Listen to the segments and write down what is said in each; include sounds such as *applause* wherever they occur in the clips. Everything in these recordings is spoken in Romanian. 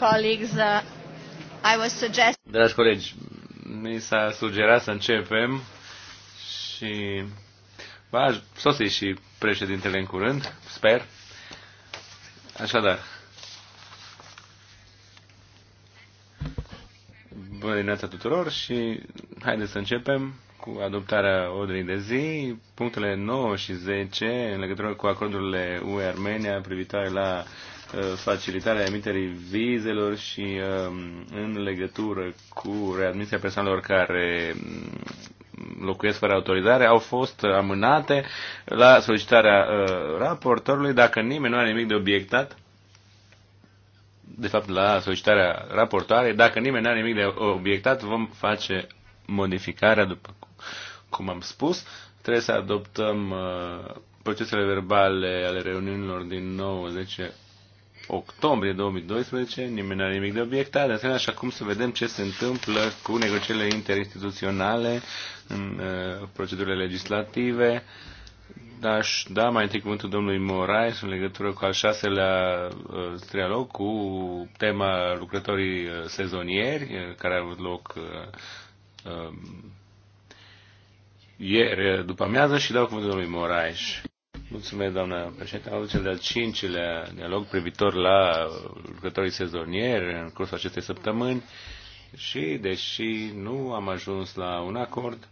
colleagues, uh, I was suggest... Dragi colegi, mi s-a sugerat să începem și va sosi și președintele în curând, sper. Așadar, bună dimineața tuturor și haideți să începem cu adoptarea ordinii de zi, punctele 9 și 10 în legătură cu acordurile UE-Armenia privitoare la uh, Uh, facilitarea emiterii vizelor și um, în legătură cu readmisia persoanelor care mm, locuiesc fără autorizare au fost amânate la solicitarea uh, raportorului. Dacă nimeni nu are nimic de obiectat, de fapt la solicitarea raportoare dacă nimeni nu are nimic de obiectat, vom face modificarea după cum am spus. Trebuie să adoptăm uh, procesele verbale ale reuniunilor din 9, 10, octombrie 2012, nimeni nu are nimic de obiectat, de asemenea, așa acum să vedem ce se întâmplă cu negocierile interinstituționale în uh, procedurile legislative. dar da mai întâi cuvântul domnului Moraes în legătură cu al șaselea uh, trialog cu tema lucrătorii uh, sezonieri, uh, care a avut loc uh, uh, ieri după amiază și dau cuvântul domnului Moraes. Mulțumesc, doamna președinte. Am avut cel de-al cincilea dialog privitor la lucrătorii sezonieri în cursul acestei săptămâni și, deși nu am ajuns la un acord,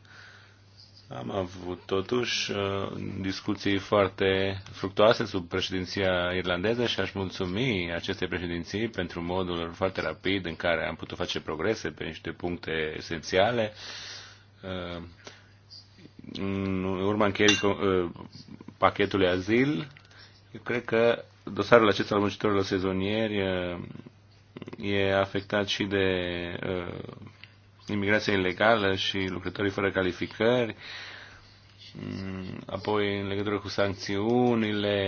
am avut totuși uh, discuții foarte fructoase sub președinția irlandeză și aș mulțumi acestei președinții pentru modul foarte rapid în care am putut face progrese pe niște puncte esențiale. Uh, în urma încheierii uh, pachetului azil, eu cred că dosarul acesta al muncitorilor sezonieri eh, e afectat și de uh, imigrația ilegală și lucrătorii fără calificări, mm, apoi în legătură cu sancțiunile,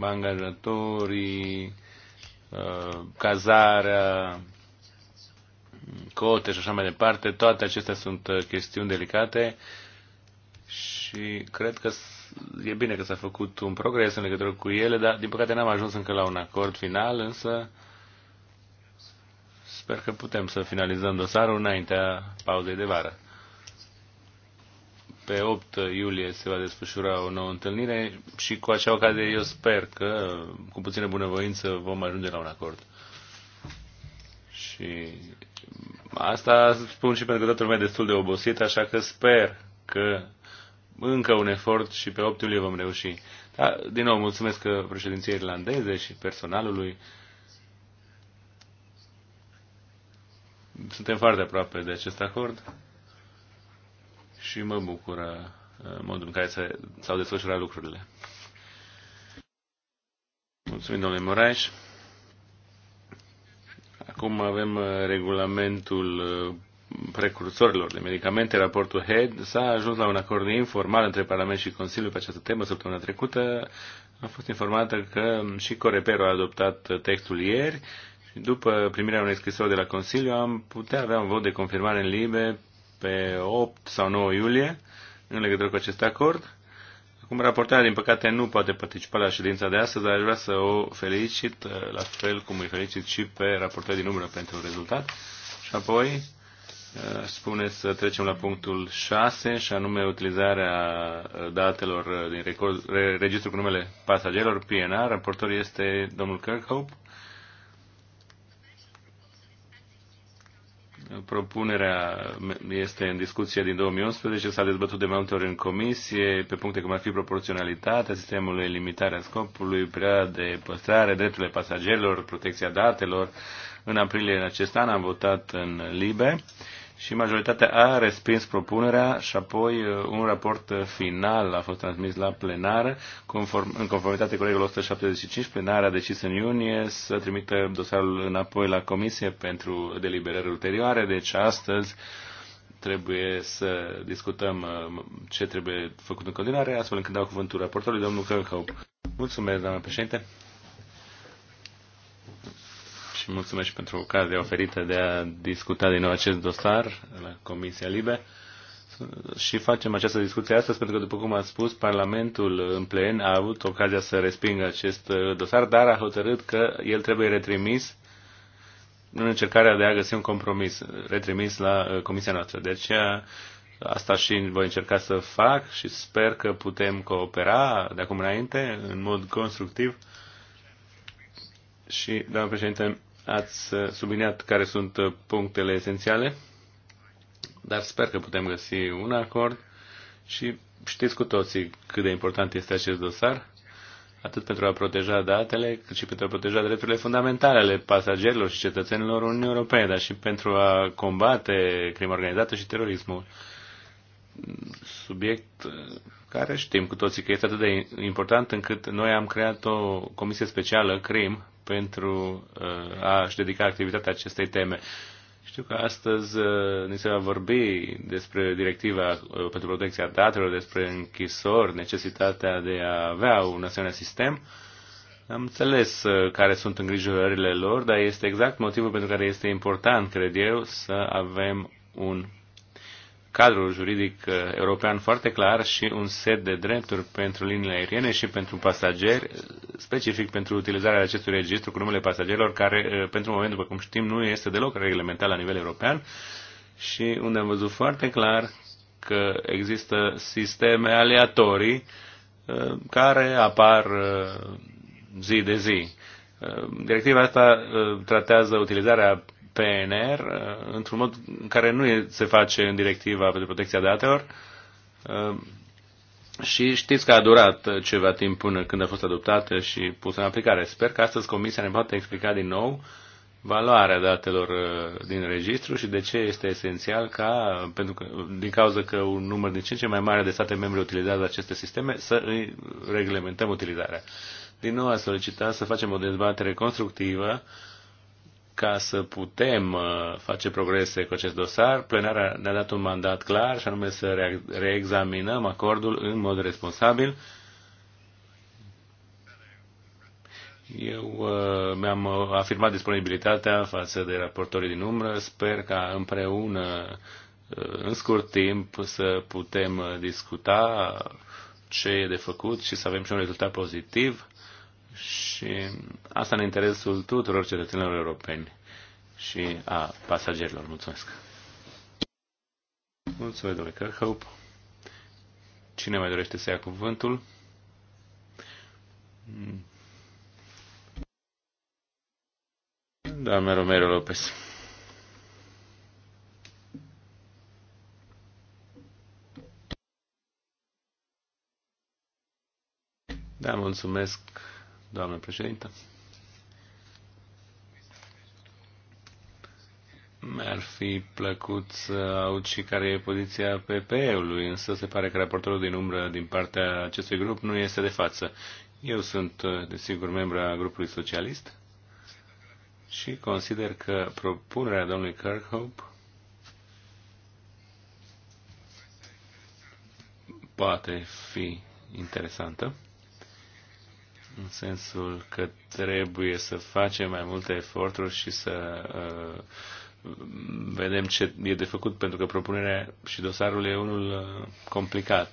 angajatorii, uh, cazarea, cote și așa mai departe, toate acestea sunt chestiuni delicate și cred că e bine că s-a făcut un progres în legătură cu ele, dar din păcate n-am ajuns încă la un acord final, însă sper că putem să finalizăm dosarul înaintea pauzei de vară. Pe 8 iulie se va desfășura o nouă întâlnire și cu acea ocazie eu sper că cu puțină bunăvoință vom ajunge la un acord. Și asta spun și pentru că toată lumea e destul de obosit, așa că sper că încă un efort și pe 8 iulie vom reuși. Da, din nou, mulțumesc că președinției irlandeze și personalului suntem foarte aproape de acest acord și mă bucură uh, modul în care s-au desfășurat lucrurile. Mulțumim, domnule Moraes. Acum avem uh, regulamentul uh, precursorilor de medicamente, raportul HED, s-a ajuns la un acord informal între Parlament și Consiliu pe această temă săptămâna trecută. Am fost informată că și Corepero a adoptat textul ieri și după primirea unei scrisori de la Consiliu am putea avea un vot de confirmare în libe pe 8 sau 9 iulie în legătură cu acest acord. Acum, raportarea, din păcate, nu poate participa la ședința de astăzi, dar aș vrea să o felicit, la fel cum îi felicit și pe raportarea din umbră pentru rezultat. Și apoi, spune să trecem la punctul 6, și anume utilizarea datelor din record, registru cu numele pasagerilor, PNR. Raportor este domnul Kirkhope. Propunerea este în discuție din 2011, s-a dezbătut de mai multe ori în comisie pe puncte cum ar fi proporționalitatea sistemului, limitarea scopului, perioada de păstrare, drepturile pasagerilor, protecția datelor. În aprilie în acest an am votat în LIBE și majoritatea a respins propunerea și apoi uh, un raport uh, final a fost transmis la plenară. Conform, în conformitate cu regulul 175, plenarea a decis în iunie să trimită dosarul înapoi la comisie pentru deliberări ulterioare, deci astăzi trebuie să discutăm uh, ce trebuie făcut în continuare, astfel încât dau cuvântul raportorului, domnul Kirchhoff. Mulțumesc, doamnă președinte și mulțumesc și pentru ocazia oferită de a discuta din nou acest dosar la Comisia Libe. Și facem această discuție astăzi pentru că, după cum am spus, Parlamentul în plen a avut ocazia să respingă acest uh, dosar, dar a hotărât că el trebuie retrimis în încercarea de a găsi un compromis, retrimis la uh, Comisia noastră. De aceea, asta și voi încerca să fac și sper că putem coopera de acum înainte în mod constructiv. Și, doamnă președinte, Ați uh, subliniat care sunt uh, punctele esențiale, dar sper că putem găsi un acord și știți cu toții cât de important este acest dosar, atât pentru a proteja datele, cât și pentru a proteja drepturile fundamentale ale pasagerilor și cetățenilor Uniunii Europene, dar și pentru a combate crima organizată și terorismul. Subiect uh, care știm cu toții că este atât de important încât noi am creat o comisie specială, CRIM, pentru uh, a-și dedica activitatea acestei teme. Știu că astăzi uh, ni se va vorbi despre directiva uh, pentru protecția datelor, despre închisori, necesitatea de a avea un asemenea sistem. Am înțeles care sunt îngrijorările lor, dar este exact motivul pentru care este important, cred eu, să avem un cadrul juridic uh, european foarte clar și un set de drepturi pentru liniile aeriene și pentru pasageri, specific pentru utilizarea acestui registru cu numele pasagerilor, care uh, pentru moment, după cum știm, nu este deloc reglementat la nivel european și unde am văzut foarte clar că există sisteme aleatorii uh, care apar zi de zi. Directiva asta tratează utilizarea PNR uh, într-un mod care nu se face în directiva pentru protecția datelor. Uh, și știți că a durat uh, ceva timp până când a fost adoptată și pusă în aplicare. Sper că astăzi Comisia ne poate explica din nou valoarea datelor din registru și de ce este esențial ca, pentru că, din cauza că un număr din ce în ce mai mare de state membre utilizează aceste sisteme, să îi reglementăm utilizarea. Din nou a solicitat să facem o dezbatere constructivă ca să putem uh, face progrese cu acest dosar, plenarea ne-a dat un mandat clar și anume să reexaminăm acordul în mod responsabil. Eu uh, mi-am uh, afirmat disponibilitatea față de raportorii din umbră. Sper ca împreună, în scurt timp, să putem discuta ce e de făcut și să avem și un rezultat pozitiv și asta în interesul tuturor cetățenilor europeni și a pasagerilor. Mulțumesc! Mulțumesc, domnule Kirkhope. Cine mai dorește să ia cuvântul? Doamna Romero Lopez. Da, mulțumesc doamnă președintă. Mi-ar fi plăcut să aud și care e poziția PPE-ului, însă se pare că raportorul din umbră din partea acestui grup nu este de față. Eu sunt, desigur, membru a grupului socialist și consider că propunerea domnului Kirkhope poate fi interesantă în sensul că trebuie să facem mai multe eforturi și să uh, vedem ce e de făcut, pentru că propunerea și dosarul e unul uh, complicat.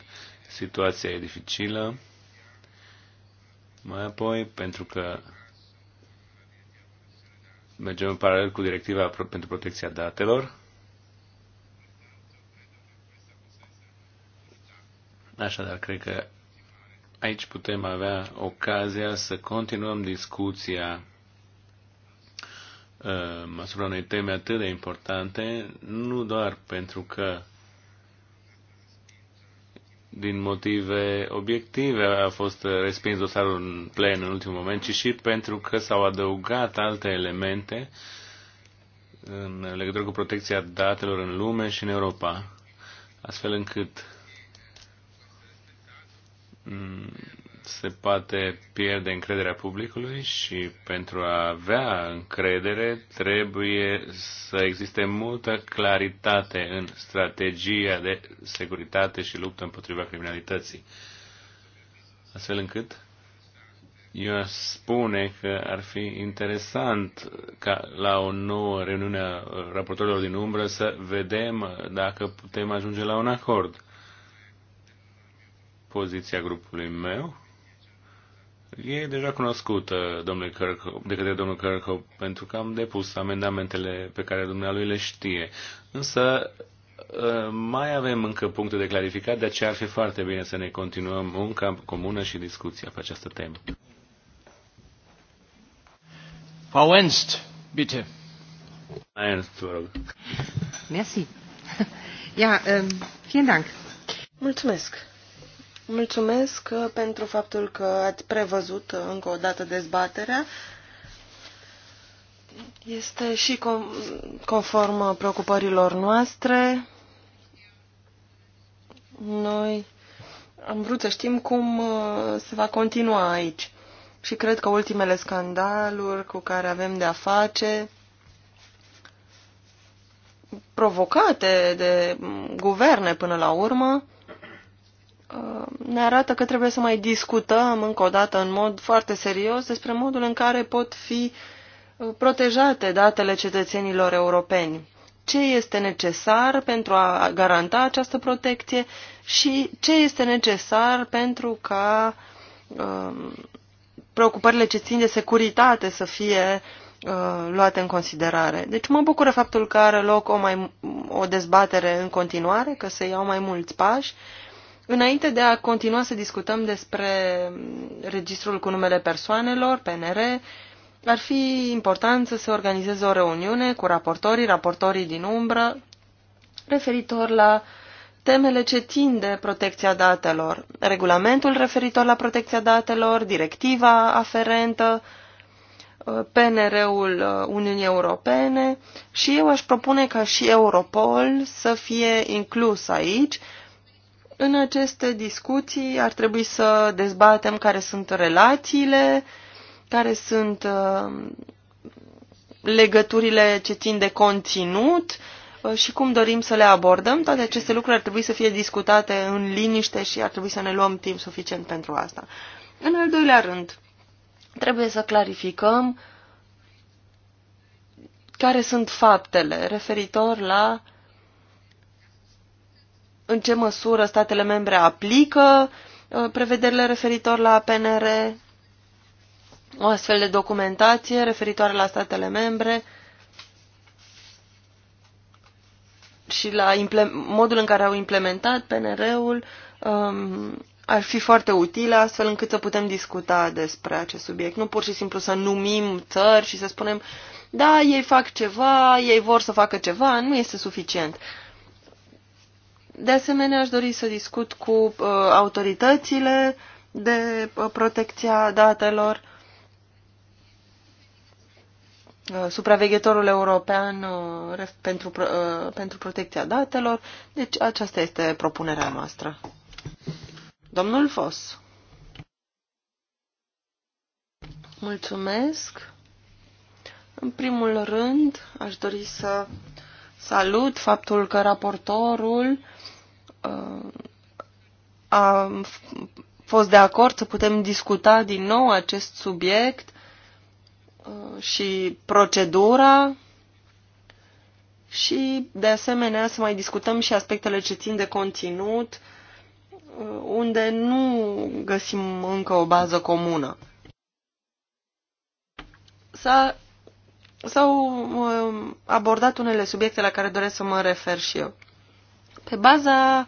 Situația e dificilă. Mai apoi, pentru că mergem în paralel cu directiva pentru protecția datelor. Așadar, cred că aici putem avea ocazia să continuăm discuția uh, asupra unei teme atât de importante, nu doar pentru că din motive obiective a fost respins dosarul în plen în ultimul moment, ci și pentru că s-au adăugat alte elemente în legătură cu protecția datelor în lume și în Europa, astfel încât se poate pierde încrederea publicului și pentru a avea încredere trebuie să existe multă claritate în strategia de securitate și luptă împotriva criminalității. Astfel încât eu aș spune că ar fi interesant ca la o nouă reuniune a raportorilor din umbră să vedem dacă putem ajunge la un acord poziția grupului meu e deja cunoscută domnule Kirk, de către domnul Kirchhoff, pentru că am depus amendamentele pe care dumnealui le știe. Însă ă, mai avem încă puncte de clarificat, de aceea ar fi foarte bine să ne continuăm munca comună și discuția pe această temă. Frau Ernst, bitte. Ernst, vă rog. Merci. *laughs* Ja, ähm, vielen Dank. Mulțumesc. Mulțumesc uh, pentru faptul că ați prevăzut uh, încă o dată dezbaterea. Este și conform uh, preocupărilor noastre. Noi am vrut să știm cum se va continua aici. Și cred că ultimele scandaluri cu care avem de-a face, provocate de mm, guverne până la urmă, Uh, ne arată că trebuie să mai discutăm încă o dată în mod foarte serios despre modul în care pot fi uh, protejate datele cetățenilor europeni. Ce este necesar pentru a garanta această protecție și ce este necesar pentru ca um, preocupările ce țin de securitate să fie luate în considerare. Deci mă bucură faptul că are loc o, mai, o dezbatere în continuare, că se iau mai mulți pași Înainte de a continua să discutăm despre registrul cu numele persoanelor, PNR, ar fi important să se organizeze o reuniune cu raportorii, raportorii din umbră, referitor la temele ce țin de protecția datelor, regulamentul referitor la protecția datelor, directiva aferentă, PNR-ul Uniunii Europene și eu aș propune ca și Europol să fie inclus aici, în aceste discuții ar trebui să dezbatem care sunt relațiile, care sunt uh, legăturile ce țin de conținut uh, și cum dorim să le abordăm. Toate aceste lucruri ar trebui să fie discutate în liniște și ar trebui să ne luăm timp suficient pentru asta. În al doilea rând, trebuie să clarificăm care sunt faptele referitor la uh, în ce măsură statele membre aplică uh, prevederile referitor la PNR, o astfel de documentație referitoare la statele membre și la modul în care au implementat PNR-ul um, ar fi foarte utilă astfel încât să putem discuta despre acest subiect. Nu pur și simplu să numim țări și să spunem da, ei fac ceva, ei vor să facă ceva, nu este suficient. Uh, de asemenea, aș dori să discut cu uh, autoritățile de uh, protecția datelor. Uh, supraveghetorul european uh, pentru, uh, pentru protecția datelor. Deci aceasta este propunerea noastră. Domnul Fos. Mulțumesc. În primul rând, aș dori să Salut faptul că raportorul uh, a fost de acord să putem discuta din nou acest subiect uh, și procedura și, de asemenea, să mai discutăm și aspectele ce țin de conținut, uh, unde nu găsim încă o bază comună. S-a s-au um, abordat unele subiecte la care doresc să mă refer și eu. Pe baza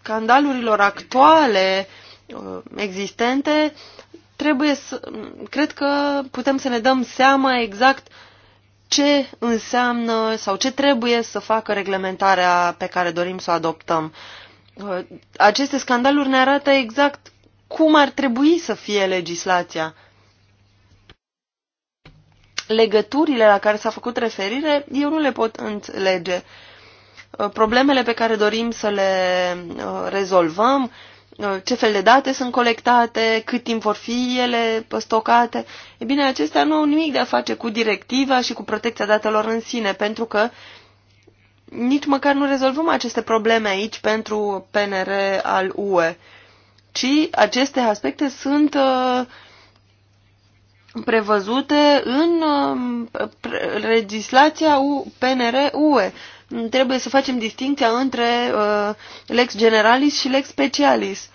scandalurilor actuale uh, existente, trebuie să, cred că putem să ne dăm seama exact ce înseamnă sau ce trebuie să facă reglementarea pe care dorim să o adoptăm. Uh, aceste scandaluri ne arată exact cum ar trebui să fie legislația legăturile la care s-a făcut referire, eu nu le pot înțelege. Uh, problemele pe care dorim să le uh, rezolvăm, uh, ce fel de date sunt colectate, cât timp vor fi ele stocate. E bine, acestea nu au nimic de a face cu directiva și cu protecția datelor în sine, pentru că nici măcar nu rezolvăm aceste probleme aici pentru PNR al UE, ci aceste aspecte sunt uh, prevăzute în um, legislația PNR-UE. Trebuie să facem distinția între uh, lex generalis și lex specialis.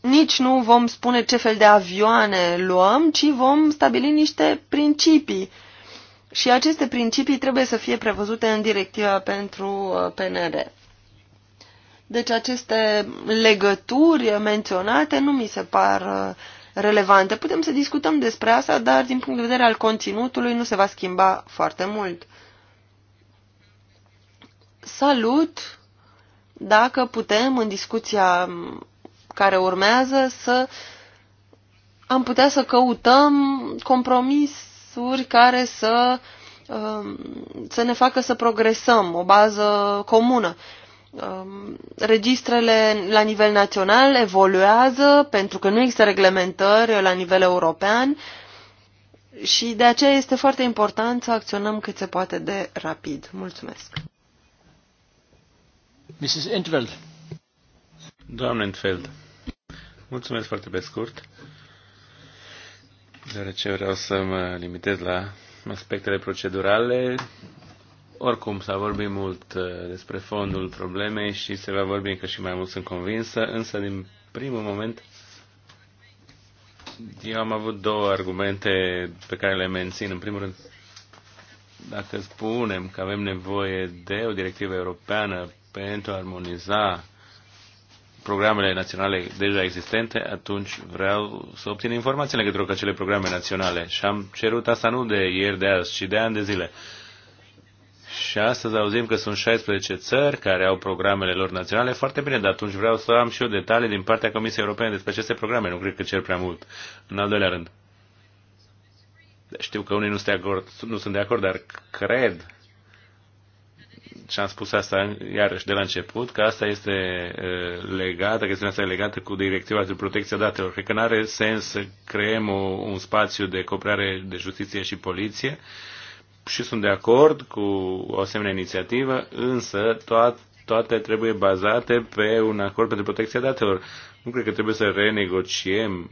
Nici nu vom spune ce fel de avioane luăm, ci vom stabili niște principii. Și aceste principii trebuie să fie prevăzute în directiva pentru uh, PNR. Deci aceste legături menționate nu mi se par uh, relevante. Putem să discutăm despre asta, dar din punct de vedere al conținutului nu se va schimba foarte mult. Salut dacă putem în discuția care urmează să am putea să căutăm compromisuri care să, um, să ne facă să progresăm, o bază comună. Um, registrele la nivel național evoluează pentru că nu există reglementări la nivel european și de aceea este foarte important să acționăm cât se poate de rapid. Mulțumesc. Mrs. Entveld. Doamne Entveld, mulțumesc foarte pe scurt, deoarece vreau să mă limitez la aspectele procedurale oricum, s-a vorbit mult uh, despre fondul problemei și se va vorbi încă și mai mult, sunt convinsă, însă din primul moment eu am avut două argumente pe care le mențin. În primul rând, dacă spunem că avem nevoie de o directivă europeană pentru a armoniza programele naționale deja existente, atunci vreau să obțin informații legătură cu acele programe naționale. Și am cerut asta nu de ieri, de azi, ci de ani de zile. Și astăzi auzim că sunt 16 țări care au programele lor naționale. Foarte bine, dar atunci vreau să am și eu detalii din partea Comisiei Europene despre aceste programe. Nu cred că cer prea mult. În al doilea rând, știu că unii nu sunt de acord, nu sunt de acord dar cred și am spus asta iarăși de la început, că asta este legată, că asta este legată cu directiva de protecție a datelor. Cred că nu are sens să creăm o, un spațiu de cooperare de justiție și poliție, uh, și sunt de acord cu o asemenea inițiativă, însă toate toate trebuie bazate pe un acord pentru protecția datelor. Nu cred că trebuie să renegociem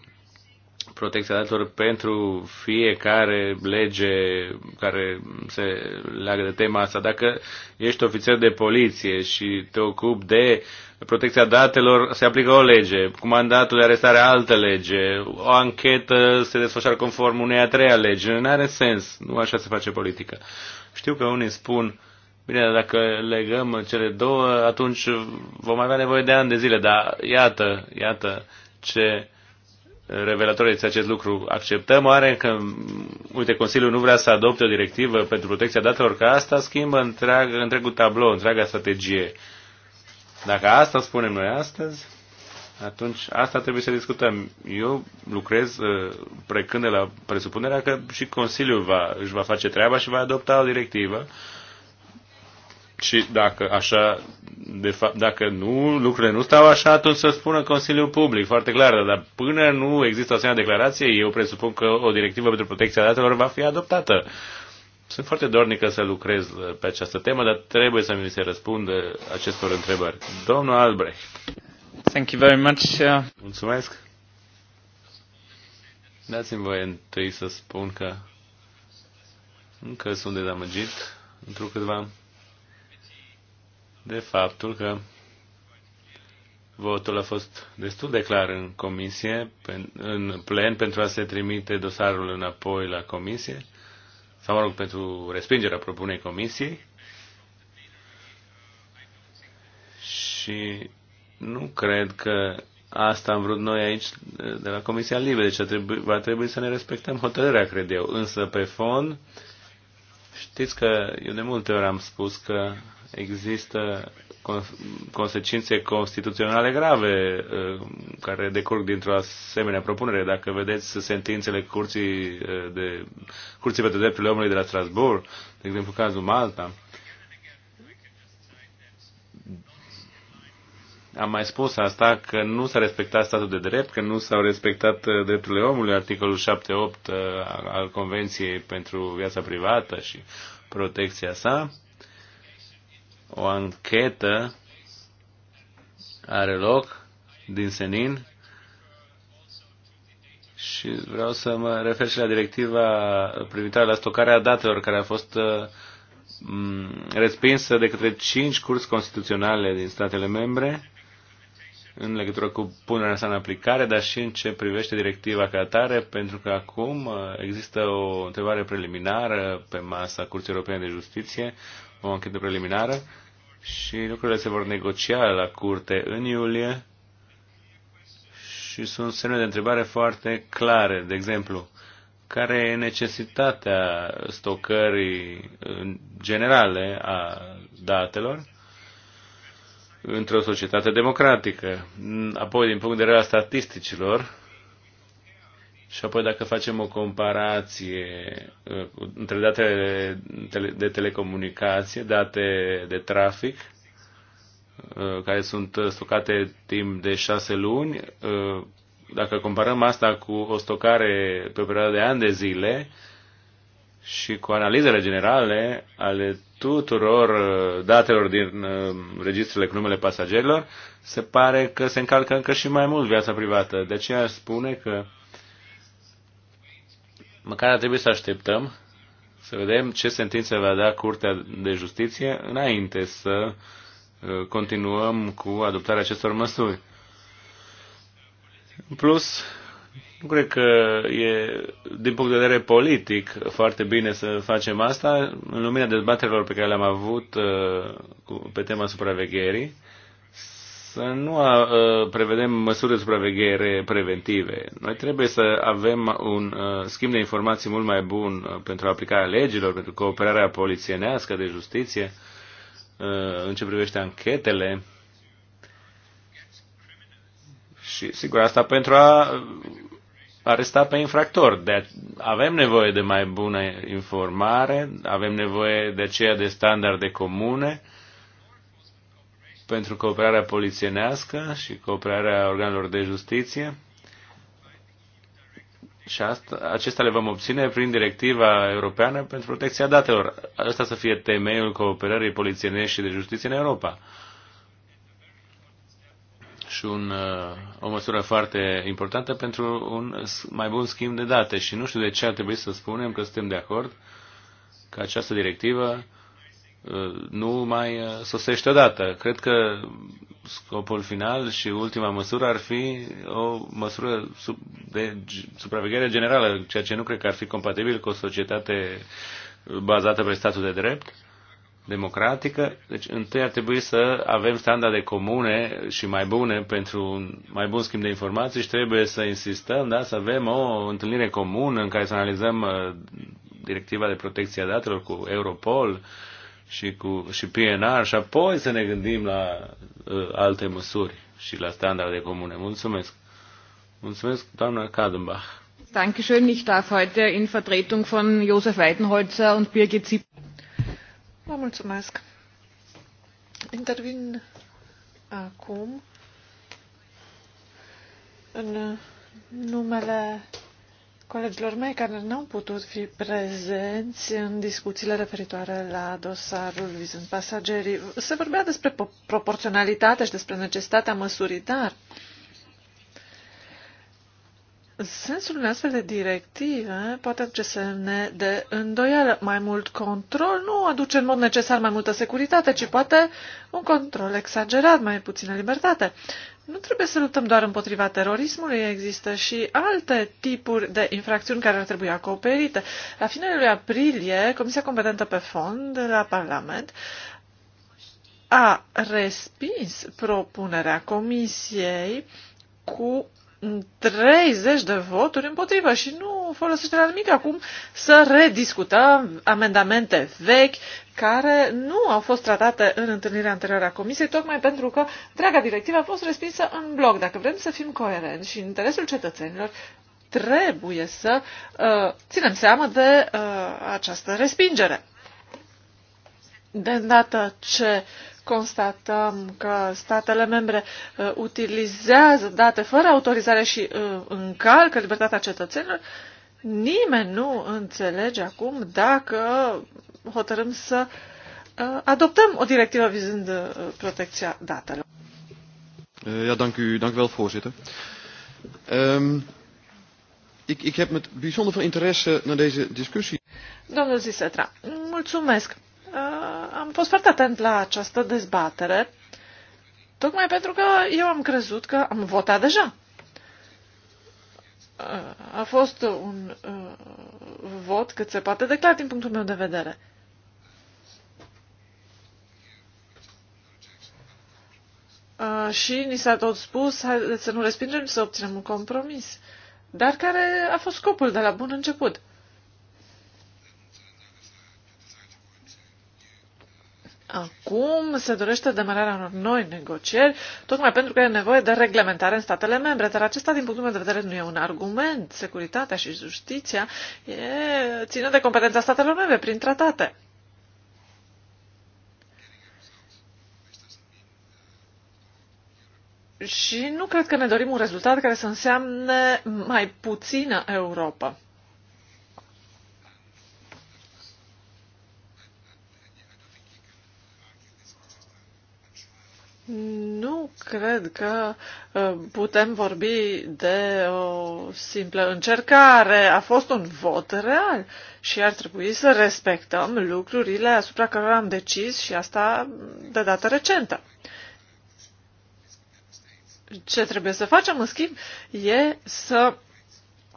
protecția datelor pentru fiecare lege care se leagă de tema asta. Dacă ești ofițer de poliție și te ocupi de protecția datelor se aplică o lege, cu mandatul de arestare altă lege, o anchetă se desfășoară conform unei a treia lege. Nu are sens, nu așa se face politică. Știu că unii spun, bine, dacă legăm cele două, atunci vom avea nevoie de ani de zile, dar iată, iată ce revelator este acest lucru. Acceptăm oare că, uite, Consiliul nu vrea să adopte o directivă pentru protecția datelor, că asta schimbă întreg, întregul tablou, întreaga strategie. Dacă asta spunem noi astăzi, atunci asta trebuie să discutăm. Eu lucrez uh, precând de la presupunerea că și Consiliul va, își va face treaba și va adopta o directivă. Și dacă așa, de fapt, dacă nu, lucrurile nu stau așa, atunci să spună Consiliul Public, foarte clar. Dar până nu există o asemenea declarație, eu presupun că o directivă pentru protecția datelor va fi adoptată sunt foarte dornică să lucrez uh, pe această temă, dar trebuie să mi se răspundă acestor întrebări. Domnul Albrecht. Thank you very much. Uh, Mulțumesc. Dați-mi voie întâi să spun că încă sunt dezamăgit, câtva de faptul că votul a fost destul de clar în comisie, în plen, pentru a se trimite dosarul înapoi la comisie sau mă rog, pentru respingerea propunei comisiei. Și nu cred că asta am vrut noi aici de la Comisia Libe, deci va trebui să ne respectăm hotărârea, cred eu. Însă, pe fond, știți că eu de multe ori am spus că există consecințe constituționale grave uh, care decurg dintr-o asemenea propunere. Dacă vedeți sentințele curții, uh, de, curții pentru drepturile omului de la Strasbourg, de exemplu cazul Malta, am mai spus asta, că nu s-a respectat statul de drept, că nu s-au respectat uh, drepturile omului, articolul 7.8 al Convenției pentru viața privată și protecția sa o anchetă are loc din senin și vreau să mă refer și la directiva privitoare la stocarea datelor care a fost uh, respinsă de către cinci curți constituționale din statele membre în legătură cu punerea sa în aplicare, dar și în ce privește directiva ca atare, pentru că acum uh, există o întrebare preliminară pe masa Curții Europene de Justiție o anchetă preliminară și lucrurile se vor negocia la curte în iulie și sunt semne de întrebare foarte clare. De exemplu, care e necesitatea stocării generale a datelor într-o societate democratică. Apoi, din punct de vedere al statisticilor, și apoi dacă facem o comparație uh, între date de telecomunicație, date de trafic, uh, care sunt uh, stocate timp de șase luni, dacă comparăm asta cu o stocare pe o perioadă de ani de zile și cu analizele generale ale tuturor datelor din registrele cu numele pasagerilor, se pare că se încalcă încă și mai mult viața privată. De aceea spune că măcar ar trebui să așteptăm să vedem ce sentință va da Curtea de Justiție înainte să uh, continuăm cu adoptarea acestor măsuri. În plus, nu cred că e, din punct de vedere politic, foarte bine să facem asta în lumina dezbaterilor pe care le-am avut uh, pe tema supravegherii să nu a, uh, prevedem măsuri de supraveghere preventive. Noi trebuie să avem un a, uh, schimb de informații mult mai bun uh, pentru aplicarea legilor, pentru cooperarea polițienească de justiție, a, în ce privește anchetele. Și, sigur, asta pentru a aresta pe infractor. De avem nevoie de mai bună informare, avem nevoie de aceea de standarde comune, pentru cooperarea polițienească și cooperarea organelor de justiție. Și asta, acesta le vom obține prin directiva europeană pentru protecția datelor. Asta să fie temeiul cooperării polițienești și de justiție în Europa. Și un, uh, o măsură foarte importantă pentru un mai bun schimb de date. Și nu știu de ce ar trebui să spunem că suntem de acord că această directivă nu mai uh, sosește odată. Cred că scopul final și ultima măsură ar fi o măsură sub, de supraveghere generală, ceea ce nu cred că ar fi compatibil cu o societate bazată pe statul de drept democratică. Deci, întâi ar trebui să avem standarde comune și mai bune pentru un mai bun schimb de informații și trebuie să insistăm, da, să avem o întâlnire comună în care să analizăm uh, directiva de protecție a datelor cu Europol, uh, și, cu, și PNR și apoi să ne gândim la uh, alte măsuri și la standarde comune. Mulțumesc! Mulțumesc, doamna Kadenbach! Dankeschön, ich darf heute in Vertretung von Josef Weidenholzer und Birgit Zipp. Vă mulțumesc! Intervin acum în numele colegilor mei care nu au putut fi prezenți în discuțiile referitoare la dosarul vizând pasagerii. Se vorbea despre proporționalitate și despre necesitatea măsurii, dar sensul unei astfel de directive poate aduce semne de îndoială. Mai mult control nu aduce în mod necesar mai multă securitate, ci poate un control exagerat, mai puțină libertate. Nu trebuie să luptăm doar împotriva terorismului, există și alte tipuri de infracțiuni care ar trebui acoperite. La finele lui aprilie, Comisia competentă pe fond la Parlament a respins propunerea Comisiei cu 30 de voturi împotrivă și nu folosește la nimic acum să rediscutăm amendamente vechi care nu au fost tratate în întâlnirea anterioară a Comisiei, tocmai pentru că întreaga directivă a fost respinsă în bloc. Dacă vrem să fim coerenți și în interesul cetățenilor, trebuie să uh, ținem seama de uh, această respingere. De îndată ce constatăm că statele membre uh, utilizează date fără autorizare și uh, încalcă libertatea cetățenilor, nimeni nu înțelege acum dacă hotărâm să uh, adoptăm o directivă vizând uh, protecția datelor. Eh, ja, dank u, dank u wel, voorzitter. Um, ik, ik heb met bijzonder veel interesse naar deze discussie. Domnul Zisetra, mulțumesc. Uh, am fost foarte atent la această dezbatere, tocmai pentru că eu am crezut că am votat deja. Uh, a fost un uh, vot cât se poate de clar din punctul meu de vedere. și ni s-a tot spus, haideți să nu respingem, să obținem un compromis. Dar care a fost scopul de la bun început? Acum se dorește demararea unor noi negocieri, tocmai pentru că e nevoie de reglementare în statele membre, dar acesta, din punctul meu de vedere, nu e un argument. Securitatea și justiția e, ține de competența statelor membre prin tratate. Și nu cred că ne dorim un rezultat care să înseamne mai puțină Europa. Nu cred că ă, putem vorbi de o simplă încercare. A fost un vot real și ar trebui să respectăm lucrurile asupra cărora am decis și asta de dată recentă. Ce trebuie să facem, în schimb, e să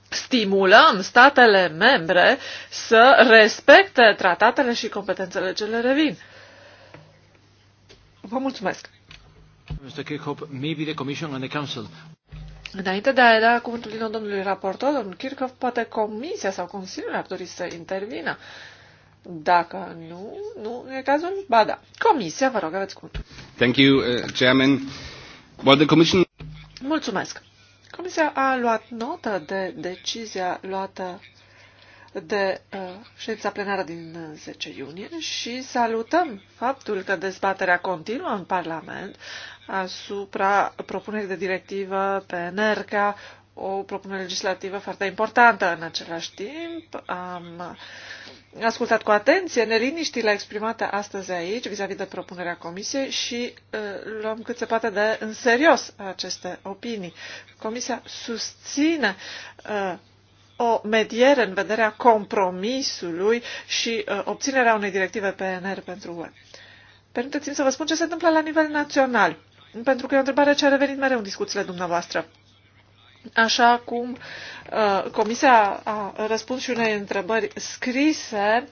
stimulăm statele membre să respecte tratatele și competențele ce le revin. Vă mulțumesc! Înainte de a da cuvântul din nou domnului raportor, domnul Kirchhoff, poate Comisia sau Consiliul ar dori să intervină. Dacă nu, nu e cazul, ba da. Comisia, vă rog, aveți cuvântul. Thank you, uh, Chairman. Well, the commission... Mulțumesc. Comisia a luat notă de decizia luată de uh, ședința plenară din 10 iunie și salutăm faptul că dezbaterea continuă în Parlament asupra propunerii de directivă pe NERCA, o propunere legislativă foarte importantă în același timp. Am ascultat cu atenție neliniștile exprimate astăzi aici vis-a-vis -vis de propunerea Comisiei și uh, luăm cât se poate de în serios aceste opinii. Comisia susține uh, o mediere în vederea compromisului și uh, obținerea unei directive PNR pentru UE. Permiteți-mi să vă spun ce se întâmplă la nivel național, pentru că e o întrebare ce a revenit mereu în discuțiile dumneavoastră. Așa cum uh, Comisia a răspuns și unei întrebări scrise,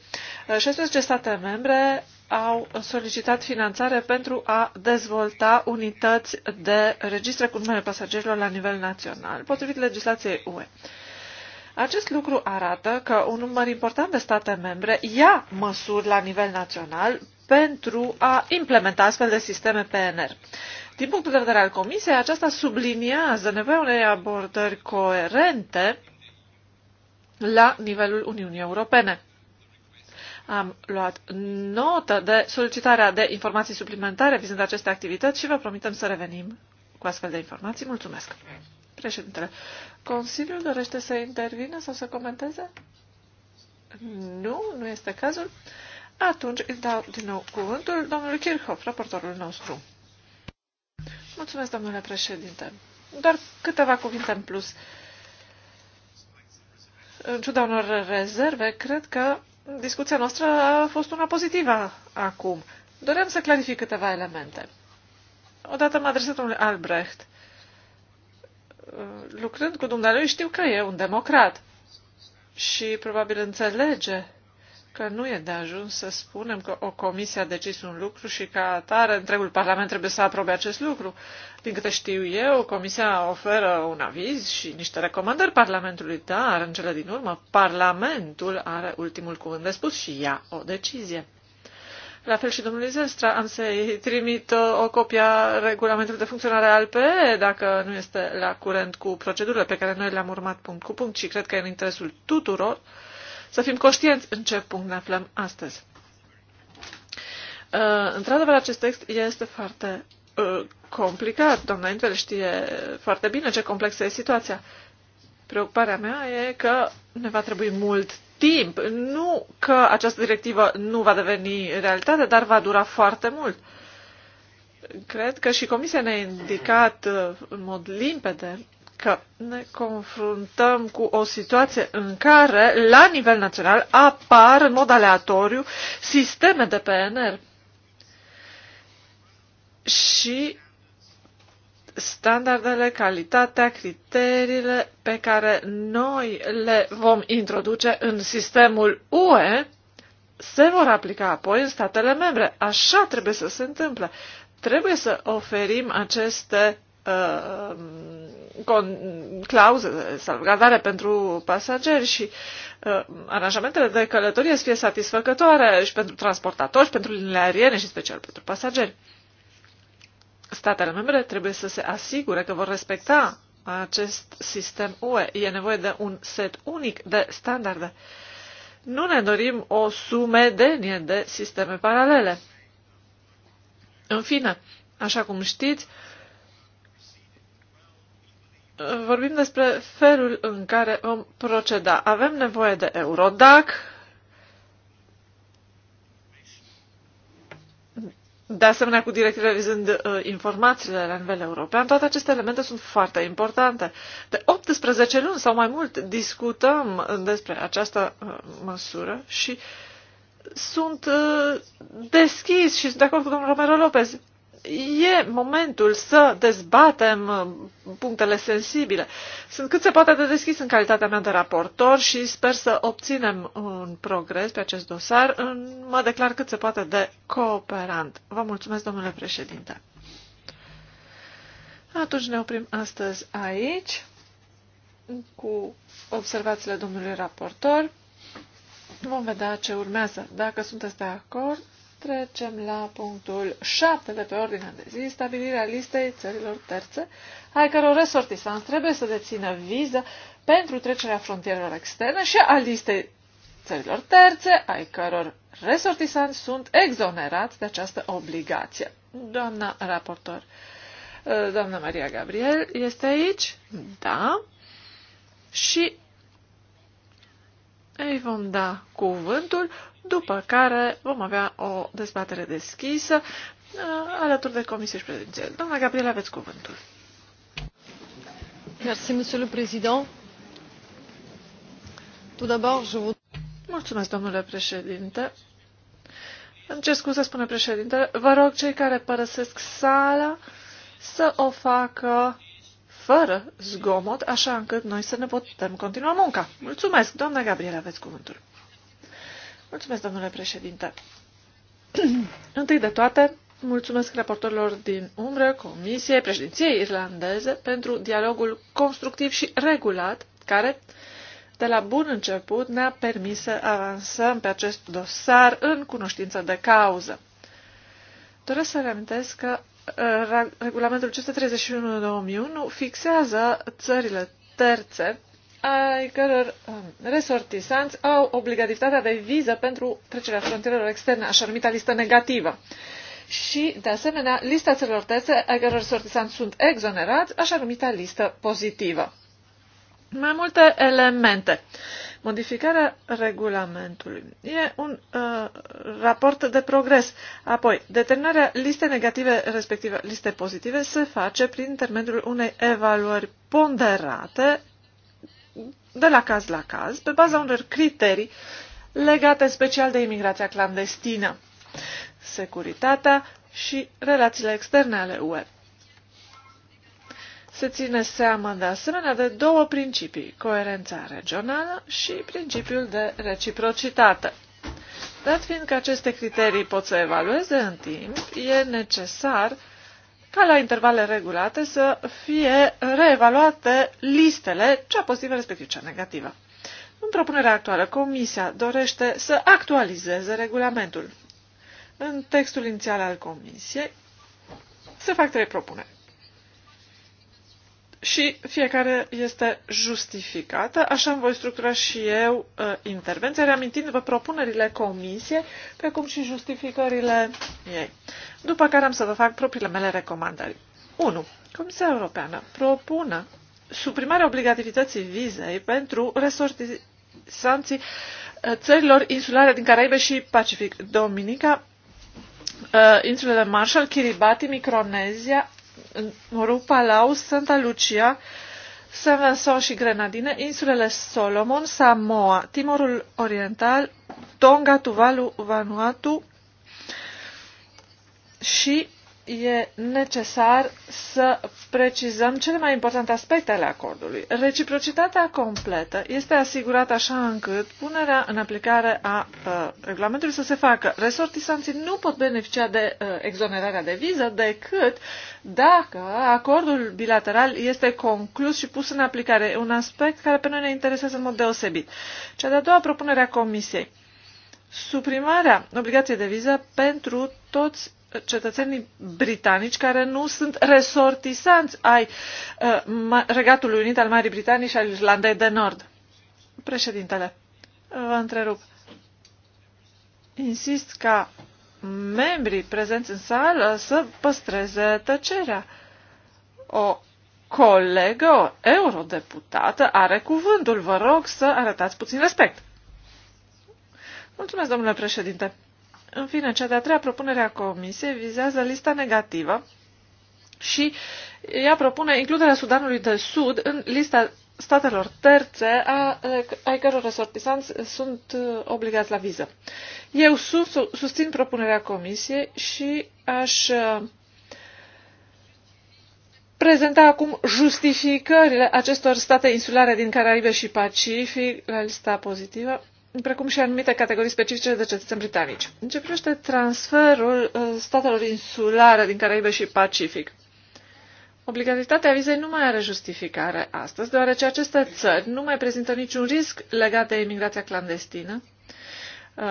16 uh, state membre au solicitat finanțare pentru a dezvolta unități de registre cu numele pasagerilor la nivel național, potrivit legislației UE. Uh, acest lucru arată că un număr important de state membre ia măsuri la nivel național pentru a implementa astfel de sisteme PNR. Din punctul de vedere al Comisiei, aceasta subliniază nevoia unei abordări coerente la nivelul Uniunii Europene. Am luat notă de solicitarea de informații suplimentare vizând aceste activități și vă promitem să revenim cu astfel de informații. Mulțumesc! Președintele, Consiliul dorește să intervină sau să comenteze? Nu, nu este cazul. Atunci îi dau din nou cuvântul domnului Kirchhoff, raportorul nostru. Mulțumesc, domnule președinte. Doar câteva cuvinte în plus. În ciuda unor rezerve, cred că discuția noastră a fost una pozitivă acum. Doream să clarific câteva elemente. Odată mă adresat domnului Albrecht Uh, lucrând cu dumnealui, știu că e un democrat și probabil înțelege că nu e de ajuns să spunem că o comisie a decis un lucru și ca atare întregul Parlament trebuie să aprobe acest lucru. Din câte știu eu, comisia oferă un aviz și niște recomandări Parlamentului, dar în cele din urmă Parlamentul are ultimul cuvânt de spus și ia o decizie. La fel și domnului Zestra, am să-i trimit o copie a regulamentului de funcționare al PE, dacă nu este la curent cu procedurile pe care noi le-am urmat punct cu punct și cred că e în interesul tuturor să fim conștienți în ce punct ne aflăm astăzi. Uh, într-adevăr, acest text este foarte uh, complicat. Doamna Intel știe foarte bine ce complexă e situația. Preocuparea mea e că ne va trebui mult timp. Nu că această directivă nu va deveni realitate, dar va dura foarte mult. Cred că și Comisia ne-a indicat uh, în mod limpede că ne confruntăm cu o situație în care, la nivel național, apar în mod aleatoriu sisteme de PNR. Și standardele, calitatea, criteriile pe care noi le vom introduce în sistemul UE se vor aplica apoi în statele membre. Așa trebuie să se întâmple. Trebuie să oferim aceste uh, con- clauze de salvgardare pentru pasageri și uh, aranjamentele de călătorie să fie satisfăcătoare și pentru transportatori, și pentru liniile aeriene și special pentru pasageri statele membre trebuie să se asigure că vor respecta acest sistem UE. E nevoie de un set unic de standarde. Nu ne dorim o sumedenie de sisteme paralele. În fine, așa cum știți, vorbim despre felul în care vom proceda. Avem nevoie de Eurodac, de asemenea cu directivele vizând uh, informațiile la nivel european, toate aceste elemente sunt foarte importante. De 18 luni sau mai mult discutăm despre această uh, măsură și sunt uh, deschis și sunt de acord cu domnul Romero Lopez e momentul să dezbatem uh, punctele sensibile. Sunt cât se poate de deschis în calitatea mea de raportor și sper să obținem un progres pe acest dosar. Mă declar cât se poate de cooperant. Vă mulțumesc, domnule președinte. Atunci ne oprim astăzi aici cu observațiile domnului raportor. Vom vedea ce urmează. Dacă sunteți de acord, Trecem la punctul 7 de pe ordinea de zi, stabilirea listei țărilor terțe, ai căror resortisans trebuie să dețină viză pentru trecerea frontierelor externe și a listei țărilor terțe, ai căror resortisani sunt exonerați de această obligație. Doamna raportor, doamna Maria Gabriel, este aici? Da. Și îi vom da cuvântul, după care vom avea o dezbatere deschisă uh, alături de Comisie și Prezidențial. Doamna Gabriela, aveți cuvântul. Merci, Monsieur le Président. Tout d'abord, je vous... Mulțumesc, domnule președinte. În ce scuze, spune președintele. Vă rog cei care părăsesc sala să o facă fără zgomot, așa încât noi să ne putem continua munca. Mulțumesc, doamna Gabriela, aveți cuvântul. Mulțumesc, domnule președinte. *clears throat* Întâi de toate, mulțumesc raportorilor din umbră, Comisiei, președinției irlandeze pentru dialogul constructiv și regulat care, de la bun început, ne-a permis să avansăm pe acest dosar în cunoștință de cauză. Doresc să reamintesc că Uh, regulamentul 531-2001 fixează țările terțe ai căror um, resortisanți au obligativitatea de viză pentru trecerea frontierelor externe, așa numită listă negativă. Și, de asemenea, lista țărilor terțe ai căror resortisanți sunt exonerați, așa numită listă pozitivă. Mai multe elemente. Uh, Modificarea regulamentului e un uh, raport de progres. Apoi, determinarea listei negative, respectiv liste pozitive, se face prin intermediul unei evaluări ponderate de la caz la caz, pe baza unor criterii legate special de imigrația clandestină, securitatea și relațiile externe ale UE se ține seama de asemenea de două principii, coerența regională și principiul de reciprocitate. Dat fiind că aceste criterii pot să evalueze în timp, e necesar ca la intervale regulate să fie reevaluate listele, cea pozitivă respectiv cea negativă. În propunerea actuală, Comisia dorește să actualizeze regulamentul. În textul inițial al Comisiei se fac trei propuneri și fiecare este justificată. Așa voi structura și eu uh, intervenția, reamintindu-vă propunerile comisie, precum și justificările ei. După care am să vă fac propriile mele recomandări. 1. Comisia Europeană propună suprimarea obligativității vizei pentru resortisanții uh, țărilor insulare din Caraibe și Pacific, Dominica, uh, insulele Marshall, Kiribati, Micronezia, rog, Palau, Santa Lucia, Saint Vincent și Grenadine, insulele Solomon, Samoa, Timorul Oriental, Tonga, Tuvalu, Vanuatu și e necesar să precizăm cele mai importante aspecte ale acordului. Reciprocitatea completă este asigurată așa încât punerea în aplicare a uh, regulamentului să se facă. Resortisanții nu pot beneficia de uh, exonerarea de viză decât dacă acordul bilateral este conclus și pus în aplicare. un aspect care pe noi ne interesează în mod deosebit. Cea de-a doua propunere a Comisiei suprimarea obligației de viză pentru toți cetățenii britanici care nu sunt resortisanți ai uh, Regatului Unit al Marii Britanii și al Irlandei de Nord. Președintele, vă întrerup. Insist ca membrii prezenți în sală să păstreze tăcerea. O colegă, o eurodeputată, are cuvântul. Vă rog să arătați puțin respect. Mulțumesc, domnule președinte. În fine, cea de-a treia propunere a Comisiei vizează lista negativă și ea propune includerea Sudanului de Sud în lista statelor terțe, a, ai căror resortisanți sunt uh, obligați la viză. Eu su, susțin propunerea Comisiei și aș uh, prezenta acum justificările acestor state insulare din Caraibe și Pacific la lista pozitivă precum și anumite categorii specifice de cetățeni britanici. În ce privește transferul uh, statelor insulare din Caraibe și Pacific, obligativitatea vizei nu mai are justificare astăzi, deoarece aceste țări nu mai prezintă niciun risc legat de imigrația clandestină, uh,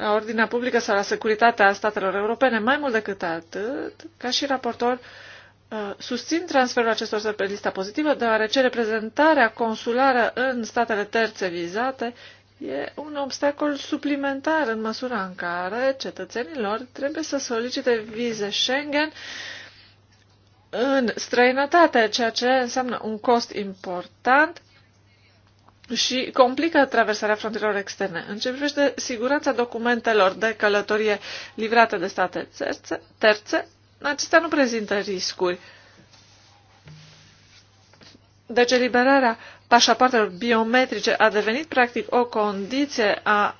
la ordinea publică sau la securitatea statelor europene. Mai mult decât atât, ca și raportor, uh, susțin transferul acestor țări pe lista pozitivă, deoarece reprezentarea consulară în statele terțe vizate E un obstacol suplimentar în măsura în care cetățenilor trebuie să solicite vize Schengen în străinătate, ceea ce înseamnă un cost important și complică traversarea frontierelor externe. În ce privește siguranța documentelor de călătorie livrate de state terțe, terțe acestea nu prezintă riscuri. Uh, deci eliberarea pașapoartelor biometrice a devenit practic o condiție a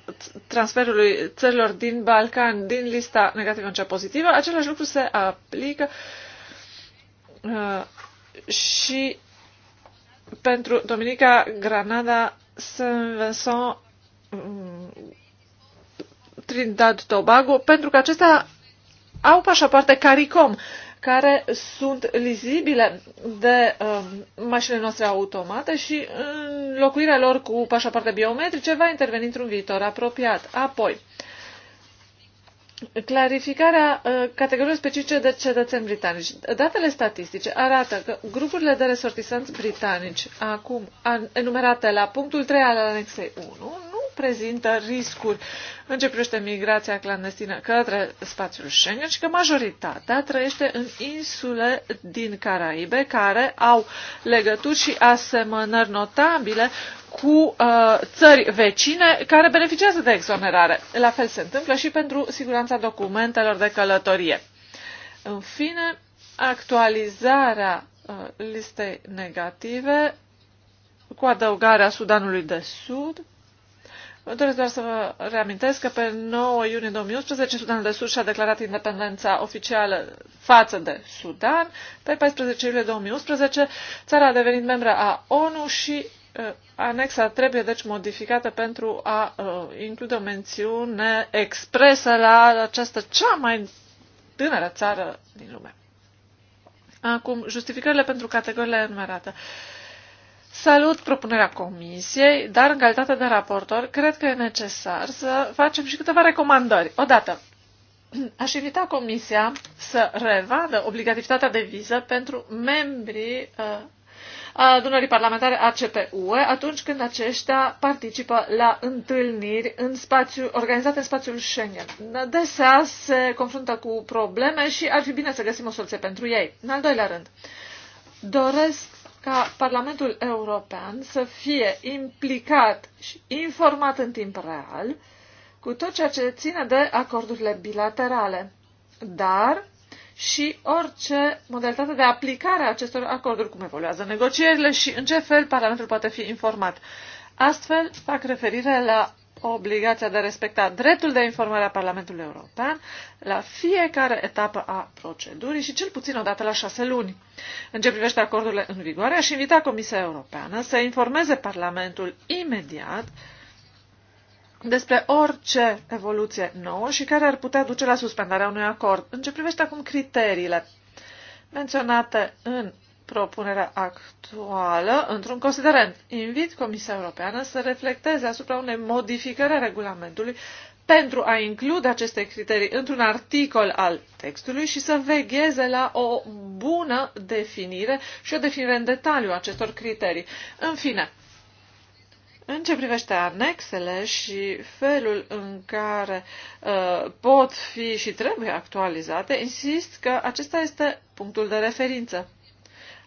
transferului țărilor din Balcan din lista negativă în cea pozitivă. Același lucru se aplică uh, și pentru Dominica, Granada, Saint Vincent, mm, Trinidad, Tobago, pentru că acestea au pașapoarte CARICOM care sunt lizibile de uh, mașinile noastre automate și înlocuirea lor cu pașapoarte biometrice va interveni într-un viitor apropiat. Apoi, clarificarea uh, categoriilor specifice de cetățeni britanici. Datele statistice arată că grupurile de resortisanți britanici, acum enumerate la punctul 3 al anexei 1, prezintă riscuri în ce privește migrația clandestină către spațiul Schengen și că majoritatea trăiește în insule din Caraibe care au legături și asemănări notabile cu uh, țări vecine care beneficiază de exonerare. La fel se întâmplă și pentru siguranța documentelor de călătorie. În fine, actualizarea uh, listei negative cu adăugarea Sudanului de Sud Doresc doar să vă reamintesc că pe 9 iunie 2011 Sudanul de Sud și-a declarat independența oficială față de Sudan. Pe 14 iulie 2011 țara a devenit membră a ONU și uh, anexa trebuie deci modificată pentru a uh, include o mențiune expresă la această cea mai tânără țară din lume. Acum, justificările pentru categoriile enumerate. Uh, Salut propunerea comisiei, dar în calitate de raportor cred că e necesar să facem și câteva recomandări. Odată, *clears throat* aș invita comisia să revadă obligativitatea de viză pentru membrii uh, adunării parlamentare ACPUE atunci când aceștia participă la întâlniri în spațiu, organizate în spațiul Schengen. Desea se confruntă cu probleme și ar fi bine să găsim o soluție pentru ei. În al doilea rând, doresc ca Parlamentul European să fie implicat și informat în timp real cu tot ceea ce ține de acordurile bilaterale, dar și orice modalitate de aplicare a acestor acorduri, cum evoluează negocierile și în ce fel Parlamentul poate fi informat. Astfel, fac referire la obligația de a respecta dreptul de informare a Parlamentului European la fiecare etapă a procedurii și cel puțin o dată la șase luni. În ce privește acordurile în vigoare, aș invita Comisia Europeană să informeze Parlamentul imediat despre orice evoluție nouă și care ar putea duce la suspendarea unui acord. În ce privește acum criteriile menționate în propunerea actuală într-un considerent. Invit Comisia Europeană să reflecteze asupra unei modificări a regulamentului pentru a include aceste criterii într-un articol al textului și să vegheze la o bună definire și o definire în detaliu a acestor criterii. În fine, în ce privește anexele și felul în care uh, pot fi și trebuie actualizate, insist că acesta este punctul de referință.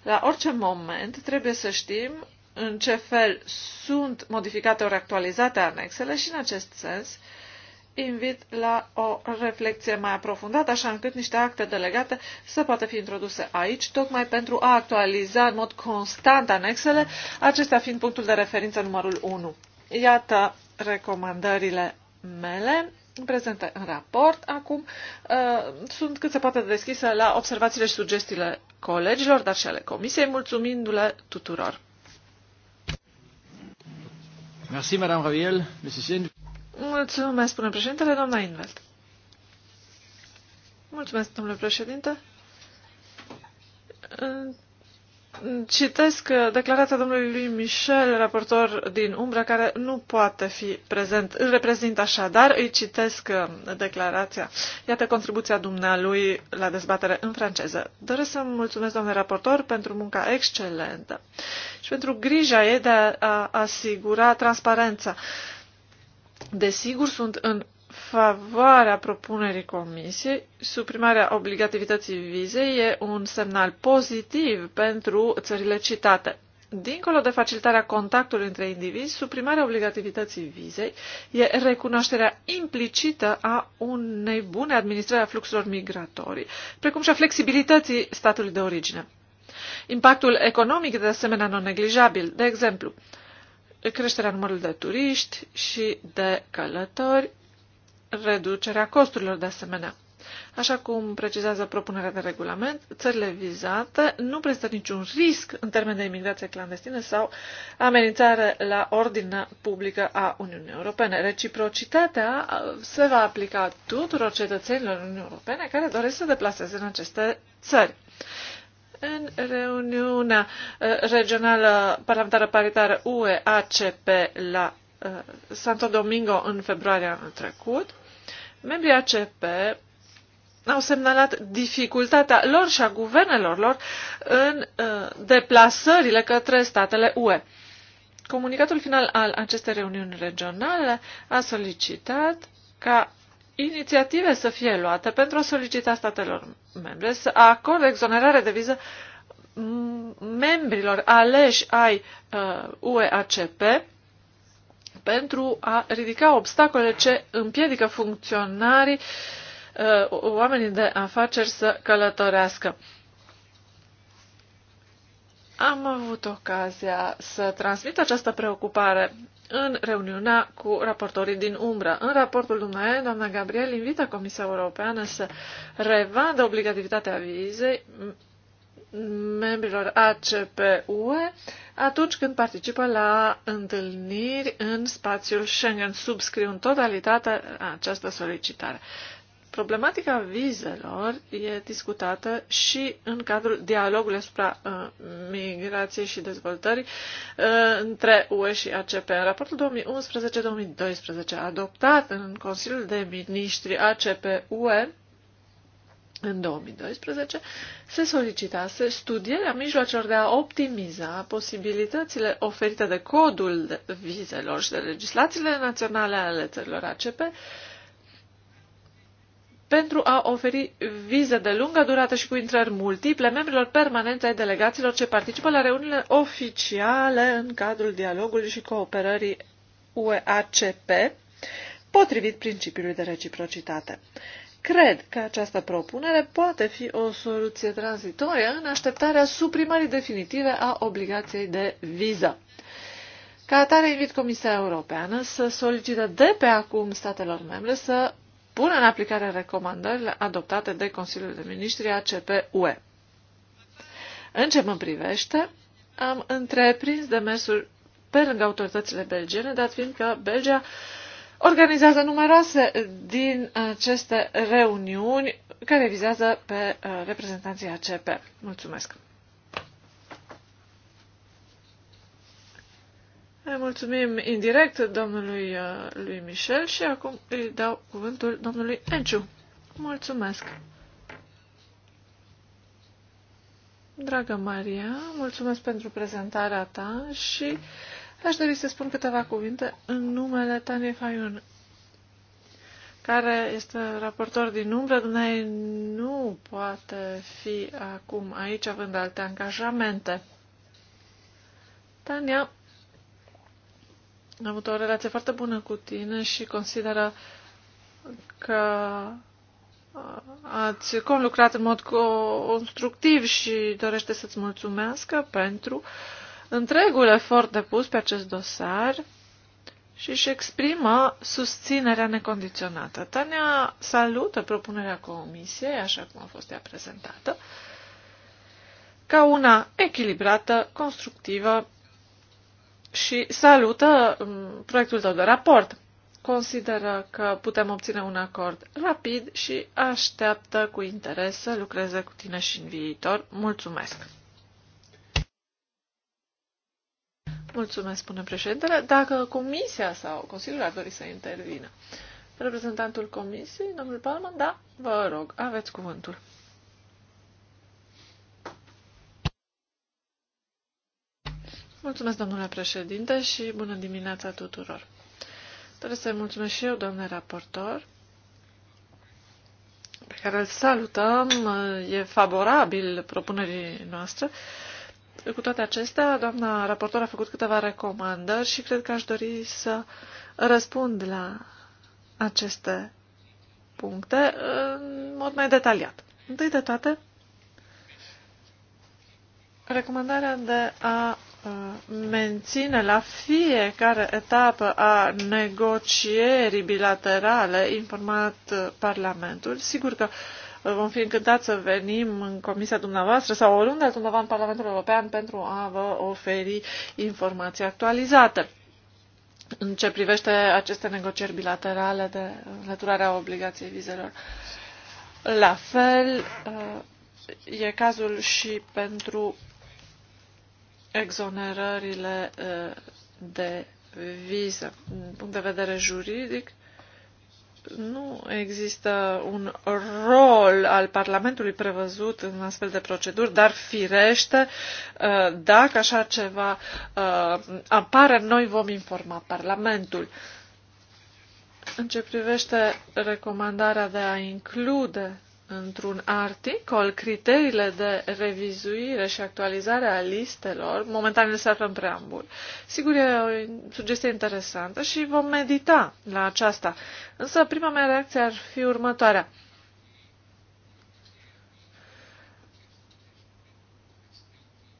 La orice moment trebuie să știm în ce fel sunt modificate ori actualizate anexele și în acest sens invit la o reflexie mai aprofundată, așa încât niște acte delegate să poată fi introduse aici, tocmai pentru a actualiza în mod constant anexele, acestea fiind punctul de referință numărul 1. Iată recomandările mele prezente în raport. Acum uh, sunt cât se poate de deschisă la observațiile și sugestiile colegilor, dar și ale comisiei, mulțumindu-le tuturor. Merci, Madame Raviel. Mulțumesc, spune președintele, doamna Invelt. Mulțumesc, domnule președinte. Citesc uh, declarația domnului lui Michel, raportor din Umbra, care nu poate fi prezent. Îl reprezint așadar, îi citesc uh, declarația. Iată contribuția dumnealui la dezbatere în franceză. Doresc să mulțumesc, domnule raportor, pentru munca excelentă și pentru grija ei de a asigura transparența. Desigur, sunt în favoarea propunerii comisiei, suprimarea obligativității vizei e un semnal pozitiv pentru țările citate. Dincolo de facilitarea contactului între indivizi, suprimarea obligativității vizei e recunoașterea implicită a unei bune administrări a fluxurilor migratorii, precum și a flexibilității statului de origine. Impactul economic de asemenea non-neglijabil, de exemplu, creșterea numărului de turiști și de călători reducerea costurilor de asemenea. Așa cum precizează propunerea de regulament, țările vizate nu prezintă niciun risc în termen de imigrație clandestină sau amenințare la ordinea publică a Uniunii Europene. Reciprocitatea uh, se va aplica tuturor cetățenilor Uniunii Europene care doresc să deplaseze în aceste țări. În reuniunea uh, regională parlamentară paritară UE-ACP la uh, Santo Domingo în februarie anul trecut, Membrii ACP au semnalat dificultatea lor și a guvernelor lor în uh, deplasările către statele UE. Comunicatul final al acestei reuniuni regionale a solicitat ca inițiative să fie luate pentru a solicita statelor membre să acorde exonerare de viză membrilor aleși ai uh, UEACP pentru a ridica obstacolele ce împiedică funcționarii, uh, oamenii de afaceri să călătorească. Am avut ocazia să transmit această preocupare în reuniunea cu raportorii din umbră. În raportul dumneavoastră, doamna Gabriel invită Comisia Europeană să revadă obligativitatea vizei membrilor ACP-UE atunci când participă la întâlniri în spațiul Schengen. Subscriu în totalitate această solicitare. Problematica vizelor e discutată și în cadrul dialogului asupra uh, migrației și dezvoltării uh, între UE și ACP. În raportul 2011-2012 adoptat în Consiliul de Ministri ACP-UE în 2012, se solicitase studierea mijloacelor de a optimiza posibilitățile oferite de codul vizelor și de legislațiile naționale ale țărilor ACP pentru a oferi vize de lungă durată și cu intrări multiple membrilor permanente ai delegațiilor ce participă la reuniunile oficiale în cadrul dialogului și cooperării UEACP, potrivit principiului de reciprocitate. Cred că această propunere poate fi o soluție tranzitorie în așteptarea suprimării definitive a obligației de viză. Ca atare, invit Comisia Europeană să solicite de pe acum statelor membre să pună în aplicare recomandările adoptate de Consiliul de Ministri a În ce mă privește, am întreprins demersuri pe lângă autoritățile belgiene, dat fiind că Belgia organizează numeroase eh, din aceste reuniuni care vizează pe eh, reprezentanții ACP. Mulțumesc! Îi mulțumim indirect domnului eh, lui Michel și acum îi dau cuvântul domnului Enciu. Mulțumesc! Dragă Maria, mulțumesc pentru prezentarea ta și uh, Aș dori să spun câteva cuvinte în numele Tanei Faiun, care este raportor din umbră. Dumnezeu nu poate fi acum aici, având alte angajamente. Tania a avut o relație foarte bună cu tine și consideră că ați conlucrat în mod constructiv și dorește să-ți mulțumească pentru uh, întregul efort depus pe acest dosar și își exprimă susținerea necondiționată. Tania salută propunerea comisiei, așa cum a fost ea prezentată, ca una echilibrată, constructivă și salută um, proiectul tău de raport. Consideră că putem obține un acord rapid și așteaptă cu interes să lucreze cu tine și în viitor. Mulțumesc! Mulțumesc, spune președintele. Dacă comisia sau Consiliul ar dori să intervină. Reprezentantul comisiei, domnul Palman, da, vă rog, aveți cuvântul. Mulțumesc, domnule președinte, și bună dimineața tuturor. Trebuie să-i mulțumesc și eu, domnule raportor, pe care îl salutăm, e favorabil propunerii noastre cu toate acestea, doamna raportor a făcut câteva recomandări și cred că aș dori să răspund la aceste puncte în mod mai detaliat. Întâi de toate, recomandarea de a menține la fiecare etapă a negocierii bilaterale informat Parlamentul. Sigur că uh, Vom fi încântați să venim în comisia dumneavoastră sau oriunde altundeva în Parlamentul European pentru a vă oferi informații actualizate. În ce privește aceste negocieri bilaterale de înlăturarea obligației vizelor. La fel, uh, e cazul și pentru exonerările uh, de viză. Din punct de vedere juridic, nu există un rol al Parlamentului prevăzut în astfel de proceduri, dar firește, uh, dacă așa ceva uh, apare, noi vom informa Parlamentul. În ce privește recomandarea de a include într-un articol criteriile de revizuire și actualizare a listelor, momentan le se află în preambul. Sigur, e o sugestie interesantă și vom medita la aceasta. Însă prima mea reacție ar fi următoarea.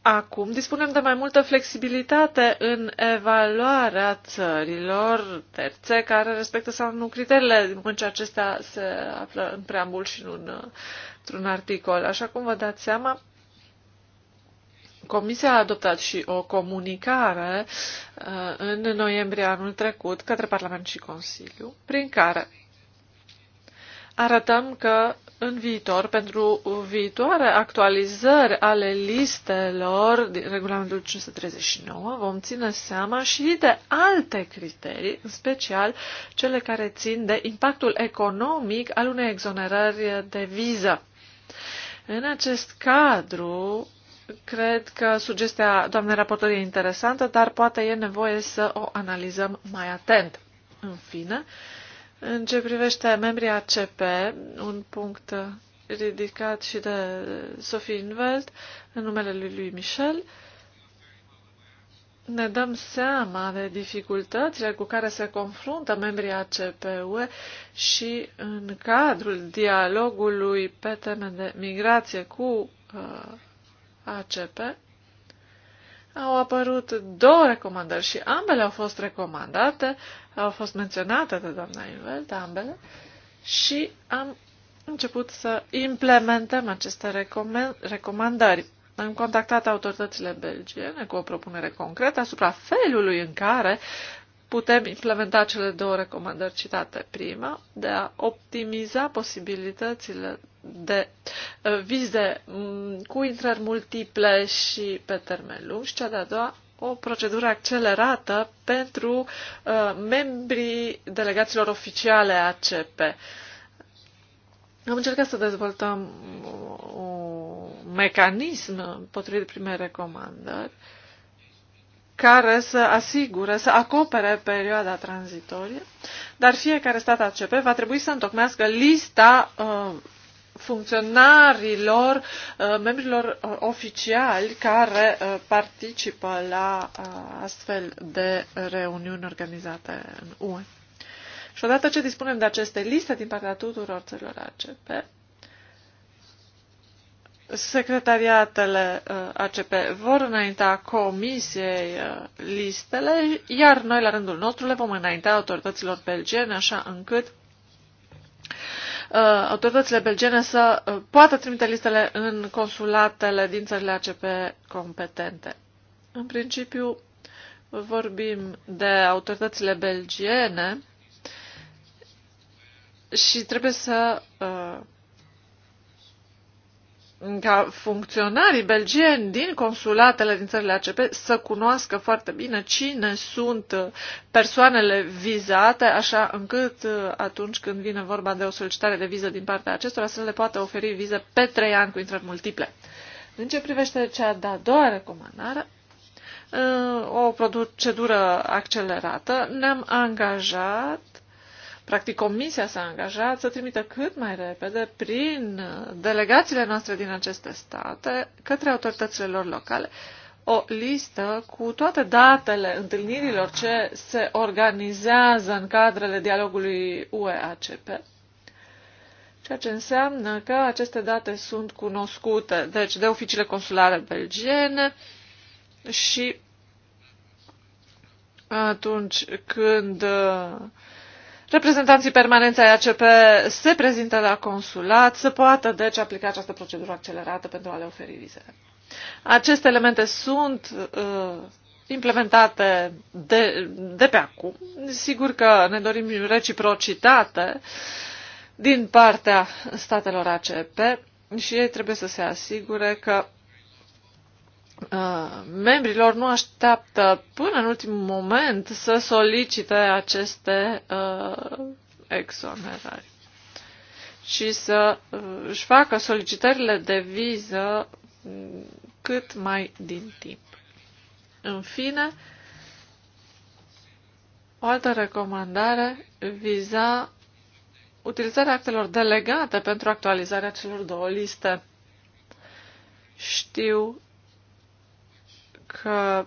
Acum dispunem de mai multă flexibilitate în evaluarea țărilor terțe care respectă sau nu criteriile, din moment ce acestea se află în preambul și nu în, într-un articol. Așa cum vă dați seama, Comisia a adoptat și o comunicare uh, în noiembrie anul trecut către Parlament și Consiliu, prin care arătăm că în viitor, pentru viitoare actualizări ale listelor din regulamentul 539, vom ține seama și de alte criterii, în special cele care țin de impactul economic al unei exonerări de viză. În acest cadru, Cred că sugestia doamnei raportor e interesantă, dar poate e nevoie să o analizăm mai atent. În fine, în ce privește membrii ACP, un punct ridicat și de Sophie Inveld, în numele lui lui Michel, ne dăm seama de dificultățile cu care se confruntă membrii ACPUE și în cadrul dialogului pe teme de migrație cu uh, ACP, au apărut două recomandări și ambele au fost recomandate, au fost menționate de doamna Invelt, ambele, și am început să implementăm aceste recomandări. Am contactat autoritățile belgiene cu o propunere concretă asupra felului în care putem implementa cele două recomandări citate. Prima, de a optimiza posibilitățile de uh, vize mm, cu intrări multiple și pe termen lung și cea de-a doua o procedură accelerată pentru uh, membrii delegațiilor oficiale ACP. Am încercat să dezvoltăm un mecanism potrivit primei recomandări care să asigure, să acopere perioada tranzitorie, dar fiecare stat ACP va trebui să întocmească lista uh, funcționarilor, uh, membrilor uh, oficiali care uh, participă la astfel de reuniuni organizate în UE. Și odată ce dispunem de aceste liste din partea tuturor țărilor ACP, secretariatele ACP vor înainta comisiei listele, iar noi, la rândul nostru, le vom înainta autorităților belgiene, așa încât Uh, autoritățile belgene să uh, poată trimite listele în consulatele din țările ACP competente. În principiu, vorbim de autoritățile belgiene și trebuie să uh, ca funcționarii belgieni din consulatele din țările ACP să cunoască foarte bine cine sunt persoanele vizate, așa încât uh, atunci când vine vorba de o solicitare de viză din partea acestora să le poată oferi vize pe trei ani cu intrări multiple. În ce privește cea de-a doua recomandare, uh, o procedură accelerată, ne-am angajat Practic, Comisia s-a angajat să trimită cât mai repede, prin delegațiile noastre din aceste state, către autoritățile lor locale, o listă cu toate datele întâlnirilor ce se organizează în cadrele dialogului ue ceea ce înseamnă că aceste date sunt cunoscute, deci de oficiile consulare belgiene și atunci când reprezentanții permanenți ai ACP se prezintă la consulat, să poată deci aplica această procedură accelerată pentru a le oferi vizele. Aceste elemente sunt uh, implementate de, de pe acum. Sigur că ne dorim reciprocitate din partea statelor ACP și ei trebuie să se asigure că Uh, membrilor nu așteaptă până în ultimul moment să solicite aceste uh, exonerări și să uh, își facă solicitările de viză cât mai din timp. În fine, o altă recomandare viza utilizarea actelor delegate pentru actualizarea celor două liste. Știu că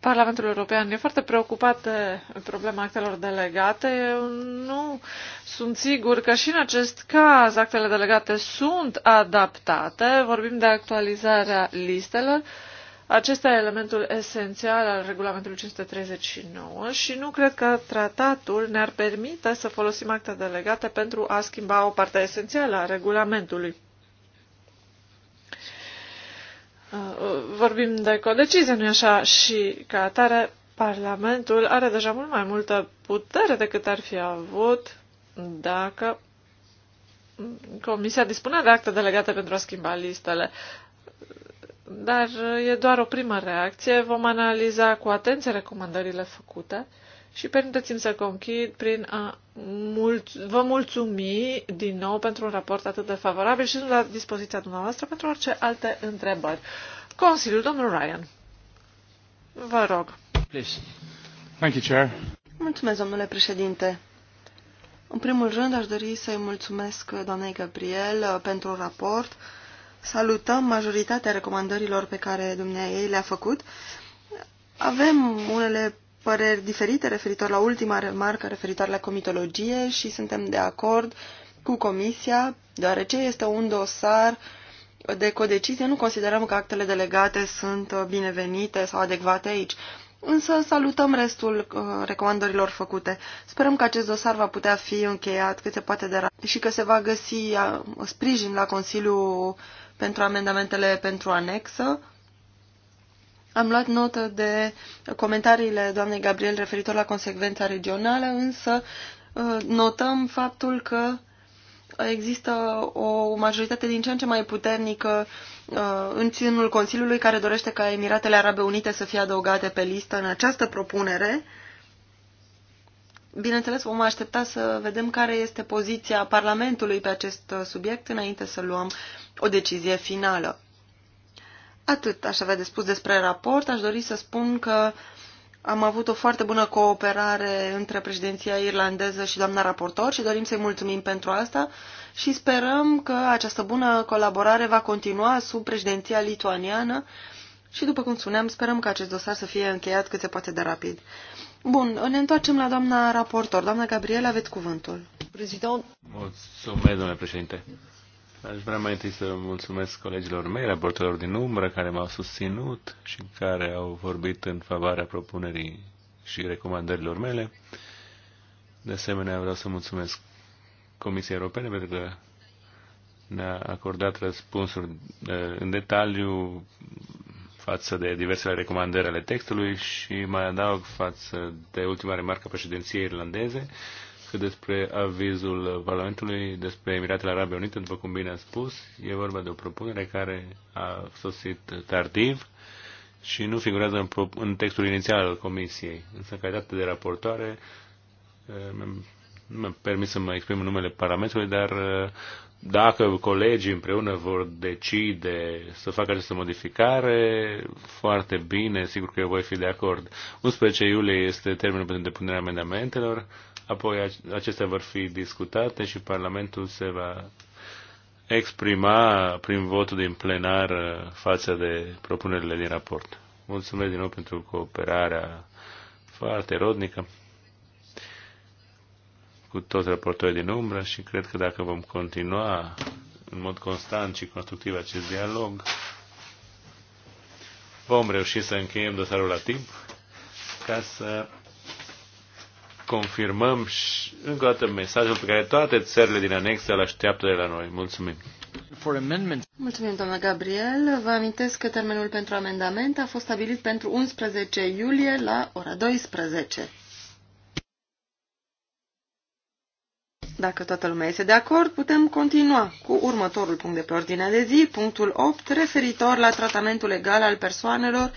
Parlamentul European e foarte preocupat de problema actelor delegate. Eu nu sunt sigur că și în acest caz actele delegate sunt adaptate. Vorbim de actualizarea listelor. Acesta e elementul esențial al regulamentului 539 și nu cred că tratatul ne-ar permite să folosim acte delegate pentru a schimba o parte esențială a regulamentului. Uh, vorbim de codecizie, nu-i așa? Și ca atare, Parlamentul are deja mult mai multă putere decât ar fi avut dacă Comisia dispunea de acte delegate pentru a schimba listele. Dar e doar o primă reacție. Vom analiza cu atenție recomandările făcute și permiteți-mi să conchid prin a mulț- vă mulțumi din nou pentru un raport atât de favorabil și sunt la dispoziția dumneavoastră pentru orice alte întrebări. Consiliul, domnul Ryan. Vă rog. Please. Thank you, Chair. Mulțumesc, domnule președinte. În primul rând, aș dori să-i mulțumesc doamnei Gabriel pentru un raport. Salutăm majoritatea recomandărilor pe care dumneai ei le-a făcut. Avem unele păreri diferite referitor la ultima remarcă referitor la comitologie și suntem de acord cu Comisia, deoarece este un dosar de codecizie, nu considerăm că actele delegate sunt uh, binevenite sau adecvate aici. Însă salutăm restul uh, recomandărilor făcute. Sperăm că acest dosar va putea fi încheiat cât se poate de rapid și că se va găsi uh, sprijin la Consiliu pentru amendamentele pentru anexă, am luat notă de comentariile doamnei Gabriel referitor la consecvența regională, însă uh, notăm faptul că există o majoritate din ce în ce mai puternică uh, în ținul Consiliului care dorește ca Emiratele Arabe Unite să fie adăugate pe listă în această propunere. Bineînțeles, vom aștepta să vedem care este poziția Parlamentului pe acest subiect înainte să luăm o decizie finală. Atât aș avea de spus despre raport. Aș dori să spun că am avut o foarte bună cooperare între președinția irlandeză și doamna raportor și dorim să-i mulțumim pentru asta și sperăm că această bună colaborare va continua sub președinția lituaniană și, după cum spuneam, sperăm că acest dosar să fie încheiat cât se poate de rapid. Bun, ne întoarcem la doamna raportor. Doamna Gabriela, aveți cuvântul. Prezident. Mulțumesc, domnule președinte. Aș vrea mai întâi să mulțumesc colegilor mei, raportelor din umbră, care m-au susținut și care au vorbit în favoarea propunerii și recomandărilor mele. De asemenea, vreau să mulțumesc Comisiei Europene pentru că ne-a acordat răspunsuri eh, în detaliu față de diversele recomandări ale textului și mai adaug față de ultima remarcă a președinției irlandeze cât despre avizul Parlamentului despre Emiratele Arabe Unite, după cum bine a spus, e vorba de o propunere care a sosit tardiv și nu figurează în, în textul inițial al Comisiei. Însă, în calitate de raportoare, eh, nu mi-am permis să mă exprim numele Parlamentului, dar eh, dacă colegii împreună vor decide să facă această modificare, foarte bine, sigur că eu voi fi de acord. 11 iulie este termenul pentru depunerea amendamentelor Apoi acestea vor fi discutate și Parlamentul se va exprima prin votul din plenar uh, față de propunerile din raport. Mulțumesc din nou pentru cooperarea foarte rodnică cu toți raportorii din umbră și cred că dacă vom continua în mod constant și constructiv acest dialog, vom reuși să încheiem dosarul la timp ca să confirmăm și, încă o dată mesajul pe care toate țările din anexă îl așteaptă de la noi. Mulțumim! Mulțumim, doamna Gabriel. Vă amintesc că termenul pentru amendament a fost stabilit pentru 11 iulie la ora 12. Dacă toată lumea este de acord, putem continua cu următorul punct de pe ordinea de zi, punctul 8, referitor la tratamentul legal al persoanelor,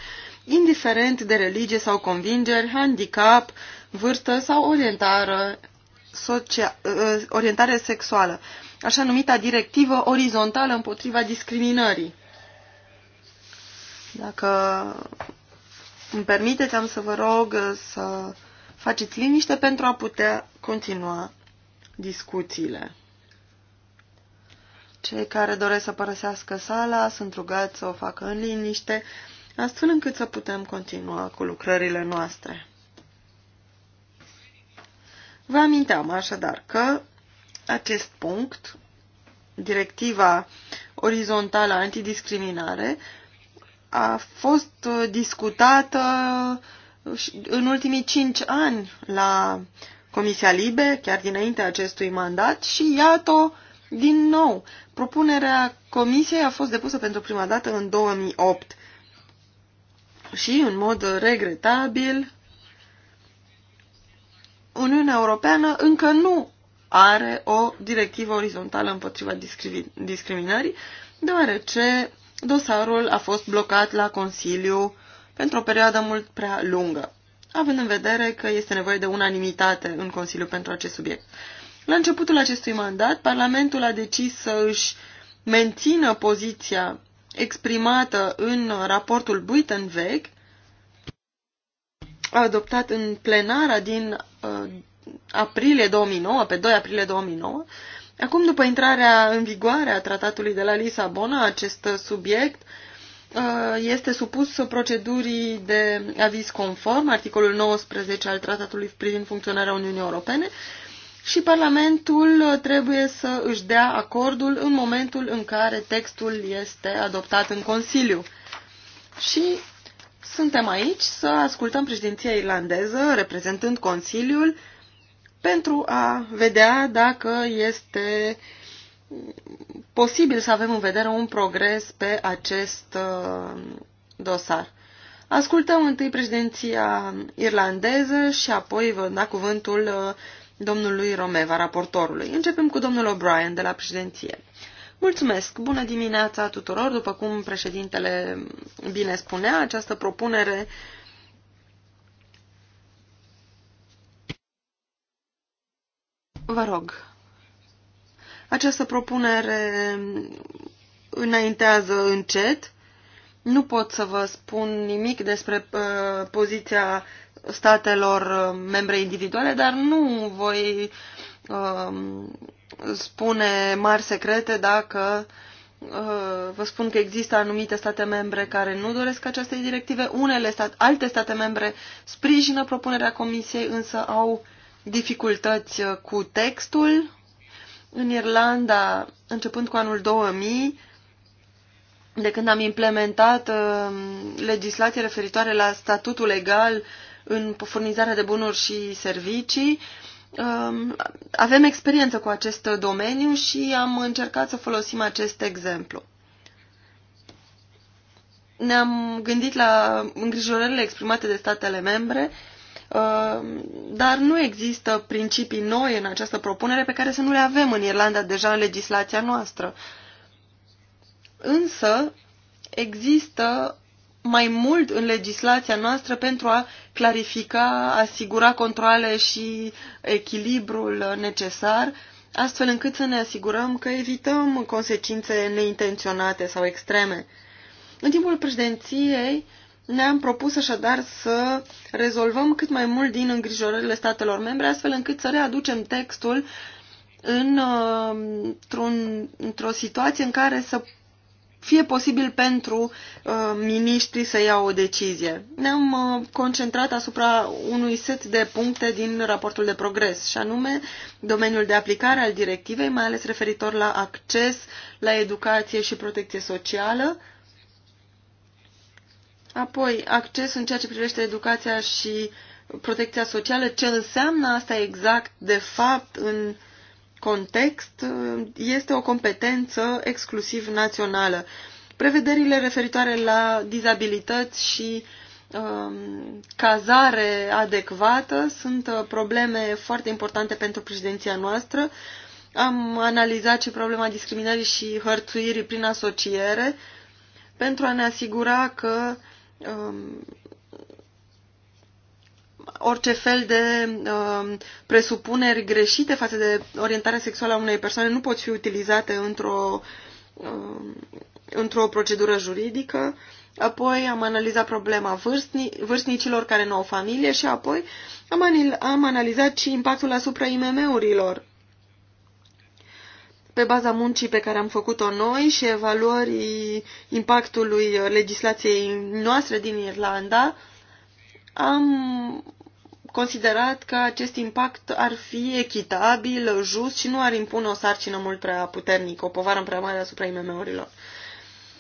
indiferent de religie sau convingeri, handicap, vârstă sau orientare, socia, uh, orientare sexuală, așa numita directivă orizontală împotriva discriminării. Dacă îmi permiteți, am să vă rog uh, să faceți liniște pentru a putea continua discuțiile. Cei care doresc să părăsească sala sunt rugați să o facă în liniște, astfel încât să putem continua cu lucrările noastre. Vă aminteam așadar că acest punct, directiva orizontală antidiscriminare, a fost uh, discutată uh, în ultimii cinci ani la Comisia Libe, chiar dinaintea acestui mandat, și iată din nou. Propunerea Comisiei a fost depusă pentru prima dată în 2008 și, în mod uh, regretabil, Uniunea Europeană încă nu are o directivă orizontală împotriva discriminării, deoarece dosarul a fost blocat la Consiliu pentru o perioadă mult prea lungă, având în vedere că este nevoie de unanimitate în Consiliu pentru acest subiect. La începutul acestui mandat, Parlamentul a decis să își mențină poziția exprimată în raportul Buitenweg adoptat în plenara din uh, aprilie 2009, pe 2 aprilie 2009. Acum, după intrarea în vigoare a tratatului de la Lisabona, acest subiect uh, este supus procedurii de aviz conform, articolul 19 al tratatului privind funcționarea Uniunii Europene, și Parlamentul trebuie să își dea acordul în momentul în care textul este adoptat în Consiliu. Și suntem aici să ascultăm președinția irlandeză, reprezentând Consiliul, pentru a vedea dacă este posibil să avem în vedere un progres pe acest uh, dosar. Ascultăm întâi președinția irlandeză și apoi vă da cuvântul uh, domnului Romeva, raportorului. Începem cu domnul O'Brien de la președinție. Mulțumesc! Bună dimineața tuturor! După cum președintele bine spunea, această propunere Vă rog, această propunere înaintează încet. Nu pot să vă spun nimic despre uh, poziția statelor uh, membre individuale, dar nu voi uh, spune mari secrete dacă uh, vă spun că există anumite state membre care nu doresc aceste directive, unele stat, alte state membre sprijină propunerea Comisiei, însă au dificultăți uh, cu textul. În Irlanda, începând cu anul 2000, de când am implementat uh, legislație referitoare la statutul legal în furnizarea de bunuri și servicii, uh, Um, avem experiență cu acest domeniu și am încercat să folosim acest exemplu. Ne-am gândit la îngrijorările exprimate de statele membre, um, dar nu există principii noi în această propunere pe care să nu le avem în Irlanda deja în legislația noastră. Însă există mai mult în legislația noastră pentru a clarifica, asigura controle și echilibrul necesar, astfel încât să ne asigurăm că evităm consecințe neintenționate sau extreme. În timpul președinției ne-am propus așadar să rezolvăm cât mai mult din îngrijorările statelor membre, astfel încât să readucem textul în, uh, într-o într situație în care să fie posibil pentru uh, miniștri să ia o decizie. Ne-am uh, concentrat asupra unui set de puncte din raportul de progres, și anume domeniul de aplicare al directivei, mai ales referitor la acces la educație și protecție socială, apoi acces în ceea ce privește educația și protecția socială, ce înseamnă asta exact, de fapt, în context este o competență exclusiv națională. Prevederile referitoare la dizabilități și um, cazare adecvată sunt uh, probleme foarte importante pentru președinția noastră. Am analizat și problema discriminării și hărțuirii prin asociere pentru a ne asigura că um, orice fel de uh, presupuneri greșite față de orientarea sexuală a unei persoane nu pot fi utilizate într-o uh, într-o procedură juridică. Apoi am analizat problema vârstni, vârstnicilor care nu au familie și apoi am, anil, am analizat și impactul asupra IMM-urilor. Pe baza muncii pe care am făcut-o noi și evaluării impactului legislației noastre din Irlanda, am considerat că acest impact ar fi echitabil, just și nu ar impune o sarcină mult prea puternică, o povară prea mare asupra IMM-urilor.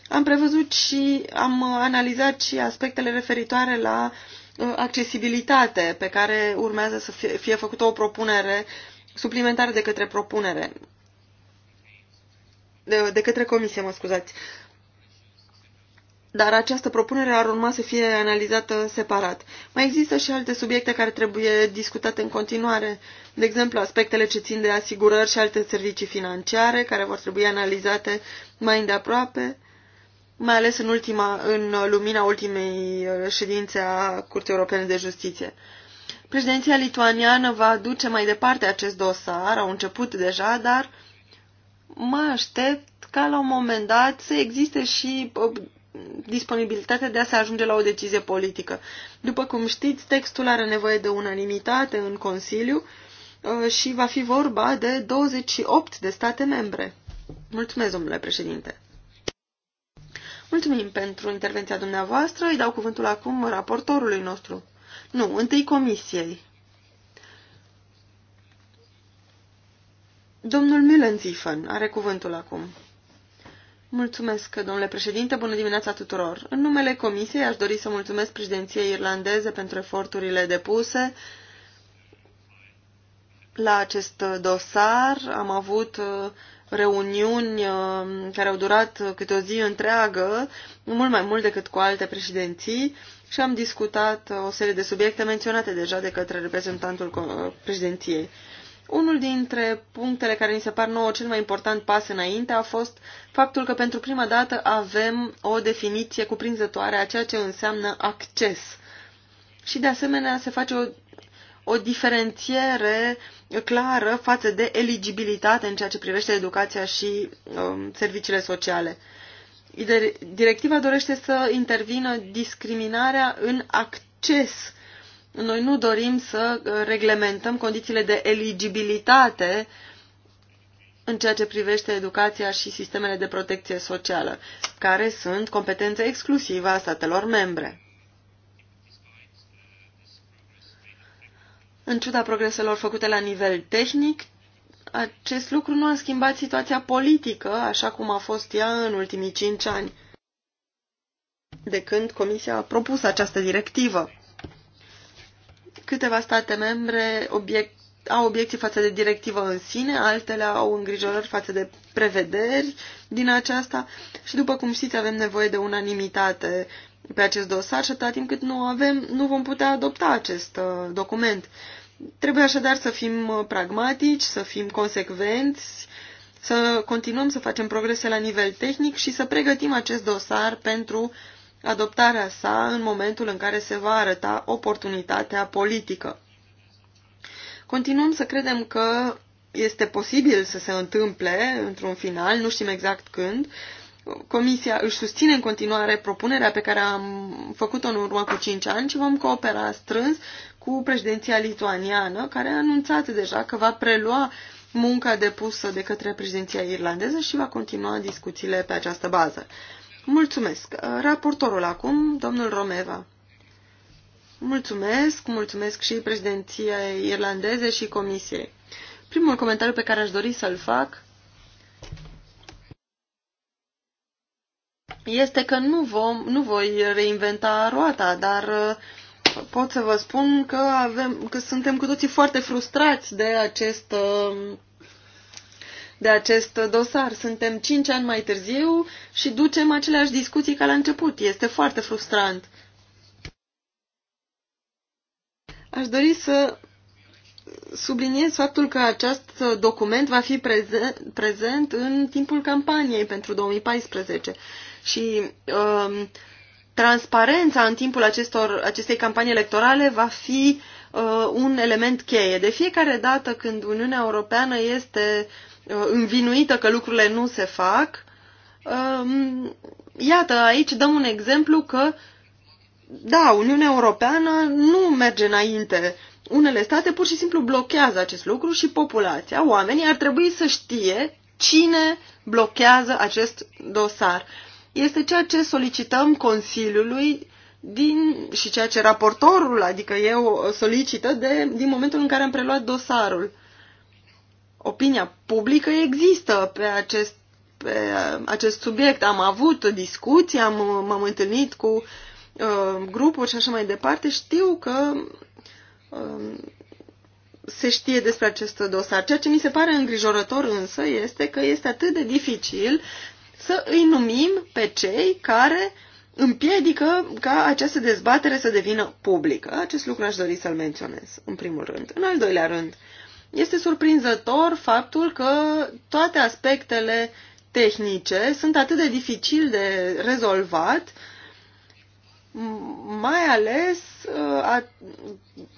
Am prevăzut și am analizat și aspectele referitoare la uh, accesibilitate, pe care urmează să fie, fie făcută o propunere suplimentară de către propunere, de, de către comisie, mă scuzați dar această propunere ar urma să fie analizată separat. Mai există și alte subiecte care trebuie discutate în continuare, de exemplu aspectele ce țin de asigurări și alte servicii financiare, care vor trebui analizate mai îndeaproape, mai ales în, ultima, în lumina ultimei uh, ședințe a Curții Europene de Justiție. Președinția lituaniană va duce mai departe acest dosar, au început deja, dar mă aștept ca la un moment dat să existe și uh, disponibilitatea de a se ajunge la o decizie politică. După cum știți, textul are nevoie de unanimitate în Consiliu uh, și va fi vorba de 28 de state membre. Mulțumesc, domnule președinte. Mulțumim pentru intervenția dumneavoastră. Îi dau cuvântul acum raportorului nostru. Nu, întâi comisiei. Domnul Müllenziefen are cuvântul acum. Mulțumesc, domnule președinte. Bună dimineața tuturor. În numele Comisiei aș dori să mulțumesc președinției irlandeze pentru eforturile depuse la acest dosar. Am avut uh, reuniuni uh, care au durat câte o zi întreagă, mult mai mult decât cu alte președinții, și am discutat uh, o serie de subiecte menționate deja de către reprezentantul președinției. Unul dintre punctele care ni se par nouă cel mai important pas înainte a fost faptul că pentru prima dată avem o definiție cuprinzătoare a ceea ce înseamnă acces. Și de asemenea se face o, o diferențiere clară față de eligibilitate în ceea ce privește educația și um, serviciile sociale. Directiva dorește să intervină discriminarea în acces noi nu dorim să uh, reglementăm condițiile de eligibilitate în ceea ce privește educația și sistemele de protecție socială, care sunt competențe exclusive a statelor membre. În ciuda progreselor făcute la nivel tehnic, acest lucru nu a schimbat situația politică așa cum a fost ea în ultimii cinci ani, de când Comisia a propus această directivă. Câteva state membre obiect, au obiecții față de directivă în sine, altele au îngrijorări față de prevederi din aceasta și, după cum știți, avem nevoie de unanimitate pe acest dosar și atâta timp cât nu avem, nu vom putea adopta acest uh, document. Trebuie așadar să fim uh, pragmatici, să fim consecvenți, să continuăm să facem progrese la nivel tehnic și să pregătim acest dosar pentru uh, adoptarea sa în momentul în care se va arăta oportunitatea politică. Continuăm să credem că este posibil să se întâmple într-un final, nu știm exact când. Comisia își susține în continuare propunerea pe care am făcut-o în urmă cu 5 ani și vom coopera strâns cu președinția lituaniană, care a anunțat deja că va prelua munca depusă de către președinția irlandeză și va continua discuțiile pe această bază. Mulțumesc. Uh, raportorul acum, domnul Romeva. Mulțumesc, mulțumesc și președinției irlandeze și comisiei. Primul comentariu pe care aș dori să-l fac este că nu, vom, nu voi reinventa roata, dar uh, pot să vă spun că, avem, că suntem cu toții foarte frustrați de acest uh, de acest dosar. Suntem cinci ani mai târziu și ducem aceleași discuții ca la început. Este foarte frustrant. Aș dori să subliniez faptul că acest document va fi prezent, prezent în timpul campaniei pentru 2014 și um, transparența în timpul acestor, acestei campanii electorale va fi uh, un element cheie. De fiecare dată când Uniunea Europeană este Uh, învinuită că lucrurile nu se fac. Um, iată, aici dăm un exemplu că, da, Uniunea Europeană nu merge înainte. Unele state pur și simplu blochează acest lucru și populația, oamenii, ar trebui să știe cine blochează acest dosar. Este ceea ce solicităm Consiliului din, și ceea ce raportorul, adică eu, solicită de, din momentul în care am preluat dosarul opinia publică există pe acest, pe acest subiect. Am avut discuții, am, m-am întâlnit cu uh, grupuri și așa mai departe. Știu că uh, se știe despre acest dosar. Ceea ce mi se pare îngrijorător însă este că este atât de dificil să îi numim pe cei care împiedică ca această dezbatere să devină publică. Acest lucru aș dori să-l menționez, în primul rând. În al doilea rând, uh, este surprinzător faptul că toate aspectele tehnice sunt atât de dificil de rezolvat, mai ales uh,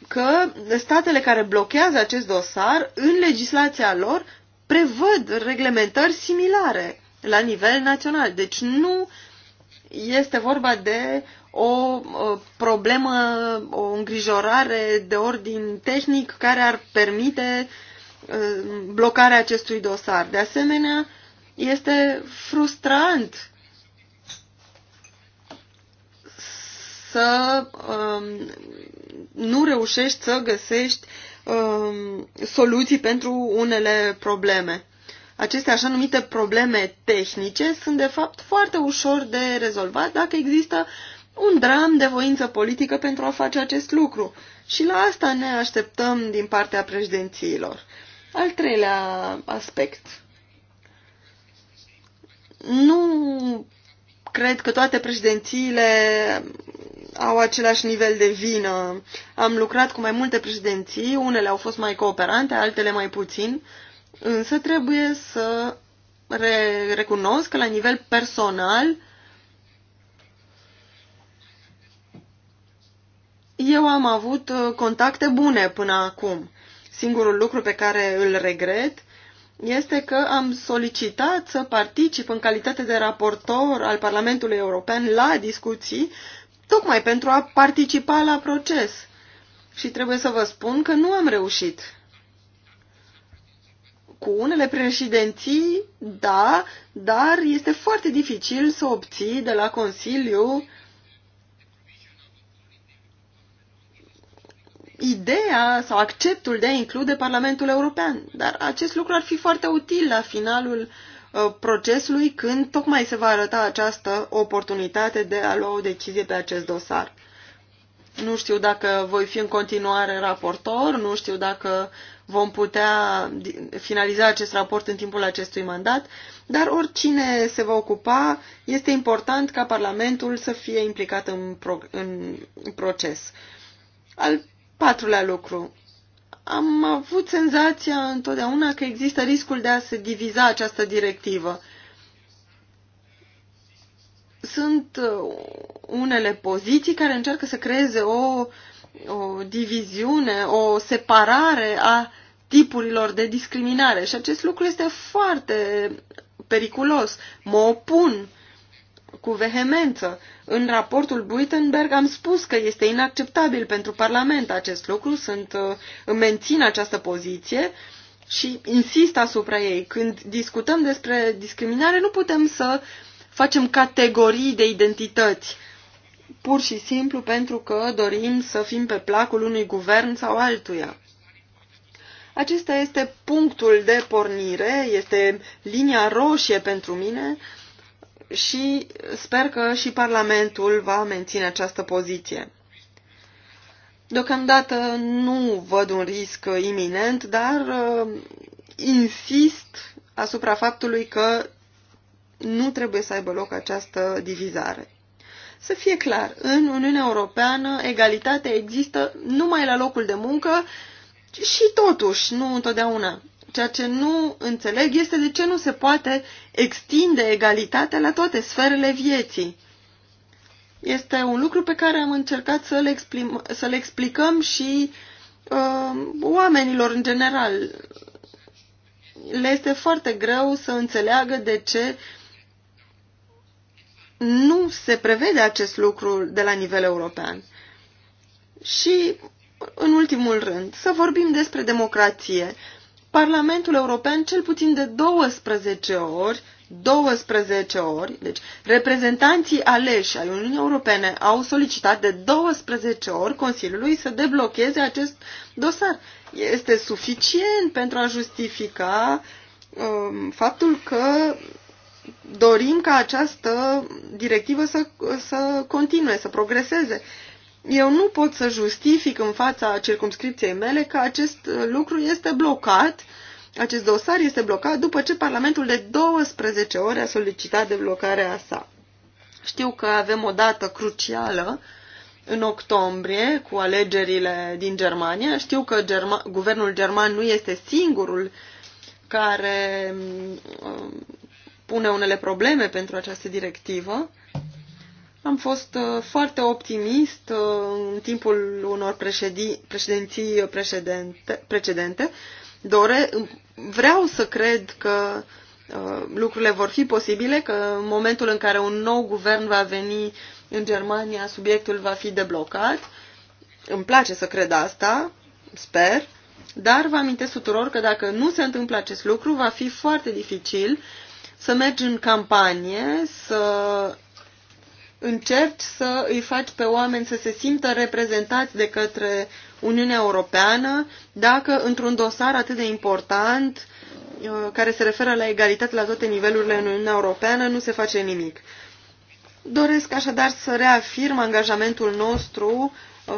că statele care blochează acest dosar, în legislația lor, prevăd reglementări similare la nivel național. Deci nu este vorba de o problemă, o îngrijorare de ordin tehnic care ar permite uh, blocarea acestui dosar. De asemenea, este frustrant să um, nu reușești să găsești um, soluții pentru unele probleme. Aceste așa numite probleme tehnice sunt de fapt foarte ușor de rezolvat dacă există uh, un dram de voință politică pentru a face acest lucru. Și la asta ne așteptăm din partea președințiilor. Al treilea aspect. Nu cred că toate președințiile au același nivel de vină. Am lucrat cu mai multe președinții, unele au fost mai cooperante, altele mai puțin, însă trebuie să re recunosc că la nivel personal eu am avut uh, contacte bune până acum. Singurul lucru pe care îl regret este că am solicitat să particip în calitate de raportor al Parlamentului European la discuții, tocmai pentru a participa la proces. Și trebuie să vă spun că nu am reușit. Cu unele președinții, da, dar este foarte dificil să obții de la Consiliu ideea sau acceptul de a include Parlamentul European. Dar acest lucru ar fi foarte util la finalul uh, procesului când tocmai se va arăta această oportunitate de a lua o decizie pe acest dosar. Nu știu dacă voi fi în continuare raportor, nu știu dacă vom putea finaliza acest raport în timpul acestui mandat, dar oricine se va ocupa, este important ca Parlamentul să fie implicat în, pro- în proces. Al Patrulea lucru. Am avut senzația întotdeauna că există riscul de a se diviza această directivă. Sunt uh, unele poziții care încearcă să creeze o, o diviziune, o separare a tipurilor de discriminare și acest lucru este foarte periculos. Mă opun cu vehemență. În raportul Buitenberg am spus că este inacceptabil pentru Parlament acest lucru, sunt, uh, mențin această poziție și insist asupra ei. Când discutăm despre discriminare, nu putem să facem categorii de identități, pur și simplu pentru că dorim să fim pe placul unui guvern sau altuia. Acesta este punctul de pornire, este linia roșie pentru mine și sper că și Parlamentul va menține această poziție. Deocamdată nu văd un risc iminent, dar uh, insist asupra faptului că nu trebuie să aibă loc această divizare. Să fie clar, în Uniunea Europeană egalitatea există numai la locul de muncă și totuși, nu întotdeauna. Ceea ce nu înțeleg este de ce nu se poate extinde egalitatea la toate sferele vieții. Este un lucru pe care am încercat să-l, să explicăm și uh, oamenilor în general. Le este foarte greu să înțeleagă de ce nu se prevede acest lucru de la nivel european. Și, în ultimul rând, să vorbim despre democrație. Uh, Parlamentul European cel puțin de 12 ori, 12 ori, deci reprezentanții aleși ai Uniunii Europene au solicitat de 12 ori Consiliului să deblocheze acest dosar. Este suficient pentru a justifica um, faptul că dorim ca această directivă să, să continue, să progreseze eu nu pot să justific în fața circumscripției mele că acest uh, lucru este blocat, acest dosar este blocat după ce Parlamentul de 12 ore a solicitat deblocarea sa. Știu că avem o dată crucială în octombrie cu alegerile din Germania. Știu că Germa guvernul german nu este singurul care mm, uh, pune unele probleme pentru această directivă am fost uh, foarte optimist uh, în timpul unor președin, președinții precedente, precedente. Dore, vreau să cred că uh, lucrurile vor fi posibile, că în momentul în care un nou guvern va veni în Germania, subiectul va fi deblocat. Îmi place să cred asta, sper, dar vă amintesc tuturor că dacă nu se întâmplă acest lucru, va fi foarte dificil să mergi în campanie, să încerci să îi faci pe oameni să se simtă reprezentați de către Uniunea Europeană dacă într-un dosar atât de important uh, care se referă la egalitate la toate nivelurile în Uniunea Europeană nu se face nimic. Doresc așadar să reafirm angajamentul nostru uh,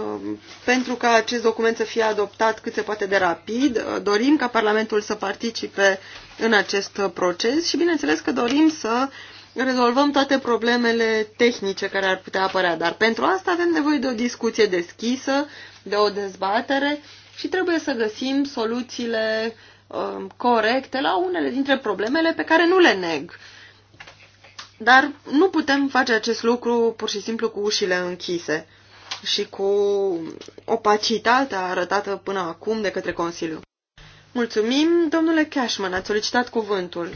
pentru ca acest document să fie adoptat cât se poate de rapid. Uh, dorim ca Parlamentul să participe în acest proces și bineînțeles că dorim să uh, rezolvăm toate problemele tehnice care ar putea apărea, dar pentru asta avem nevoie de o discuție deschisă, de o dezbatere și trebuie să găsim soluțiile um, corecte la unele dintre problemele pe care nu le neg. Dar nu putem face acest lucru pur și simplu cu ușile închise și cu opacitatea arătată până acum de către Consiliu. Mulțumim, domnule Cashman, ați solicitat cuvântul.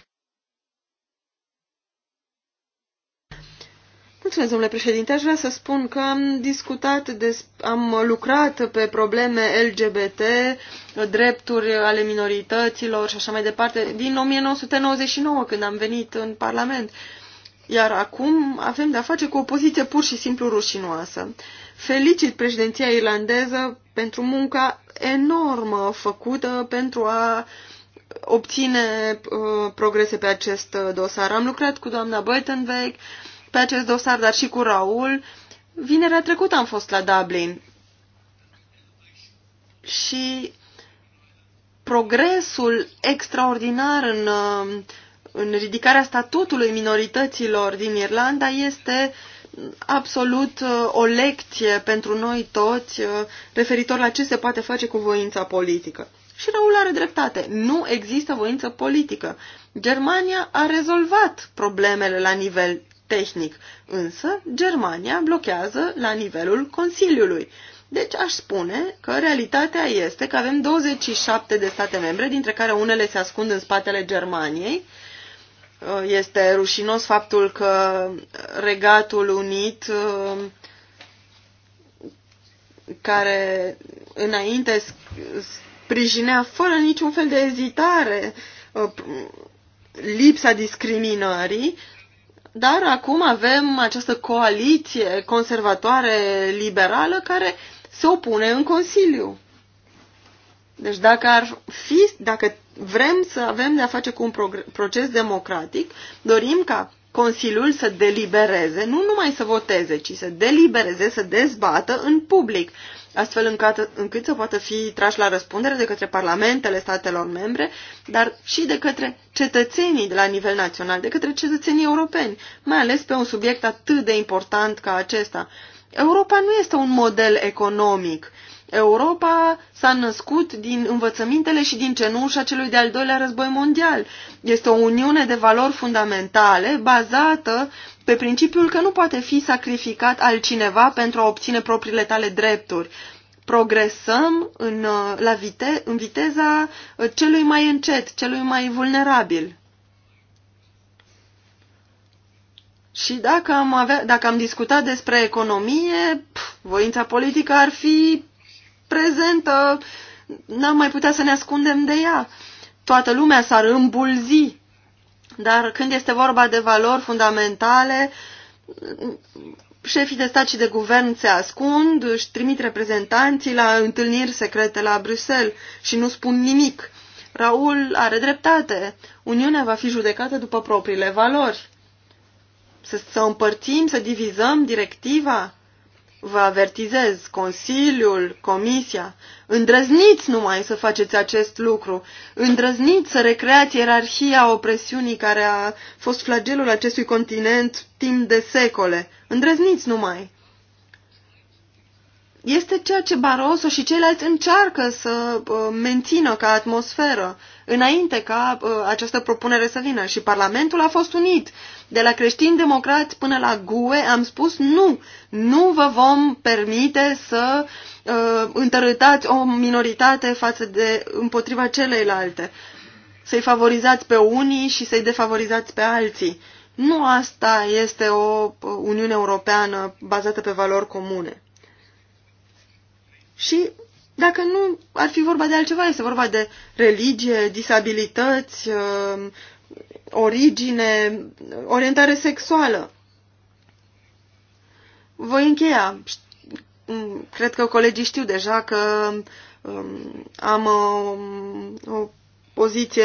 Mulțumesc, domnule președinte. Aș vrea să spun că am discutat, des, am lucrat pe probleme LGBT, drepturi ale minorităților și așa mai departe, din 1999, când am venit în Parlament. Iar acum avem de-a face cu o poziție pur și simplu rușinoasă. Felicit președinția irlandeză pentru munca enormă făcută pentru a obține uh, progrese pe acest dosar. Am lucrat cu doamna Beutenweg, uh, pe acest dosar, dar și cu Raul. Vinerea trecută am fost la Dublin și progresul extraordinar în, uh, în ridicarea statutului minorităților din Irlanda este absolut uh, o lecție pentru noi toți uh, referitor la ce se poate face cu voința politică. Și Raul are dreptate. Nu există voință politică. Germania a rezolvat problemele la nivel tehnic, însă Germania blochează la nivelul Consiliului. Deci aș spune că realitatea este că avem 27 de state membre, dintre care unele se ascund în spatele Germaniei. Uh, este rușinos faptul că Regatul Unit, uh, care înainte sprijinea fără niciun fel de ezitare uh, lipsa discriminării, dar acum avem această coaliție conservatoare liberală care se opune în Consiliu. Deci dacă ar fi, dacă vrem să avem de a face cu un proces democratic, dorim ca Consiliul să delibereze, nu numai să voteze, ci să delibereze, să dezbată în public astfel încât, încât să poată fi trași la răspundere de către parlamentele statelor membre, dar și de către cetățenii de la nivel național, de către cetățenii europeni, mai ales pe un subiect atât de important ca acesta. Europa nu este un model economic. Europa s-a născut din învățămintele și din cenușa celui de-al doilea război mondial. Este o uniune de valori fundamentale bazată pe principiul că nu poate fi sacrificat altcineva pentru a obține propriile tale drepturi. Progresăm în, uh, la vite, în viteza uh, celui mai încet, celui mai vulnerabil. Și dacă am, avea, dacă am discutat despre economie, pf, voința politică ar fi prezentă, n-am mai putea să ne ascundem de ea. Toată lumea s-ar îmbulzi, dar când este vorba de valori fundamentale, șefii de stat și de guvern se ascund, își trimit reprezentanții la întâlniri secrete la Bruxelles și nu spun nimic. Raul are dreptate. Uniunea va fi judecată după propriile valori. Să, să împărțim, să divizăm directiva? vă avertizez, Consiliul, Comisia, îndrăzniți numai să faceți acest lucru, îndrăzniți să recreați ierarhia opresiunii care a fost flagelul acestui continent timp de secole, îndrăzniți numai. Este ceea ce Barroso și ceilalți încearcă să uh, mențină ca atmosferă, înainte ca uh, această propunere să vină și Parlamentul a fost unit. De la creștini democrați până la GUE am spus nu, nu vă vom permite să uh, întărâtați o minoritate față de împotriva celeilalte, să-i favorizați pe unii și să-i defavorizați pe alții. Nu asta este o Uniune Europeană bazată pe valori comune. Și dacă nu ar fi vorba de altceva, este vorba de religie, disabilități, um, origine, orientare sexuală. Voi încheia. Cred că colegii știu deja că um, am o, um, o poziție,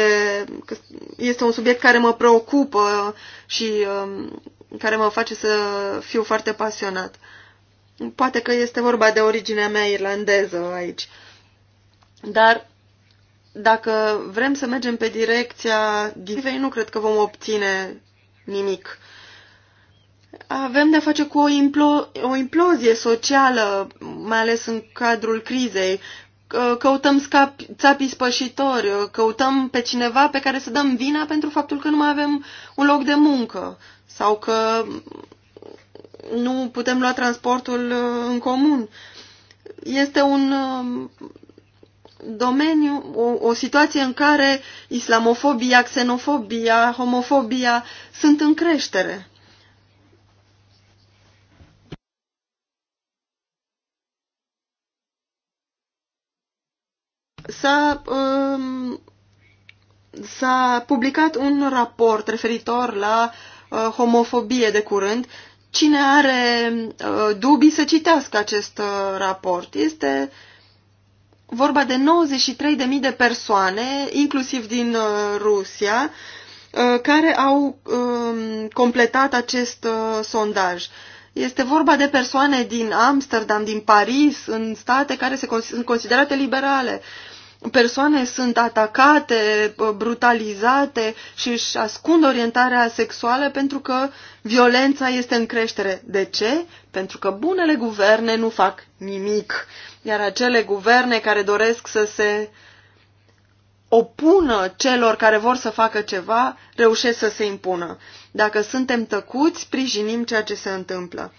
că este un subiect care mă preocupă și care mă face să fiu foarte pasionat. Poate că este vorba de originea mea irlandeză aici. Dar dacă vrem să mergem pe direcția Givei, nu cred că vom obține nimic. Avem de-a face cu o, implo o implozie socială, mai ales în cadrul crizei. Căutăm scapi, țapii spășitori, căutăm pe cineva pe care să dăm vina pentru faptul că nu mai avem un loc de muncă sau că nu putem lua transportul uh, în comun. Este un um, domeniu, o, o situație în care islamofobia, xenofobia, homofobia sunt în creștere. S-a, um, s-a publicat un raport referitor la uh, homofobie de curând Cine are uh, dubii să citească acest uh, raport. Este vorba de 93.000 de persoane, inclusiv din uh, Rusia, care au um, completat acest sondaj. Este vorba de persoane din Amsterdam, din Paris, în state care se cons- sunt considerate liberale. Uh, persoane sunt atacate, brutalizate și își ascund orientarea sexuală pentru că violența este în creștere. De ce? Pentru că bunele guverne nu fac nimic. Iar acele guverne care doresc să se opună celor care vor să facă ceva, reușesc să se impună. Dacă suntem tăcuți, sprijinim ceea ce se întâmplă.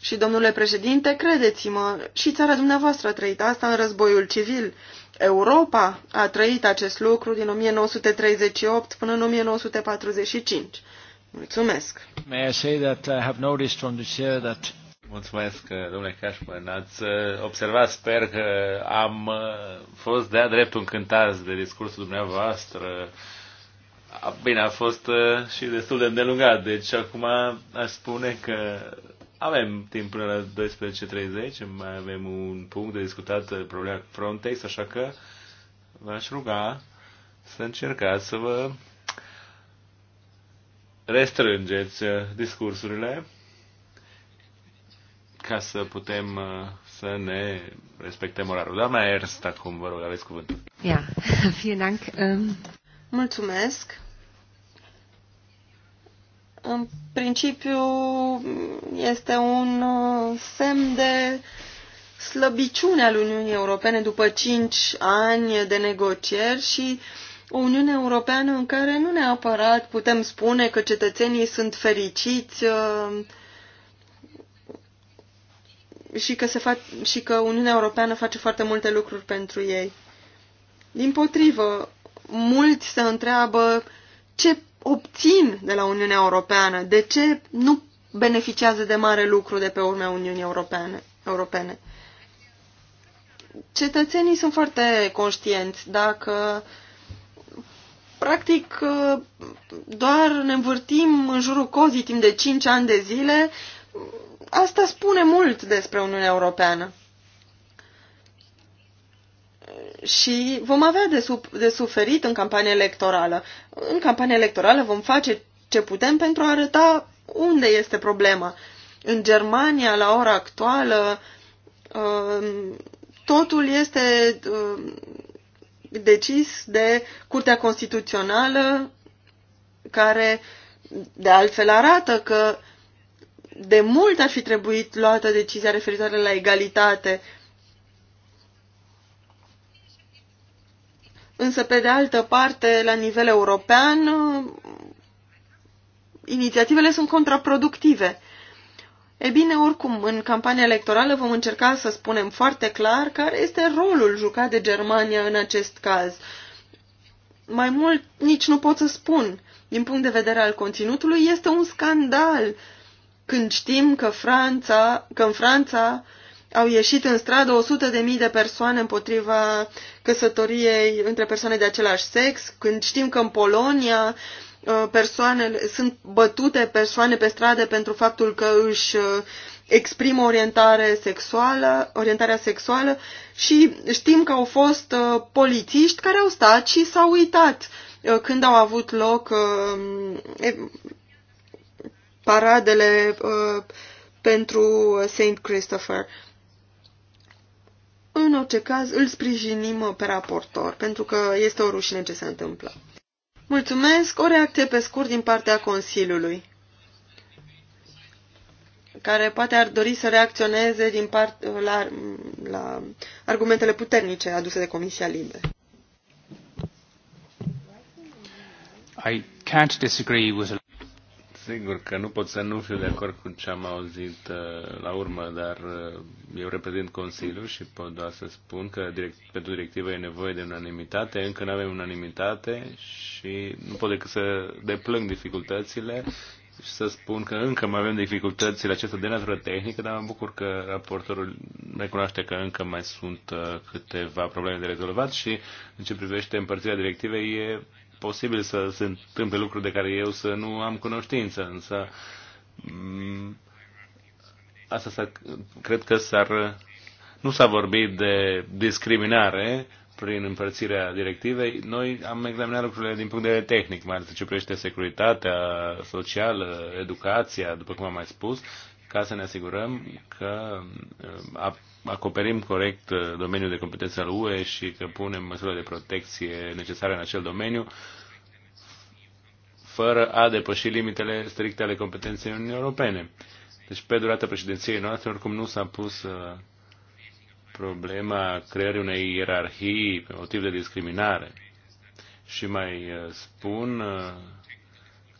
Și, domnule președinte, credeți-mă, și țara dumneavoastră a trăit asta în războiul civil. Europa a trăit acest lucru din 1938 până în 1945. Mulțumesc. May I say that I have noticed from the that Mulțumesc, domnule Cașman. Ați uh, observat, sper că am uh, fost de-a dreptul încântați de discursul dumneavoastră. Bine, a fost uh, și destul de îndelungat, deci acum aș spune că avem timp până la 12.30, mai avem un punct de discutat problema Frontex, așa că v-aș ruga să încercați să vă restrângeți discursurile ca să putem uh, să ne respectăm orarul. Doamna Ernst, acum vă rog, aveți cuvântul. Ia, *laughs* vielen Dank. Um, Mulțumesc. În principiu este un uh, semn de slăbiciune al Uniunii Europene după cinci ani de negocieri și o Uniune Europeană în care nu neapărat putem spune că cetățenii sunt fericiți uh, și că, se fac, și că Uniunea Europeană face foarte multe lucruri pentru ei. Din potrivă, mulți se întreabă ce obțin de la Uniunea Europeană? De ce nu beneficiază de mare lucru de pe urmea Uniunii Europeane? Europene? Cetățenii sunt foarte conștienți dacă practic doar ne învârtim în jurul cozii timp de 5 ani de zile, asta spune mult despre Uniunea Europeană și vom avea de, sub, de suferit în campania electorală. În campania electorală vom face ce putem pentru a arăta unde este problema. În Germania, la ora actuală, um, totul este um, decis de Curtea Constituțională, care de altfel arată că de mult ar fi trebuit luată decizia referitoare la egalitate Însă, pe de altă parte, la nivel european, inițiativele sunt contraproductive. E bine, oricum, în campania electorală vom încerca să spunem foarte clar care este rolul jucat de Germania în acest caz. Mai mult nici nu pot să spun. Din punct de vedere al conținutului, este un scandal când știm că, Franța, că în Franța au ieșit în stradă 100 de mii de persoane împotriva căsătoriei între persoane de același sex, când știm că în Polonia uh, persoanele, sunt bătute persoane pe stradă pentru faptul că își uh, exprimă orientare sexuală, orientarea sexuală și știm că au fost uh, polițiști care au stat și s-au uitat când au avut loc paradele pentru Saint Christopher. În orice caz, îl sprijinim pe raportor, pentru că este o rușine ce se întâmplă. Mulțumesc. O reacție pe scurt din partea Consiliului, care poate ar dori să reacționeze din part, la, la argumentele puternice aduse de Comisia Libe. I can't disagree with Sigur că nu pot să nu fiu de acord cu ce am auzit uh, la urmă, dar uh, eu reprezint Consiliul și pot doar să spun că direct, pentru directivă e nevoie de unanimitate, încă nu avem unanimitate și nu pot decât să deplâng dificultățile și să spun că încă mai avem dificultățile acestea de natură tehnică, dar mă bucur că raportorul recunoaște că încă mai sunt uh, câteva probleme de rezolvat și în ce privește împărțirea directivei e posibil să se întâmple lucruri de care eu să nu am cunoștință, însă mm, asta s cred că s-ar, nu s-a vorbit de discriminare prin împărțirea directivei. Noi am examinat lucrurile din punct de vedere tehnic, mai ales ce privește securitatea socială, educația, după cum am mai spus, ca să ne asigurăm că mm, acoperim corect uh, domeniul de competență al UE și că punem măsurile de protecție necesare în acel domeniu, fără a depăși limitele stricte ale competenței Uniunii Europene. Deci, pe durata președinției noastre, oricum nu s-a pus uh, problema creării unei ierarhii pe motiv de discriminare. Și mai uh, spun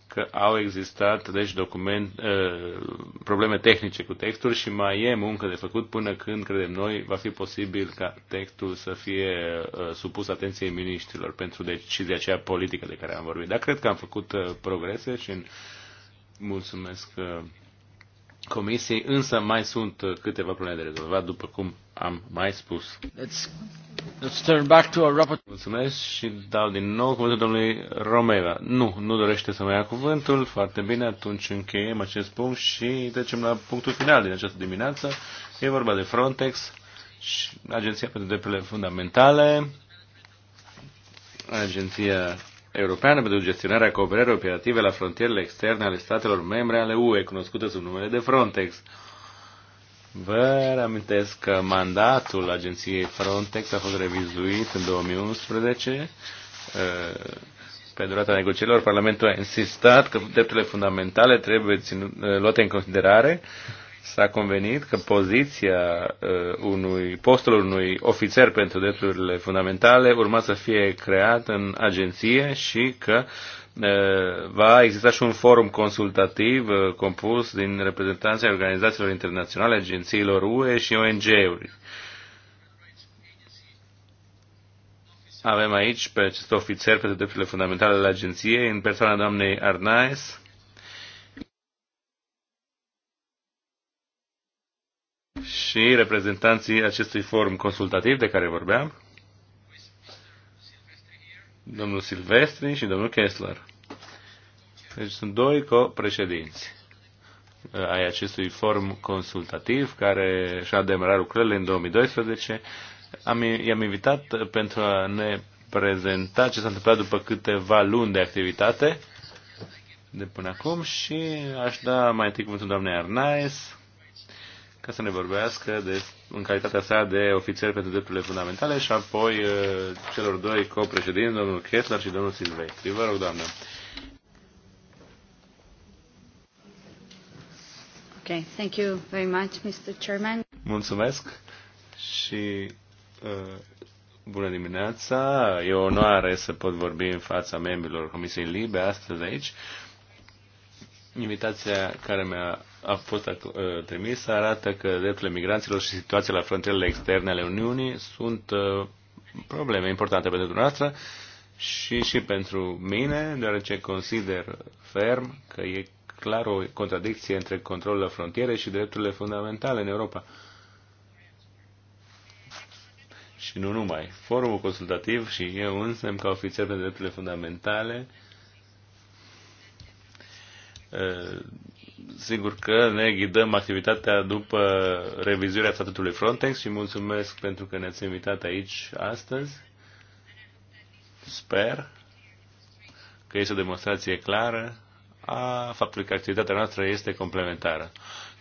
că au existat deci document, uh, probleme tehnice cu textul și mai e muncă de făcut până când, credem noi, va fi posibil ca textul să fie uh, supus atenției miniștrilor pentru decizia aceea politică de care am vorbit. Dar cred că am făcut uh, progrese și în... mulțumesc comisiei, însă mai sunt câteva probleme de rezolvat, după cum am mai spus. Let's Let's turn back to our rapport. Mulțumesc și dau din nou cuvântul domnului Romeva. Nu, nu dorește să mai ia cuvântul. Foarte bine, atunci încheiem acest punct și trecem la punctul final din această dimineață. E vorba de Frontex și Agenția pentru Drepturile Fundamentale, Agenția Europeană pentru gestionarea cooperării operative la frontierele externe ale statelor membre ale UE, cunoscută sub numele de Frontex. Vă reamintesc că mandatul agenției Frontex a fost revizuit în 2011. Eh, pe durata negocierilor, Parlamentul a insistat că drepturile fundamentale trebuie eh, luate în considerare. S-a convenit că poziția eh, unui, postul unui ofițer pentru drepturile fundamentale urma să fie creat în agenție și că va exista și un forum consultativ compus din reprezentanții organizațiilor internaționale, agențiilor UE și ONG-uri. Avem aici pe acest ofițer pentru drepturile fundamentale ale agenției, în persoana doamnei Arnaes. și reprezentanții acestui forum consultativ de care vorbeam domnul Silvestri și domnul Kessler. Deci sunt doi co-președinți uh, ai acestui form consultativ care și-a demarat lucrările în 2012. Am, i-am invitat uh, pentru a ne prezenta ce s-a întâmplat după câteva luni de activitate de până acum și aș da mai întâi cuvântul doamnei Arnaes ca să ne vorbească de, în calitatea sa de ofițer pentru drepturile fundamentale și apoi uh, celor doi copreședinți, domnul Kessler și domnul Silvestri. Vă rog, doamnă. Okay, thank you very much, Mr. Chairman. Mulțumesc și uh, bună dimineața. E o onoare să pot vorbi în fața membrilor Comisiei Libe astăzi aici. Invitația care mi-a a fost ă, trimisă arată că drepturile migranților și situația la frontierele externe ale Uniunii sunt ă, probleme importante pentru dumneavoastră și, și pentru mine, deoarece consider ferm că e clar o contradicție între controlul la frontiere și drepturile fundamentale în Europa. Și nu numai. Forumul consultativ și eu însem ca ofițer pentru drepturile fundamentale ă, sigur că ne ghidăm activitatea după revizuirea statutului Frontex și mulțumesc pentru că ne-ați invitat aici astăzi. Sper că este o demonstrație clară a faptului că activitatea noastră este complementară.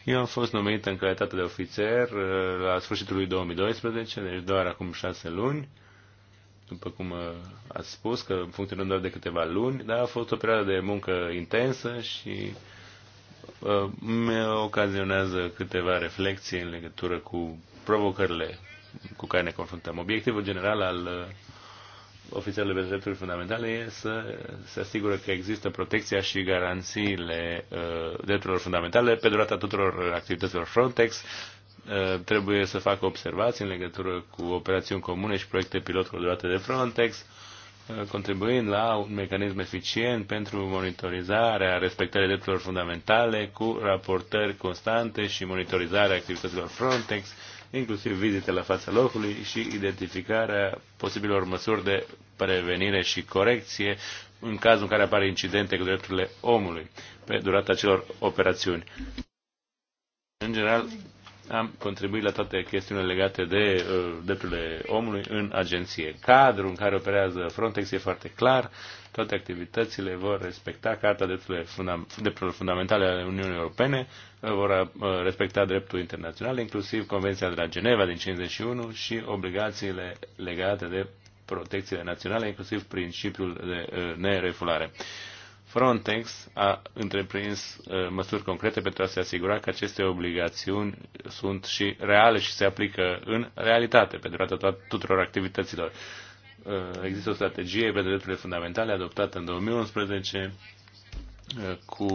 Eu am fost numit în calitate de ofițer uh, la sfârșitul lui 2012, deci doar acum șase luni, după cum uh, ați spus, că funcționăm doar de câteva luni, dar a fost o perioadă de muncă intensă și mi ocazionează câteva reflexii în legătură cu provocările cu care ne confruntăm. Obiectivul general al uh, ofițerului de drepturi fundamentale e să se asigură că există protecția și garanțiile uh, drepturilor fundamentale pe durata tuturor activităților Frontex. Uh, trebuie să facă observații în legătură cu operațiuni comune și proiecte pilot cu durată de Frontex contribuind la un mecanism eficient pentru monitorizarea respectării drepturilor fundamentale cu raportări constante și monitorizarea activităților Frontex, inclusiv vizite la fața locului și identificarea posibilor măsuri de prevenire și corecție în cazul în care apare incidente cu drepturile omului pe durata acelor operațiuni. În general, am contribuit la toate chestiunile legate de uh, drepturile omului în agenție. Cadrul în care operează Frontex e foarte clar, toate activitățile vor respecta Carta Drepturilor, Fundam Fundamentale ale Uniunii Europene, uh, vor uh, respecta dreptul internațional, inclusiv Convenția de la Geneva din 51 și obligațiile legate de protecțiile naționale, inclusiv principiul de uh, nerefulare. Uh, Frontex a întreprins uh, măsuri concrete pentru a se asigura că aceste obligațiuni sunt și reale și se aplică în realitate pe durata tuturor activităților. Uh, există o strategie pe drepturile fundamentale adoptată în 2011 uh, cu,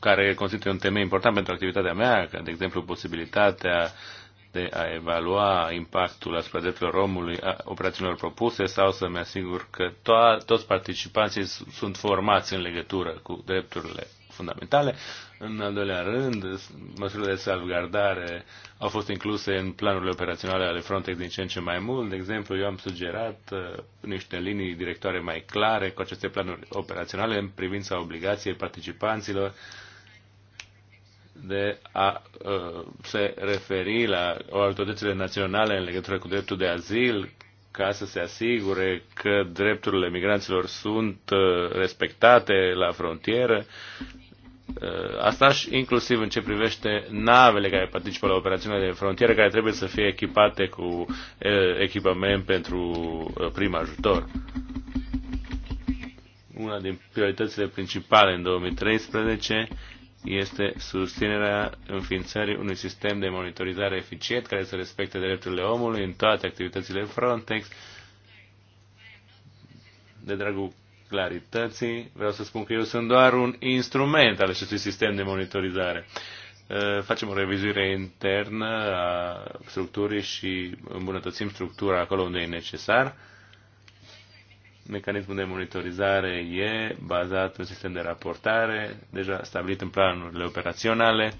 care constituie un temei important pentru activitatea mea, ca de exemplu posibilitatea de a evalua impactul asupra drepturilor omului a operațiunilor propuse sau să mă asigur că to- toți participanții sunt formați în legătură cu drepturile fundamentale. În al doilea rând, măsurile de salvgardare au fost incluse în planurile operaționale ale Frontex din ce în ce mai mult. De exemplu, eu am sugerat uh, niște linii directoare mai clare cu aceste planuri operaționale în privința obligației participanților de a uh, se referi la autoritățile naționale în legătură cu dreptul de azil ca să se asigure că drepturile migranților sunt uh, respectate la frontieră. Uh, asta și inclusiv în ce privește navele care participă la operațiunile de frontieră, care trebuie să fie echipate cu uh, echipament pentru uh, prim ajutor una din prioritățile principale în 2013 este susținerea înființării unui sistem de monitorizare eficient care să respecte drepturile omului în toate activitățile Frontex. De dragul clarității, vreau să spun că eu sunt doar un instrument al acestui sistem de monitorizare. Uh, facem o revizuire internă a structurii și îmbunătățim structura acolo unde e necesar Mecanismul de monitorizare e bazat pe un sistem de raportare, deja stabilit în planurile operaționale.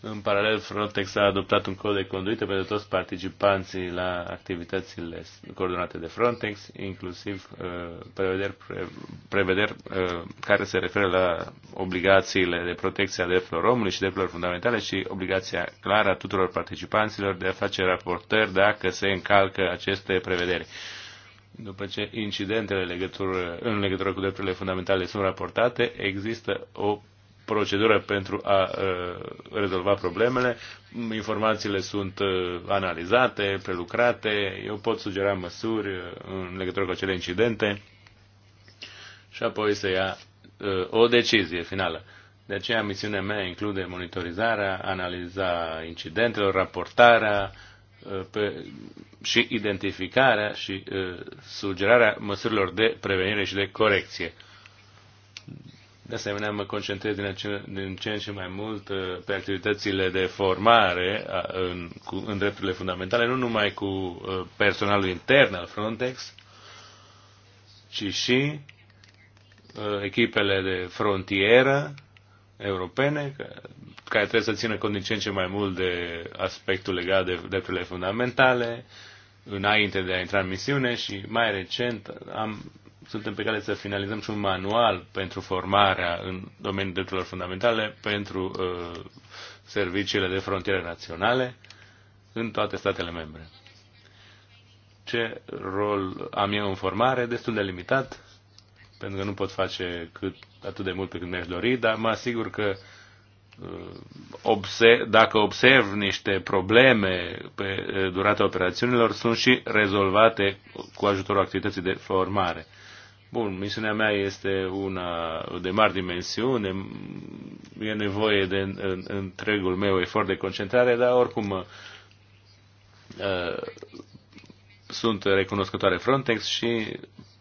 În paralel, Frontex a adoptat un cod de conduită pentru toți participanții la activitățile coordonate de Frontex, inclusiv uh, prevederi, pre, prevederi uh, care se referă la obligațiile de protecție a drepturilor omului și drepturilor fundamentale și obligația clară a tuturor participanților de a face raportări dacă se încalcă aceste prevederi. Uh, după ce incidentele legătură, în legătură cu drepturile fundamentale sunt raportate, există o procedură pentru a uh, rezolva problemele, informațiile sunt uh, analizate, prelucrate, eu pot sugera măsuri uh, în legătură cu acele incidente și apoi să ia uh, o decizie finală. De aceea misiunea mea include monitorizarea, analiza incidentelor, raportarea, uh, pe, și identificarea și uh, sugerarea măsurilor de prevenire și de corecție. De asemenea, mă concentrez din, ace- din ce în ce mai mult uh, pe activitățile de formare în, cu, în drepturile fundamentale, nu numai cu uh, personalul intern al Frontex, ci și echipele de frontieră europene, care trebuie să țină cont din ce în ce mai mult de aspectul legat de drepturile fundamentale, înainte de a intra în misiune și mai recent am, suntem pe cale să finalizăm și un manual pentru formarea în domeniul drepturilor fundamentale pentru uh, serviciile de frontiere naționale în toate statele membre. Ce rol am eu în formare? Destul de limitat pentru că nu pot face cât, atât de mult pe cât mi-aș dori, dar mă asigur că uh, observ, dacă observ niște probleme pe uh, durata operațiunilor, sunt și rezolvate cu ajutorul activității de formare. Bun, misiunea mea este una de mari dimensiune, e nevoie de în, întregul meu efort de concentrare, dar oricum uh, sunt recunoscătoare Frontex și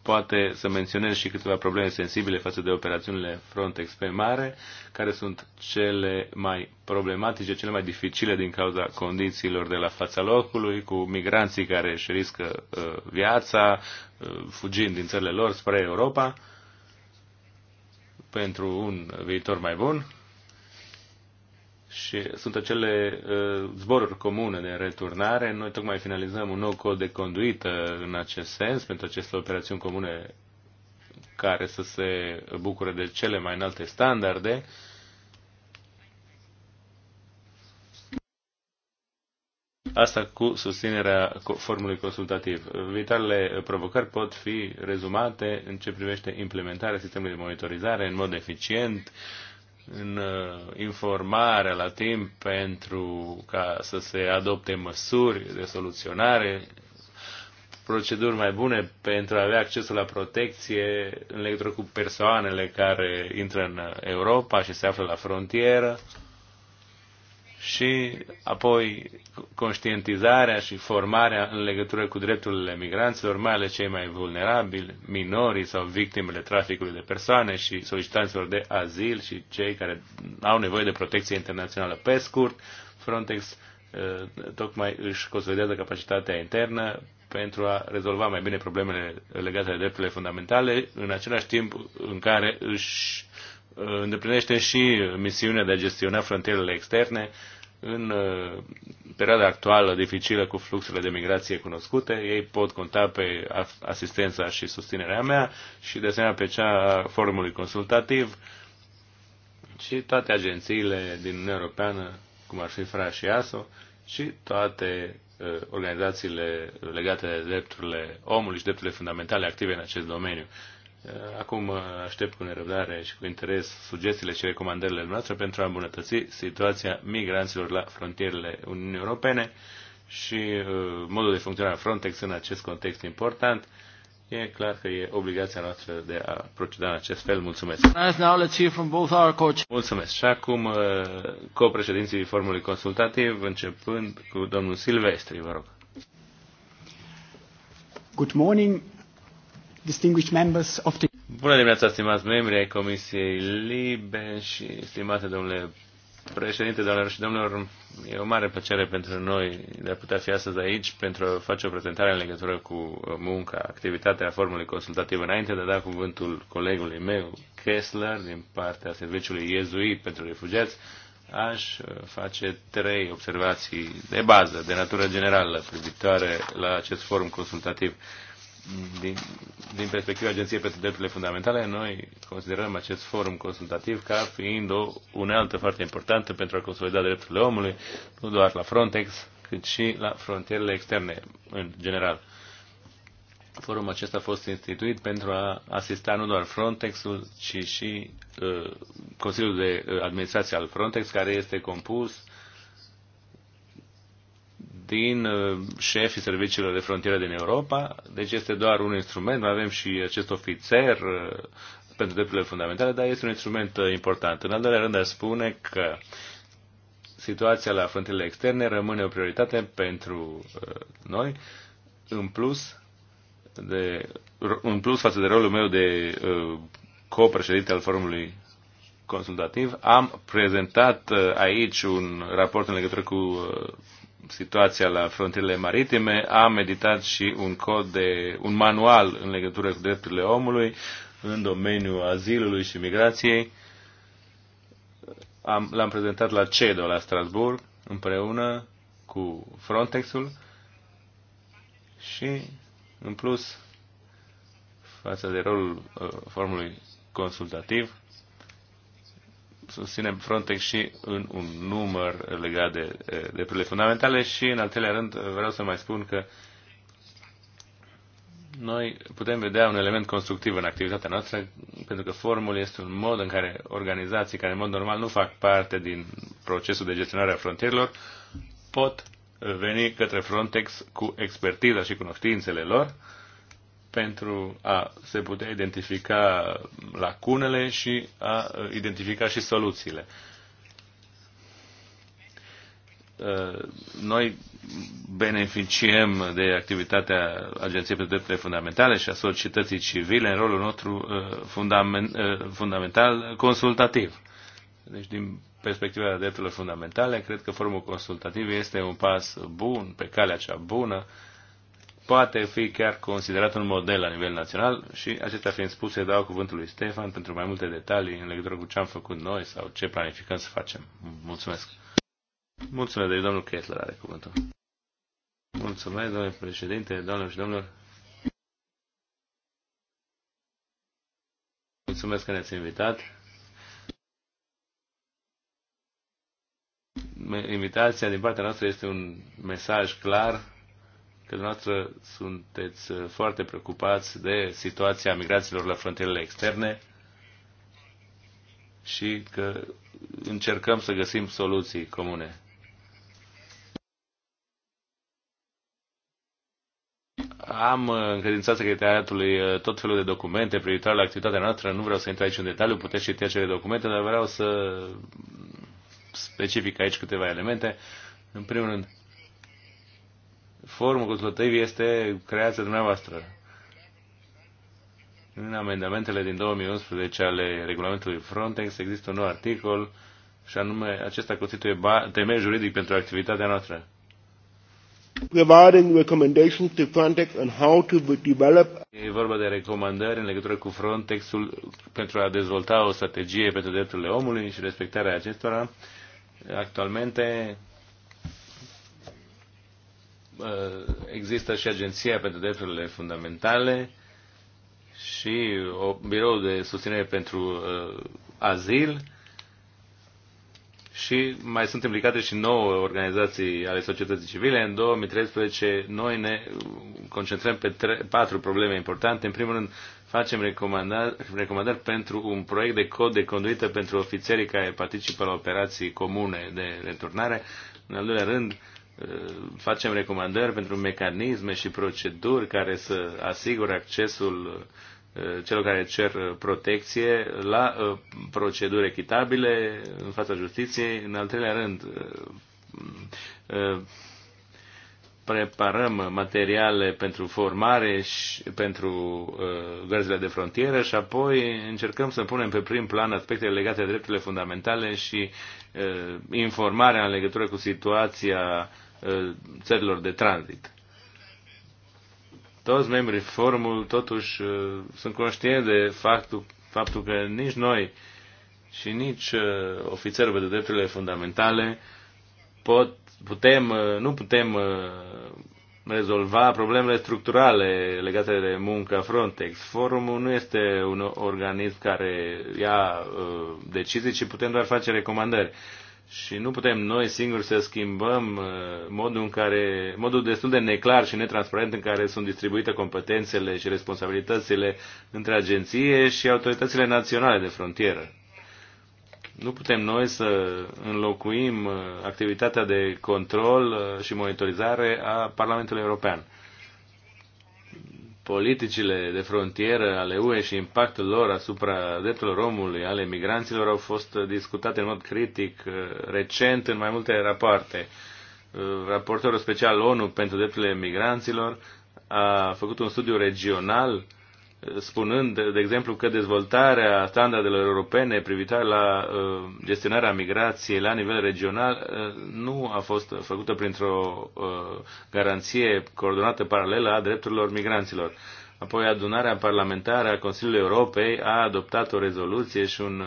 poate să menționez și câteva probleme sensibile față de operațiunile Frontex pe mare, care sunt cele mai problematice, cele mai dificile din cauza condițiilor de la fața locului, cu migranții care își riscă uh, viața, uh, fugind din țările lor spre Europa pentru un viitor mai bun și sunt acele uh, zboruri comune de returnare. Noi tocmai finalizăm un nou cod de conduită în acest sens pentru aceste operațiuni comune care să se bucure de cele mai înalte standarde. Asta cu susținerea formului consultativ. Vitalele provocări pot fi rezumate în ce privește implementarea sistemului de monitorizare în mod eficient, uh, în uh, informarea la timp pentru ca să se adopte măsuri de soluționare, proceduri mai bune pentru a avea accesul la protecție în legătură cu persoanele care intră în Europa și se află la frontieră și apoi conștientizarea și formarea în legătură cu drepturile migranților, mai ales cei mai vulnerabili, minorii sau victimele traficului de persoane și solicitanților de azil și cei care au nevoie de protecție internațională. Pe scurt, Frontex eh, tocmai își consolidează capacitatea internă pentru a rezolva mai bine problemele legate de drepturile fundamentale, în același timp în care își îndeplinește și misiunea de a gestiona frontierele externe în uh, perioada actuală dificilă cu fluxurile de migrație cunoscute. Ei pot conta pe asistența și susținerea mea și de asemenea pe cea a forumului consultativ și toate agențiile din Uniunea Europeană, cum ar fi FRA și ASO, și toate uh, organizațiile legate de drepturile omului și drepturile fundamentale active în acest domeniu. Eh, acum eh, aștept cu nerăbdare și cu interes sugestiile și recomandările noastre pentru a îmbunătăți situația migranților la frontierele Uniunii Europene și eh, modul de funcționare a Frontex în acest context important. E clar că e obligația noastră de a proceda în acest fel. Mulțumesc. Mulțumesc. Și acum copreședinții formului consultativ, începând cu domnul Silvestri, vă rog. Good morning distinguished members of the... Bună dimineața, stimați membri ai Comisiei Libe și stimate domnule președinte, doamnelor și domnilor, e o mare plăcere pentru noi de a putea fi astăzi aici pentru a face o prezentare în legătură cu munca, activitatea formului consultativ înainte de a da cuvântul colegului meu, Kessler, din partea serviciului iezuit pentru refugiați, aș face trei observații de bază, de natură generală, privitoare la acest forum consultativ din, din perspectiva Agenției pentru Drepturile Fundamentale, noi considerăm acest forum consultativ ca fiind o unealtă foarte importantă pentru a consolida drepturile omului, nu doar la Frontex, cât și la frontierele externe în general. Forumul acesta a fost instituit pentru a asista nu doar Frontexul, ci și uh, Consiliul de uh, Administrație al Frontex, care este compus din uh, șefii serviciilor de frontieră din Europa, deci este doar un instrument, mai avem și acest ofițer uh, pentru drepturile fundamentale, dar este un instrument uh, important. În al doilea rând, aș spune că situația la frontierele externe rămâne o prioritate pentru noi, în plus, de, în plus față de rolul meu de co-președinte al forumului consultativ. Am prezentat aici un raport în legătură cu situația la frontierele maritime, a meditat și un cod de, un manual în legătură cu drepturile omului în domeniul azilului și migrației. Am, l-am prezentat la CEDO la Strasburg împreună cu Frontexul și în plus față de rolul uh, formului consultativ susținem Frontex și în un număr legat de drepturile fundamentale și, în al treilea rând, vreau să mai spun că noi putem vedea un element constructiv în activitatea noastră, pentru că formul este un mod în care organizații care în mod normal nu fac parte din procesul de gestionare a frontierelor pot veni către Frontex cu expertiza și cunoștințele lor pentru a se putea identifica lacunele și a ă, identifica și soluțiile. Ă, noi beneficiem de activitatea Agenției pentru Drepturile Fundamentale și a societății civile în rolul nostru ă, fundamental consultativ. Deci, din perspectiva drepturilor fundamentale, cred că forumul consultativ este un pas bun, pe calea cea bună, poate fi chiar considerat un model la nivel național și acestea fiind spuse, dau cuvântul lui Stefan pentru mai multe detalii în legătură cu ce am făcut noi sau ce planificăm să facem. Mulțumesc! Mulțumesc, deci domnul Kessler are cuvântul. Mulțumesc, domnule președinte, domnule și domnilor. Mulțumesc că ne-ați invitat. Invitația din partea noastră este un mesaj clar că dumneavoastră sunteți uh, foarte preocupați de situația migrațiilor la frontierele externe și că încercăm să găsim soluții comune. Am uh, încredințat secretariatului uh, tot felul de documente privitoare la activitatea noastră. Nu vreau să intru aici în detaliu, puteți citi acele documente, dar vreau să specific aici câteva elemente. În primul rând, Formul consultativ este creația dumneavoastră. În amendamentele din 2011 ale regulamentului Frontex există un nou articol și anume acesta constituie temei juridic pentru activitatea noastră. Providing recommendations to Frontex on how to develop E vorba de recomandări în legătură cu Frontexul pentru a dezvolta o strategie pentru drepturile omului și respectarea acestora. Actualmente Uh, există și Agenția pentru Drepturile Fundamentale și o birou de susținere pentru uh, azil și mai sunt implicate și nouă organizații ale societății civile. În 2013 noi ne concentrăm pe tre- patru probleme importante. În primul rând, facem recomandări, recomandări pentru un proiect de cod de conduită pentru ofițerii care participă la operații comune de returnare. În al doilea rând, uh, Uh, facem recomandări pentru mecanisme și proceduri care să asigure accesul uh, celor care cer uh, protecție la proceduri echitabile în fața justiției. În al treilea rând, preparăm materiale pentru formare și pentru gărzile de frontieră și apoi încercăm să punem pe prim plan aspectele legate de drepturile fundamentale și informarea în legătură cu situația Uh, țărilor de tranzit. Toți membrii forumul totuși uh, sunt conștienți de faptul, faptul că nici noi și nici uh, ofițerul de drepturile fundamentale pot, putem, nu putem rezolva problemele structurale legate de munca Frontex. Forumul nu este un organism care ia uh, decizii, ci putem doar face recomandări. Și nu putem noi singuri să schimbăm uh, modul, în care, modul destul de neclar și netransparent în care sunt distribuite competențele și responsabilitățile între agenție și autoritățile naționale de frontieră. Nu putem noi să înlocuim uh, activitatea de control uh, și monitorizare a Parlamentului European politicile de frontieră ale UE și impactul lor asupra drepturilor omului, ale migranților, au fost discutate în mod critic uh, recent în mai multe rapoarte. Uh, raportorul special ONU pentru drepturile migranților a făcut un studiu regional spunând, de exemplu, că dezvoltarea standardelor europene privitoare la uh, gestionarea migrației la nivel regional uh, nu a fost făcută printr-o uh, garanție coordonată paralelă a drepturilor migranților. Apoi adunarea parlamentară a Consiliului Europei a adoptat o rezoluție și un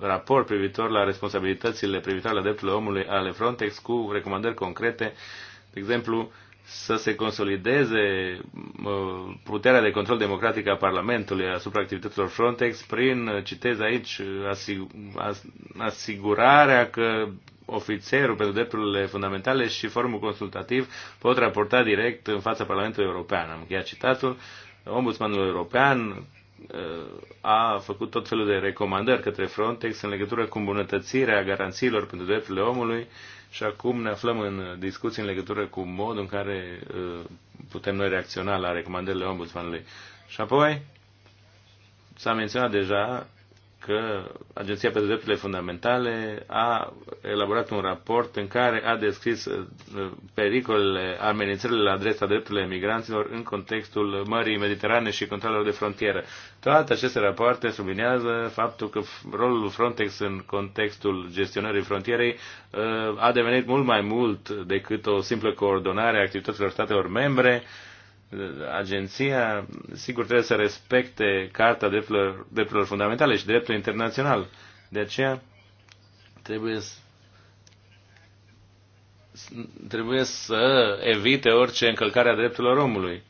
raport privitor la responsabilitățile privitoare la drepturile omului ale Frontex cu recomandări concrete, de exemplu, să se consolideze puterea de control democratic a Parlamentului asupra activităților Frontex prin, citez aici, asigurarea că ofițerul pentru drepturile fundamentale și formul consultativ pot raporta direct în fața Parlamentului European. Am încheiat citatul. Ombudsmanul European ă, a făcut tot felul de recomandări către Frontex în legătură cu îmbunătățirea garanțiilor pentru drepturile omului și acum ne aflăm în discuții în legătură cu modul în care uh, putem noi reacționa la recomandările ombudsmanului. Și apoi, s-a menționat deja că Agenția pentru Drepturile Fundamentale a elaborat un raport în care a descris uh, pericolele, amenințările la adresa drepturilor migranților în contextul Mării Mediterane și controlelor de frontieră. Toate aceste rapoarte subliniază faptul că rolul Frontex în contextul gestionării frontierei uh, a devenit mult mai mult decât o simplă coordonare a activităților statelor membre, agenția, sigur, trebuie să respecte Carta Drepturilor, Drepturilor Fundamentale și dreptul internațional. De aceea trebuie să trebuie să evite orice încălcare a drepturilor omului.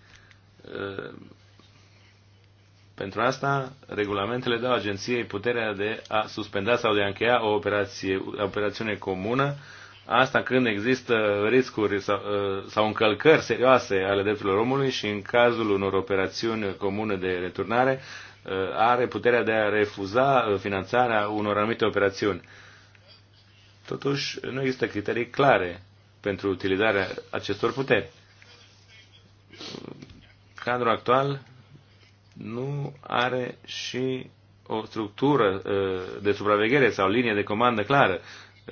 Pentru asta, regulamentele dau agenției puterea de a suspenda sau de a încheia o operație, operațiune comună Asta când există riscuri sau, ă, sau încălcări serioase ale drepturilor omului și în cazul unor operațiuni comune de returnare ă, are puterea de a refuza ă, finanțarea unor anumite operațiuni. Totuși, nu există criterii clare pentru utilizarea acestor puteri. Cadrul actual nu are și o structură de supraveghere sau linie de comandă clară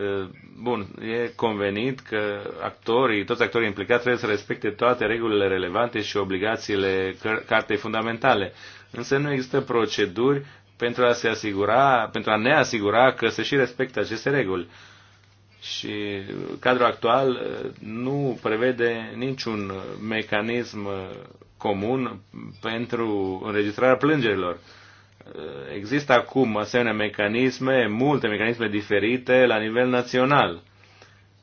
Eh, bun, e convenit că actorii, toți actorii implicați trebuie să respecte toate regulile relevante și obligațiile cartei fundamentale. Însă nu există proceduri pentru a, se asigura, pentru a ne asigura că se și respectă aceste reguli. Și cadrul actual eh, nu prevede niciun mecanism eh, comun pentru înregistrarea plângerilor. Există acum asemenea mecanisme, multe mecanisme diferite la nivel național,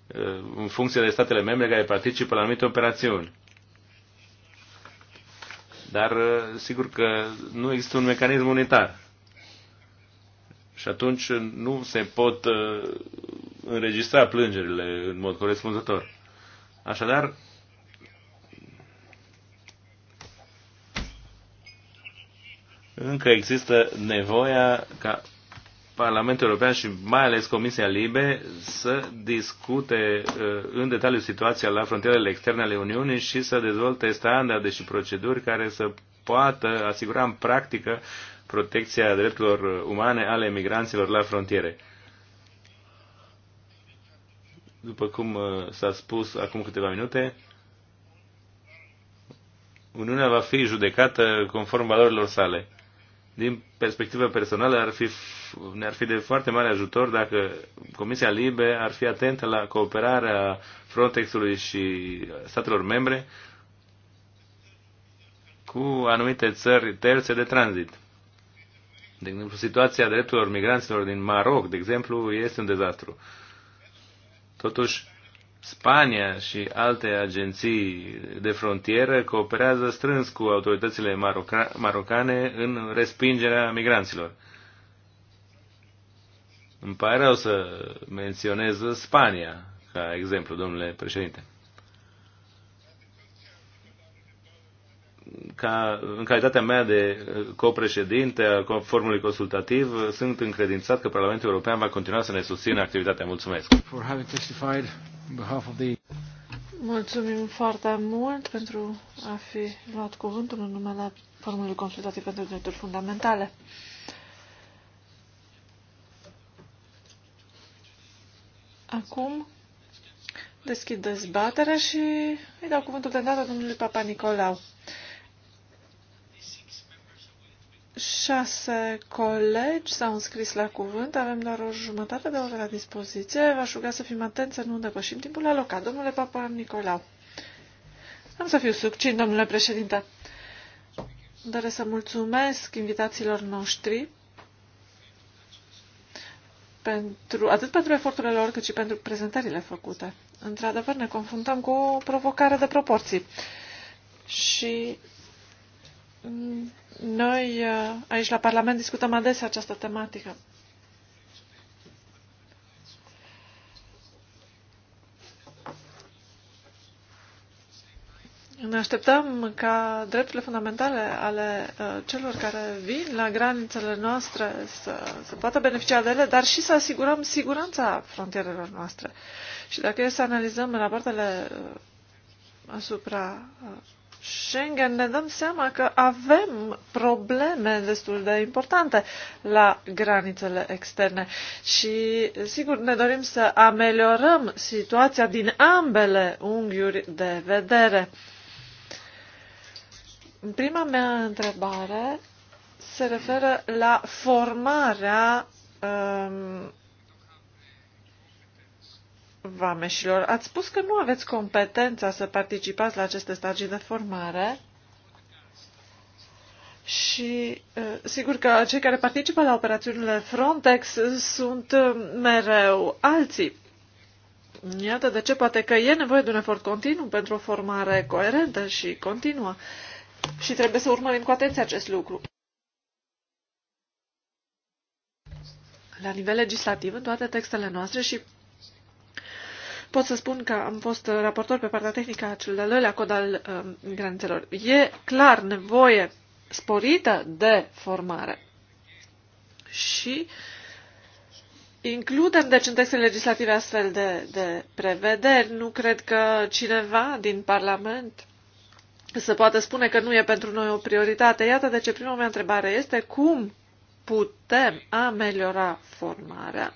uh, în funcție de statele membre care participă la anumite operațiuni. Dar uh, sigur că nu există un mecanism unitar. Și atunci nu se pot uh, înregistra plângerile în mod corespunzător. Așadar, încă există nevoia ca Parlamentul European și mai ales Comisia Libe să discute uh, în detaliu situația la frontierele externe ale Uniunii și să dezvolte standarde și proceduri care să poată asigura în practică protecția drepturilor umane ale migranților la frontiere. După cum uh, s-a spus acum câteva minute, Uniunea va fi judecată conform valorilor sale din perspectivă personală, ar fi, ne-ar fi de foarte mare ajutor dacă Comisia Libe ar fi atentă la cooperarea Frontexului și statelor membre cu anumite țări terțe de tranzit. De exemplu, situația drepturilor migranților din Maroc, de exemplu, este un dezastru. Totuși, Spania și alte agenții de frontieră cooperează strâns cu autoritățile maroca marocane în respingerea migranților. Îmi pare rău să menționez Spania ca exemplu, domnule președinte. ca, în calitatea mea de uh, copreședinte al formului consultativ, uh, sunt încredințat că Parlamentul European va continua să ne susțină activitatea. Mulțumesc! Mulțumim foarte mult pentru a fi luat cuvântul în numele formului consultativ pentru drepturi fundamentale. Acum deschid dezbaterea și îi dau cuvântul de dată domnului Papa Nicolau. Șase colegi s-au înscris la cuvânt, avem doar o jumătate de oră la dispoziție. V-aș ruga să fim atenți să nu depășim timpul alocat. Domnule Papa Nicolau, am să fiu succint, domnule președinte. Doresc să mulțumesc invitațiilor noștri pentru, atât pentru eforturile lor, cât și pentru prezentările făcute. Într-adevăr, ne confruntăm cu o provocare de proporții. Și noi uh, aici la Parlament discutăm adesea această tematică. Ne așteptăm ca drepturile fundamentale ale uh, celor care vin la granițele noastre să, să poată beneficia de ele, dar și să asigurăm siguranța frontierelor noastre. Și dacă e să analizăm rapoartele uh, asupra Schengen ne dăm seama că avem probleme destul de importante la granițele externe și, sigur, ne dorim să ameliorăm situația din ambele unghiuri de vedere. Prima mea întrebare se referă la formarea um, vameșilor. Ați spus că nu aveți competența să participați la aceste stagii de formare și uh, sigur că cei care participă la operațiunile Frontex sunt uh, mereu alții. Iată de ce poate că e nevoie de un efort continuu pentru o formare coerentă și continuă și trebuie să urmărim cu atenție acest lucru. La nivel legislativ, în toate textele noastre și pot să spun că am fost raportor pe partea tehnică a celui de-al doilea cod al uh, um, granițelor. E clar nevoie sporită de formare. Și includem, deci, în textele legislative astfel de, de prevederi. Nu cred că cineva din Parlament să poată spune că nu e pentru noi o prioritate. Iată de ce prima mea întrebare este cum putem ameliora formarea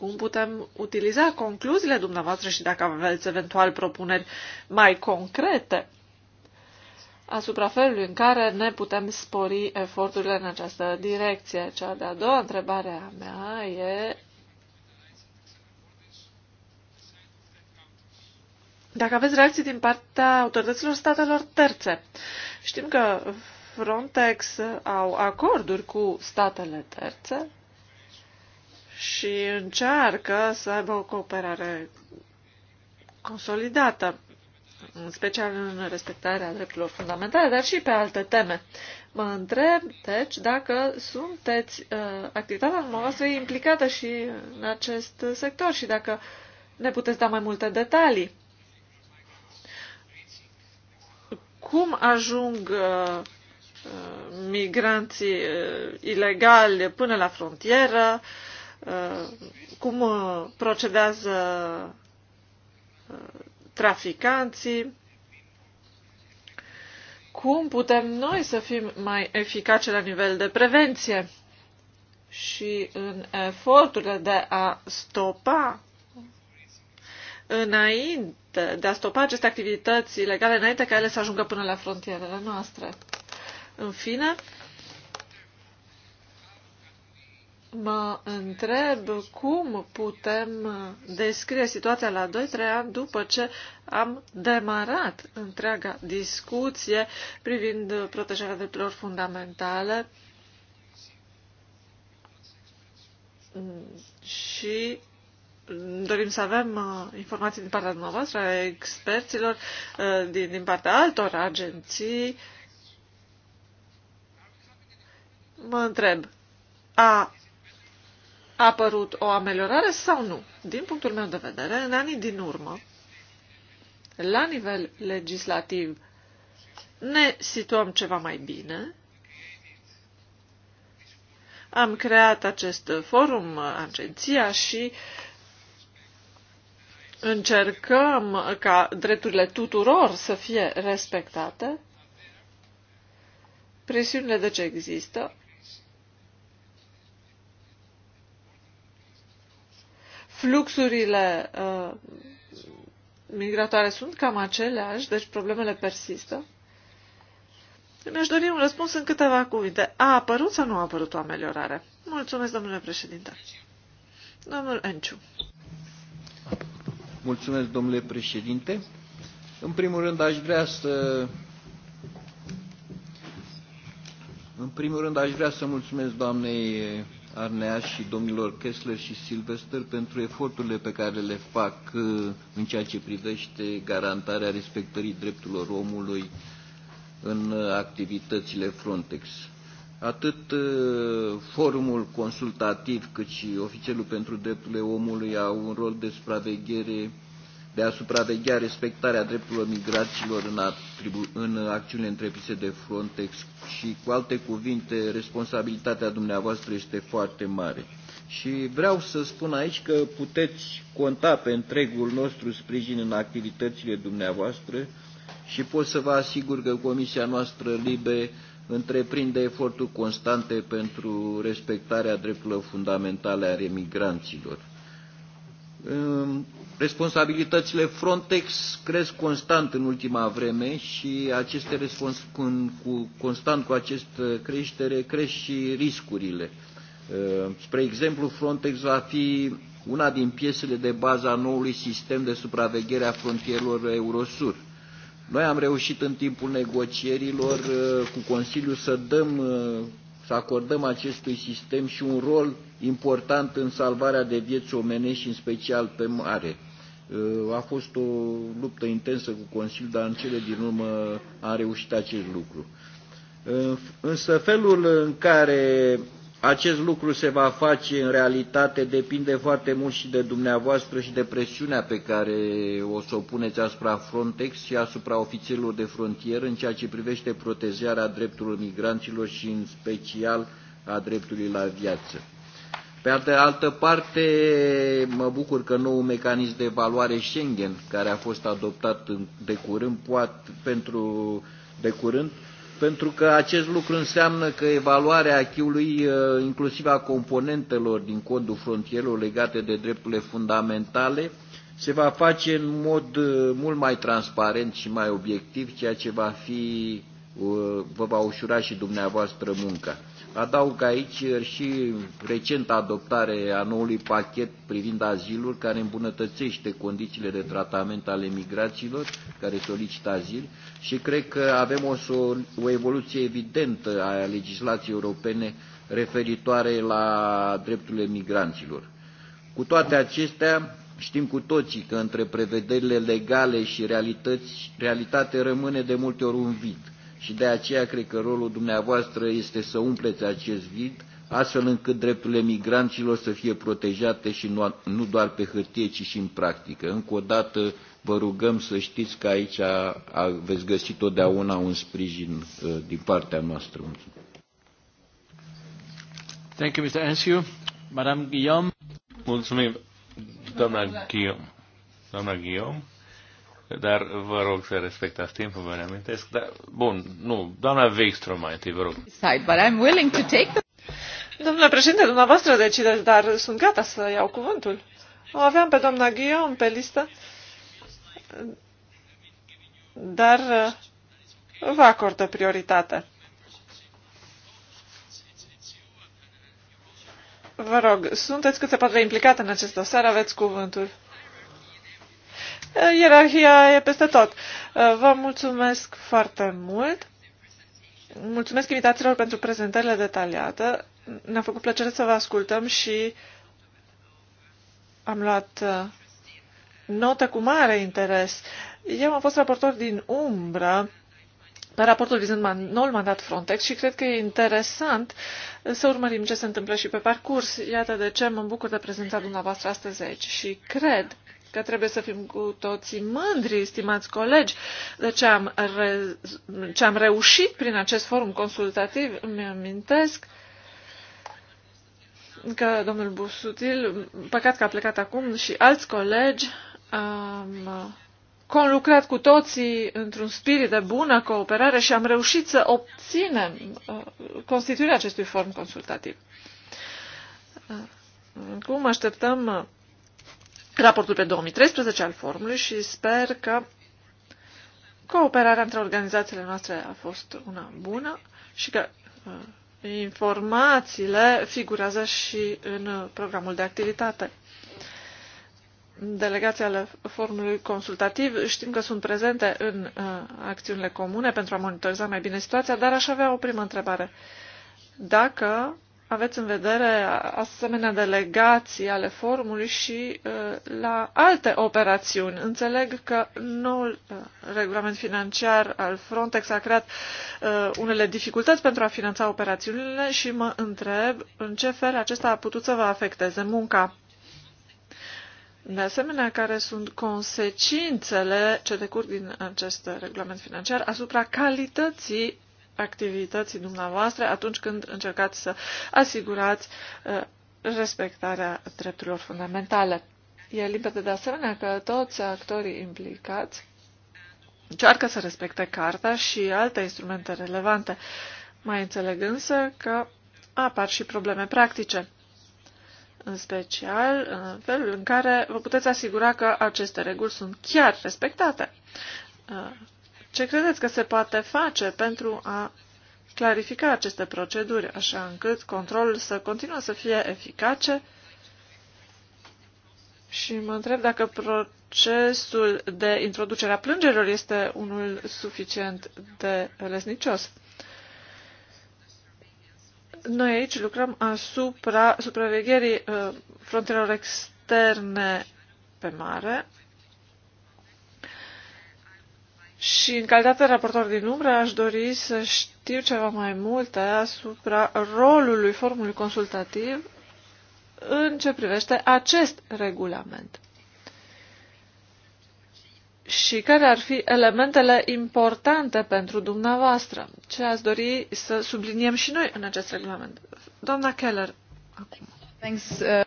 cum putem utiliza concluziile dumneavoastră și dacă aveți eventual propuneri mai concrete asupra felului în care ne putem spori eforturile în această direcție. Cea de-a doua întrebare a mea e dacă aveți reacții din partea autorităților statelor terțe. Știm că Frontex au acorduri cu statele terțe și încearcă să aibă o cooperare consolidată, în special în respectarea drepturilor fundamentale, dar și pe alte teme. Mă întreb, deci, dacă sunteți, uh, activitatea dumneavoastră implicată și în acest sector și dacă ne puteți da mai multe detalii. Cum ajung uh, uh, migranții ilegali până la frontieră, cum uh, procedează uh, traficanții, cum putem noi să fim mai eficace la nivel de prevenție și în eforturile de a stopa înainte, de a stopa aceste activități ilegale înainte ca ele să ajungă până la frontierele noastre. În fine, mă întreb cum putem descrie situația la 2-3 ani după ce am demarat întreaga discuție privind protejarea drepturilor fundamentale și dorim să avem uh, informații din partea dumneavoastră, a experților, uh, din, din partea altor agenții. Mă întreb, a a apărut o ameliorare sau nu? Din punctul meu de vedere, în anii din urmă, la nivel legislativ, ne situăm ceva mai bine. Am creat acest forum, agenția și încercăm ca drepturile tuturor să fie respectate. Presiunile de ce există, Fluxurile uh, migratoare sunt cam aceleași, deci problemele persistă. Mi-aș dori un răspuns în câteva cuvinte. A apărut sau nu a apărut o ameliorare? Mulțumesc, domnule președinte. Domnul Enciu. Mulțumesc, domnule președinte. În primul rând, aș vrea să... În primul rând, aș vrea să mulțumesc doamnei Arnea și domnilor Kessler și Silvester pentru eforturile pe care le fac uh, în ceea ce privește garantarea respectării drepturilor omului în uh, activitățile Frontex. Atât uh, forumul consultativ cât și oficialul pentru drepturile omului au un rol de spraveghere de a supraveghea respectarea drepturilor migraților în, atribu- în acțiunile întreprise de Frontex și, cu alte cuvinte, responsabilitatea dumneavoastră este foarte mare. Și vreau să spun aici că puteți conta pe întregul nostru sprijin în activitățile dumneavoastră și pot să vă asigur că Comisia noastră LIBE întreprinde eforturi constante pentru respectarea drepturilor fundamentale ale migranților. Responsabilitățile Frontex cresc constant în ultima vreme și aceste respons cu, cu, constant cu această creștere cresc și riscurile. Uh, spre exemplu, Frontex va fi una din piesele de bază a noului sistem de supraveghere a frontierelor Eurosur. Noi am reușit în timpul negocierilor uh, cu Consiliul să dăm uh, să acordăm acestui sistem și un rol important în salvarea de vieți omenești, în special pe mare. Uh, a fost o luptă intensă cu Consiliul, dar în cele din urmă a reușit acest lucru. Uh, însă felul în care acest lucru se va face în realitate depinde foarte mult și de dumneavoastră și de presiunea pe care o să o puneți asupra Frontex și asupra ofițerilor de frontieră în ceea ce privește protejarea drepturilor migranților și în special a dreptului la viață. Pe de altă parte, mă bucur că noul mecanism de evaluare Schengen, care a fost adoptat de curând, poate, pentru, de curând, pentru că acest lucru înseamnă că evaluarea achiului, uh, inclusiv a componentelor din codul frontierelor legate de drepturile fundamentale, se va face în mod uh, mult mai transparent și mai obiectiv, ceea ce va fi, uh, vă va ușura și dumneavoastră munca. Adaug aici și recenta adoptare a noului pachet privind azilul, care îmbunătățește condițiile de tratament ale migraților care solicită azil și cred că avem o, o evoluție evidentă a legislației europene referitoare la drepturile migranților. Cu toate acestea, știm cu toții că între prevederile legale și realități, realitate rămâne de multe ori un vid și de aceea cred că rolul dumneavoastră este să umpleți acest vid, astfel încât drepturile migranților să fie protejate și nu, nu doar pe hârtie, ci și în practică. Încă o dată vă rugăm să știți că aici a, a, veți găsi totdeauna un sprijin uh, din partea noastră. Thank you, Mr. Ansiu. Madame Guillaume. Mulțumim, doamna Guillaume. Doamna Guillaume. Dar vă rog să respectați timpul, vă reamintesc. Dar, bun, nu, doamna Wikström mai întâi, vă rog. Domnule președinte, dumneavoastră decideți, dar sunt gata să iau cuvântul. O aveam pe doamna Guillaume pe listă, dar uh, vă acordă prioritate. Vă rog, sunteți cât se poate implicat în acest dosar, aveți cuvântul. Ierarhia e peste tot. Uh, vă mulțumesc foarte mult. Mulțumesc invitațiilor pentru prezentările detaliate. Ne-a făcut plăcere să vă ascultăm și am luat uh, notă cu mare interes. Eu am fost raportor din umbră pe raportul vizând man, noul mandat Frontex și cred că e interesant să urmărim ce se întâmplă și pe parcurs. Iată de ce mă bucur de prezența dumneavoastră astăzi aici și cred că trebuie să fim cu toții mândri, stimați colegi, de deci ce am, re- ce am reușit prin acest forum consultativ. Îmi amintesc că domnul Busutil, păcat că a plecat acum, și alți colegi am conlucrat cu toții într-un spirit de bună cooperare și am reușit să obținem uh, constituirea acestui forum consultativ. Uh, Cum așteptăm uh, raportul pe 2013 al forumului și sper că cooperarea între organizațiile noastre a fost una bună și că uh, informațiile figurează și în uh, programul de activitate. Delegația ale forumului consultativ știm că sunt prezente în uh, acțiunile comune pentru a monitoriza mai bine situația, dar aș avea o primă întrebare. Dacă aveți în vedere asemenea delegații ale forumului și uh, la alte operațiuni. Înțeleg că noul uh, regulament financiar al Frontex a creat uh, unele dificultăți pentru a finanța operațiunile și mă întreb în ce fel acesta a putut să vă afecteze munca. De asemenea, care sunt consecințele ce decurg din acest regulament financiar asupra calității activității dumneavoastră atunci când încercați să asigurați uh, respectarea drepturilor fundamentale. E limpede de asemenea că toți actorii implicați încearcă să respecte carta și alte instrumente relevante, mai înțeleg însă că apar și probleme practice, în special în felul în care vă puteți asigura că aceste reguli sunt chiar respectate. Uh, ce credeți că se poate face pentru a clarifica aceste proceduri, așa încât controlul să continue să fie eficace? Și mă întreb dacă procesul de introducere a plângerilor este unul suficient de lesnicios. Noi aici lucrăm asupra supravegherii uh, frontelor externe pe mare și în calitate de raportor din umbră aș dori să știu ceva mai multe asupra rolului formului consultativ în ce privește acest regulament. Și care ar fi elementele importante pentru dumneavoastră? Ce ați dori să subliniem și noi în acest regulament? Doamna Keller, acum. Thanks. Uh,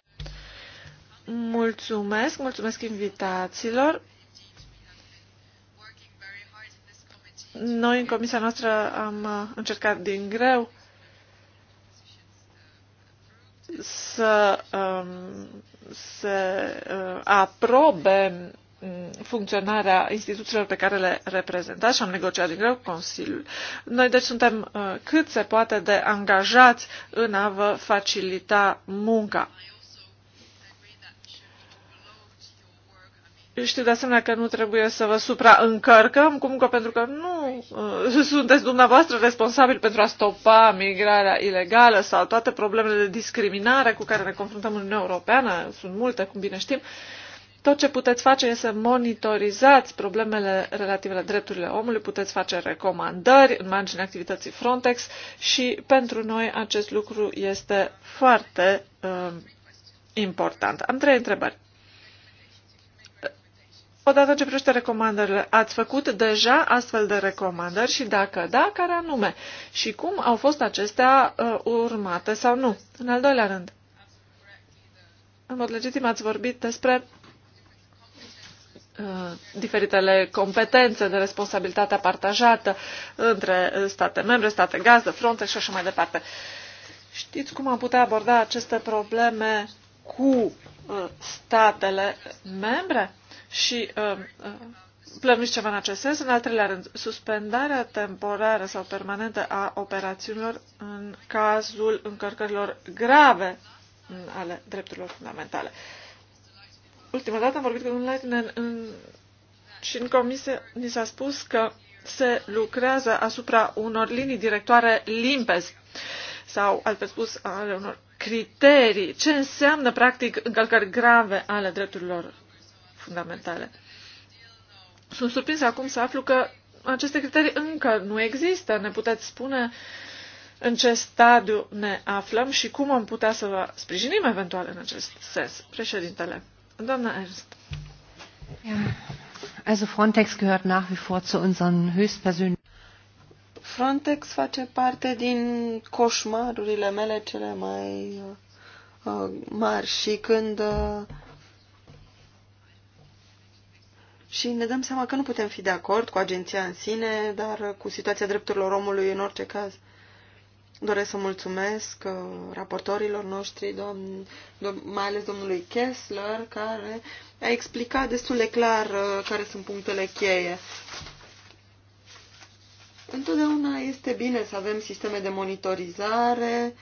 mulțumesc, mulțumesc invitațiilor Noi, în comisia noastră, am uh, încercat din greu să um, se uh, aprobe mm, funcționarea instituțiilor pe care le reprezenta și am negociat din greu Consiliul. Noi deci suntem uh, cât se poate de angajați în a vă facilita munca. Știu de asemenea că nu trebuie să vă supraîncărcăm, cum că pentru că nu uh, *laughs* sunteți dumneavoastră responsabili pentru a stopa migrarea ilegală sau toate problemele de discriminare cu care ne confruntăm în Uniunea Europeană, sunt multe, cum bine știm, tot ce puteți face este să monitorizați problemele relative la drepturile omului, puteți face recomandări în marginea activității Frontex și pentru noi acest lucru este foarte uh, important. Am trei întrebări. Odată ce privește recomandările, ați făcut deja astfel de recomandări și dacă da, care anume? Și cum au fost acestea uh, urmate sau nu? În al doilea rând, în mod legitim ați vorbit despre uh, diferitele competențe de responsabilitatea partajată între state membre, state gazdă, Frontex și așa mai departe. Știți cum am putea aborda aceste probleme cu uh, statele membre? și uh, uh, plănuiți ceva în acest sens. În al treilea rând, suspendarea temporară sau permanentă a operațiunilor în cazul încărcărilor grave ale drepturilor fundamentale. Ultima dată am vorbit cu un în, în, și în comisie ni s-a spus că se lucrează asupra unor linii directoare limpezi sau, altfel spus, ale unor criterii. Ce înseamnă, practic, încălcări grave ale drepturilor fundamentale. Sunt surprins acum să aflu că aceste criterii încă nu există. Ne puteți spune în ce stadiu ne aflăm și cum am putea să vă sprijinim eventual în acest sens, președintele. Doamna Ernst. Also Frontex gehört nach wie vor zu unseren höchstpersönlichen Frontex face parte din coșmarurile mele cele mai uh, mari și când uh, și ne dăm seama că nu putem fi de acord cu agenția în sine, dar cu situația drepturilor omului în orice caz. Doresc să mulțumesc uh, raportorilor noștri, domn, dom, mai ales domnului Kessler, care a explicat destul de clar uh, care sunt punctele cheie. Întotdeauna este bine să avem sisteme de monitorizare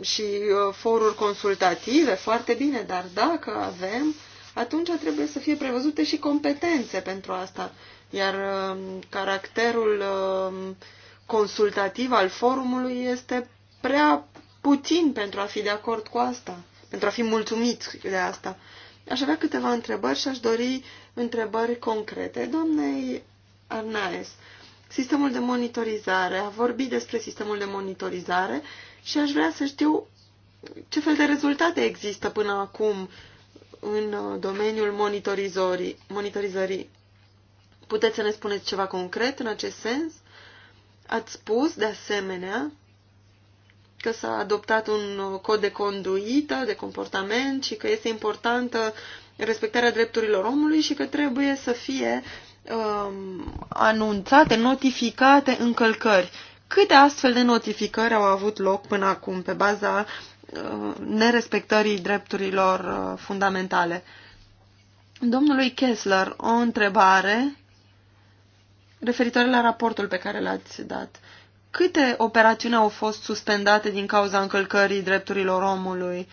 și uh, foruri consultative, foarte bine, dar dacă avem atunci trebuie să fie prevăzute și competențe pentru asta. Iar um, caracterul um, consultativ al forumului este prea puțin pentru a fi de acord cu asta, pentru a fi mulțumit de asta. Aș avea câteva întrebări și aș dori întrebări concrete. Doamnei Arnaes, sistemul de monitorizare, a vorbit despre sistemul de monitorizare și aș vrea să știu ce fel de rezultate există până acum în uh, domeniul monitorizării. Puteți să ne spuneți ceva concret în acest sens? Ați spus, de asemenea, că s-a adoptat un uh, cod de conduită, de comportament și că este importantă respectarea drepturilor omului și că trebuie să fie um, anunțate, notificate încălcări. Câte astfel de notificări au avut loc până acum pe baza Uh, nerespectării drepturilor uh, fundamentale. Domnului Kessler, o întrebare referitoare la raportul pe care l-ați dat. Câte operațiuni au fost suspendate din cauza încălcării drepturilor omului?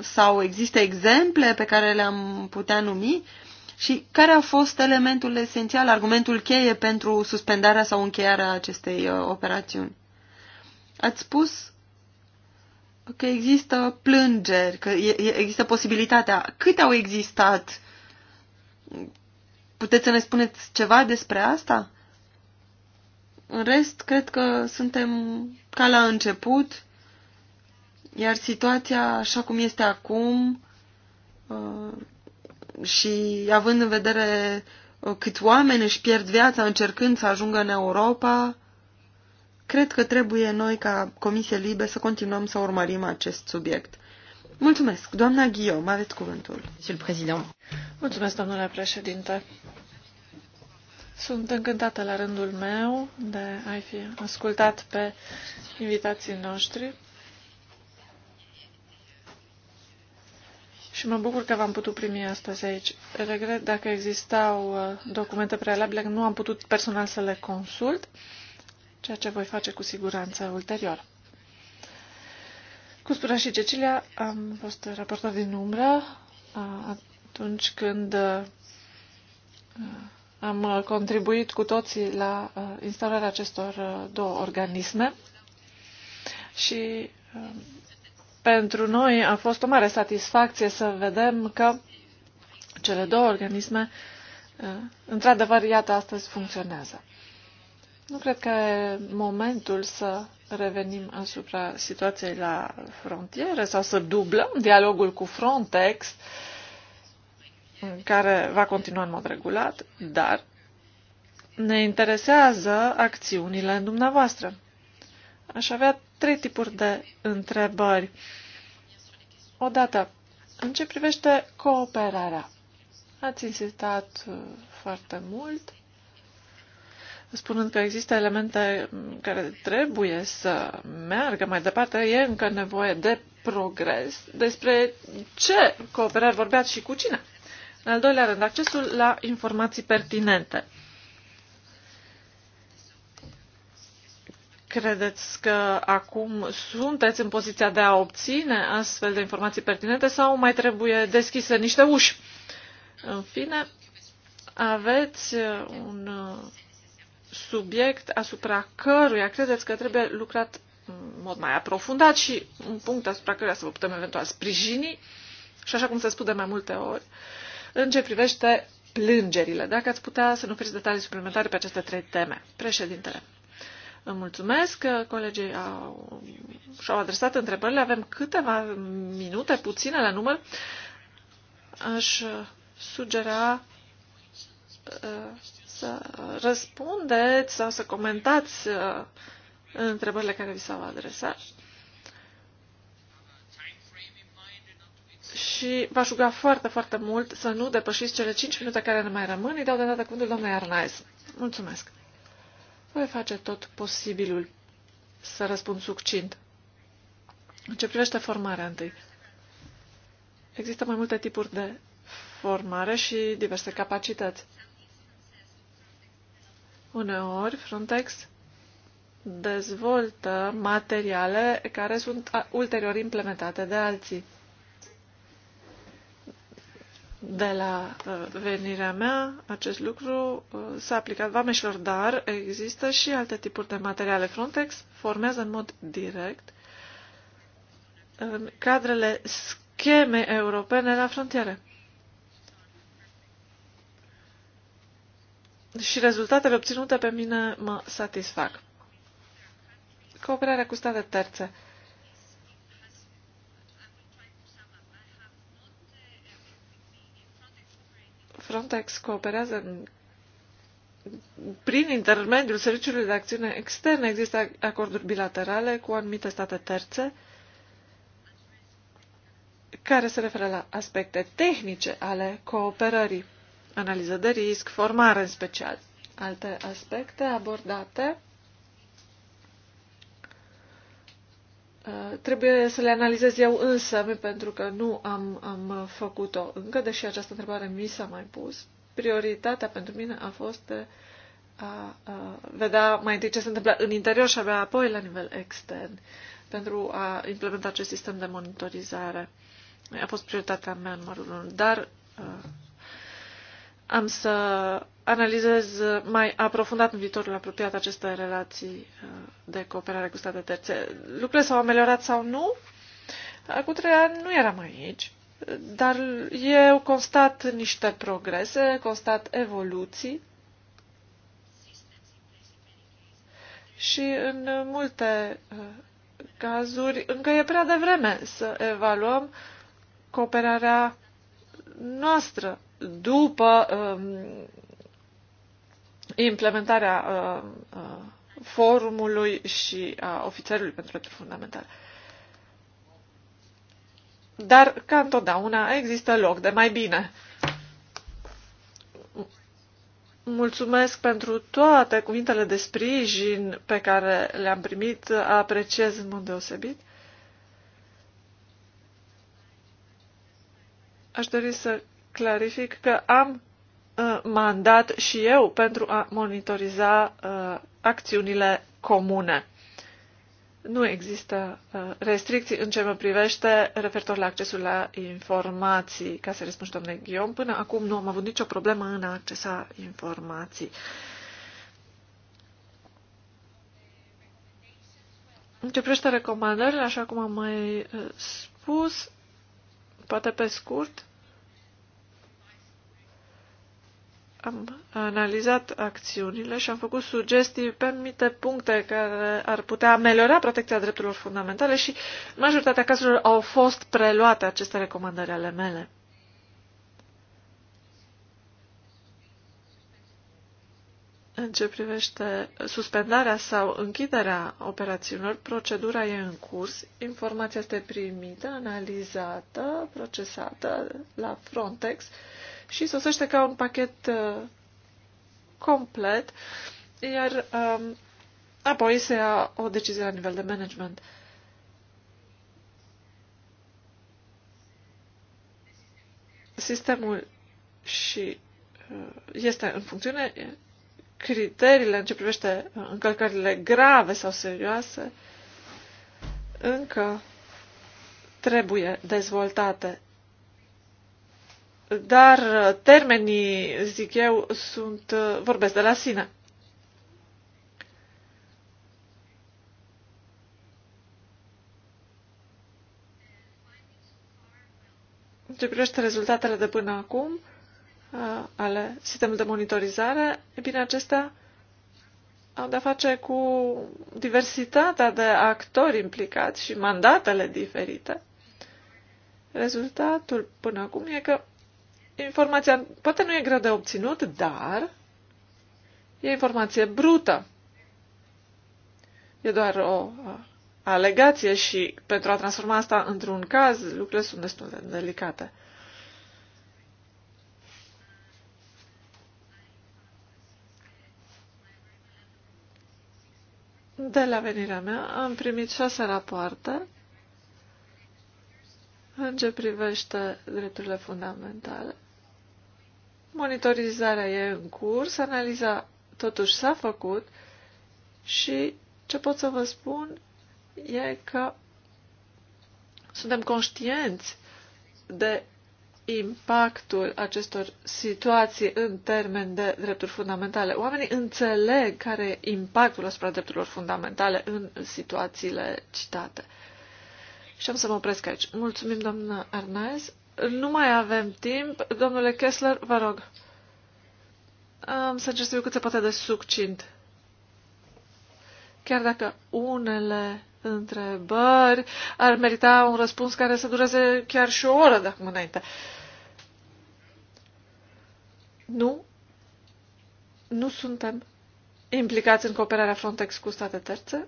Sau există exemple pe care le-am putea numi? Și care a fost elementul esențial, argumentul cheie pentru suspendarea sau încheiarea acestei uh, operațiuni? Ați spus că există plângeri, că există posibilitatea. Câte au existat? Puteți să ne spuneți ceva despre asta? În rest, cred că suntem ca la început, iar situația așa cum este acum uh, și având în vedere uh, cât oameni își pierd viața încercând să ajungă în Europa, Cred că trebuie noi, ca Comisie Libe, să continuăm să urmărim acest subiect. Mulțumesc. Doamna Guillaume, aveți cuvântul. Mulțumesc, domnule președinte. Sunt încântată la rândul meu de a fi ascultat pe invitații noștri și mă bucur că v-am putut primi astăzi aici. Regret dacă existau uh, documente prealabile, nu am putut personal să le consult ceea ce voi face cu siguranță ulterior. Cu spunea și Cecilia, am fost raportor din umbră atunci când am contribuit cu toții la instalarea acestor două organisme și pentru noi a fost o mare satisfacție să vedem că cele două organisme, într-adevăr, iată, astăzi funcționează. Nu cred că e momentul să revenim asupra situației la frontiere sau să dublăm dialogul cu Frontex, care va continua în mod regulat, dar ne interesează acțiunile dumneavoastră. Aș avea trei tipuri de întrebări. Odată, în ce privește cooperarea? Ați insistat uh, foarte mult spunând că există elemente care trebuie să meargă mai departe, e încă nevoie de progres. Despre ce cooperare vorbeați și cu cine? În al doilea rând, accesul la informații pertinente. Credeți că acum sunteți în poziția de a obține astfel de informații pertinente sau mai trebuie deschise niște uși? În fine, aveți un subiect asupra căruia credeți că trebuie lucrat în mod mai aprofundat și un punct asupra căruia să vă putem eventual sprijini și așa cum se spune mai multe ori, în ce privește plângerile. Dacă ați putea să ne oferiți detalii suplimentare pe aceste trei teme. Președintele, îmi mulțumesc că colegii au, și-au adresat întrebările. Avem câteva minute, puține la număr. Aș sugera uh, să răspundeți sau să comentați uh, întrebările care vi s-au adresat. Și v-aș ruga foarte, foarte mult să nu depășiți cele 5 minute care ne mai rămân. Îi dau de dată cuvântul domnului Arnaiz. Mulțumesc. Voi face tot posibilul să răspund succint. În ce privește formarea întâi. Există mai multe tipuri de formare și diverse capacități. Uneori Frontex dezvoltă materiale care sunt ulterior implementate de alții. De la uh, venirea mea, acest lucru uh, s-a aplicat vameșilor, dar există și alte tipuri de materiale. Frontex formează în mod direct în cadrele scheme europene la frontiere. și rezultatele obținute pe mine mă satisfac. Cooperarea cu state terțe. Frontex cooperează în, prin intermediul Serviciului de Acțiune Externă. Există acorduri bilaterale cu anumite state terțe care se referă la aspecte tehnice ale cooperării analiză de risc, formare în special. Alte aspecte abordate uh, trebuie să le analizez eu însă, pentru că nu am, am făcut-o încă, deși această întrebare mi s-a mai pus. Prioritatea pentru mine a fost de a, a vedea mai întâi ce se întâmplă în interior și abia apoi la nivel extern pentru a implementa acest sistem de monitorizare. A fost prioritatea mea numărul 1, dar uh, am să analizez mai aprofundat în viitorul apropiat aceste relații uh, de cooperare cu state terțe. Lucrurile s-au ameliorat sau nu? Acum trei ani nu eram aici, dar eu constat niște progrese, constat evoluții și în multe uh, cazuri încă e prea devreme să evaluăm cooperarea noastră după um, implementarea um, uh, forumului și a ofițerului pentru drepturi fundamentale. Dar, ca întotdeauna, există loc de mai bine. Mulțumesc pentru toate cuvintele de sprijin pe care le-am primit, apreciez în mod deosebit. Aș dori să clarific că am uh, mandat și eu pentru a monitoriza uh, acțiunile comune. Nu există uh, restricții în ce mă privește referitor la accesul la informații. Ca să răspund domnule Ghion. până acum nu am avut nicio problemă în a accesa informații. În ce privește recomandările, așa cum am mai uh, spus, poate pe scurt, Am analizat acțiunile și am făcut sugestii pe anumite puncte care ar putea ameliora protecția drepturilor fundamentale și majoritatea cazurilor au fost preluate aceste recomandări ale mele. În ce privește suspendarea sau închiderea operațiunilor, procedura e în curs, informația este primită, analizată, procesată la Frontex și sosește ca un pachet uh, complet, iar um, apoi se ia o decizie la nivel de management. Sistemul și uh, este în funcțiune, criteriile în ce privește uh, încălcările grave sau serioase încă trebuie dezvoltate dar uh, termenii, zic eu, sunt, uh, vorbesc de la sine. ce privește rezultatele de până acum uh, ale sistemului de monitorizare, e bine, acestea au de-a face cu diversitatea de actori implicați și mandatele diferite. Rezultatul până acum e că informația poate nu e greu de obținut, dar e informație brută. E doar o alegație și pentru a transforma asta într-un caz, lucrurile sunt destul de delicate. De la venirea mea am primit șase rapoarte în ce privește drepturile fundamentale Monitorizarea e în curs, analiza totuși s-a făcut și ce pot să vă spun e că suntem conștienți de impactul acestor situații în termen de drepturi fundamentale. Oamenii înțeleg care e impactul asupra drepturilor fundamentale în situațiile citate. Și am să mă opresc aici. Mulțumim, doamnă Arnaez. Nu mai avem timp. Domnule Kessler, vă rog. Am să încerc să fiu cât se poate de succint. Chiar dacă unele întrebări ar merita un răspuns care să dureze chiar și o oră de acum înainte. Nu, nu suntem implicați în cooperarea Frontex cu state terțe.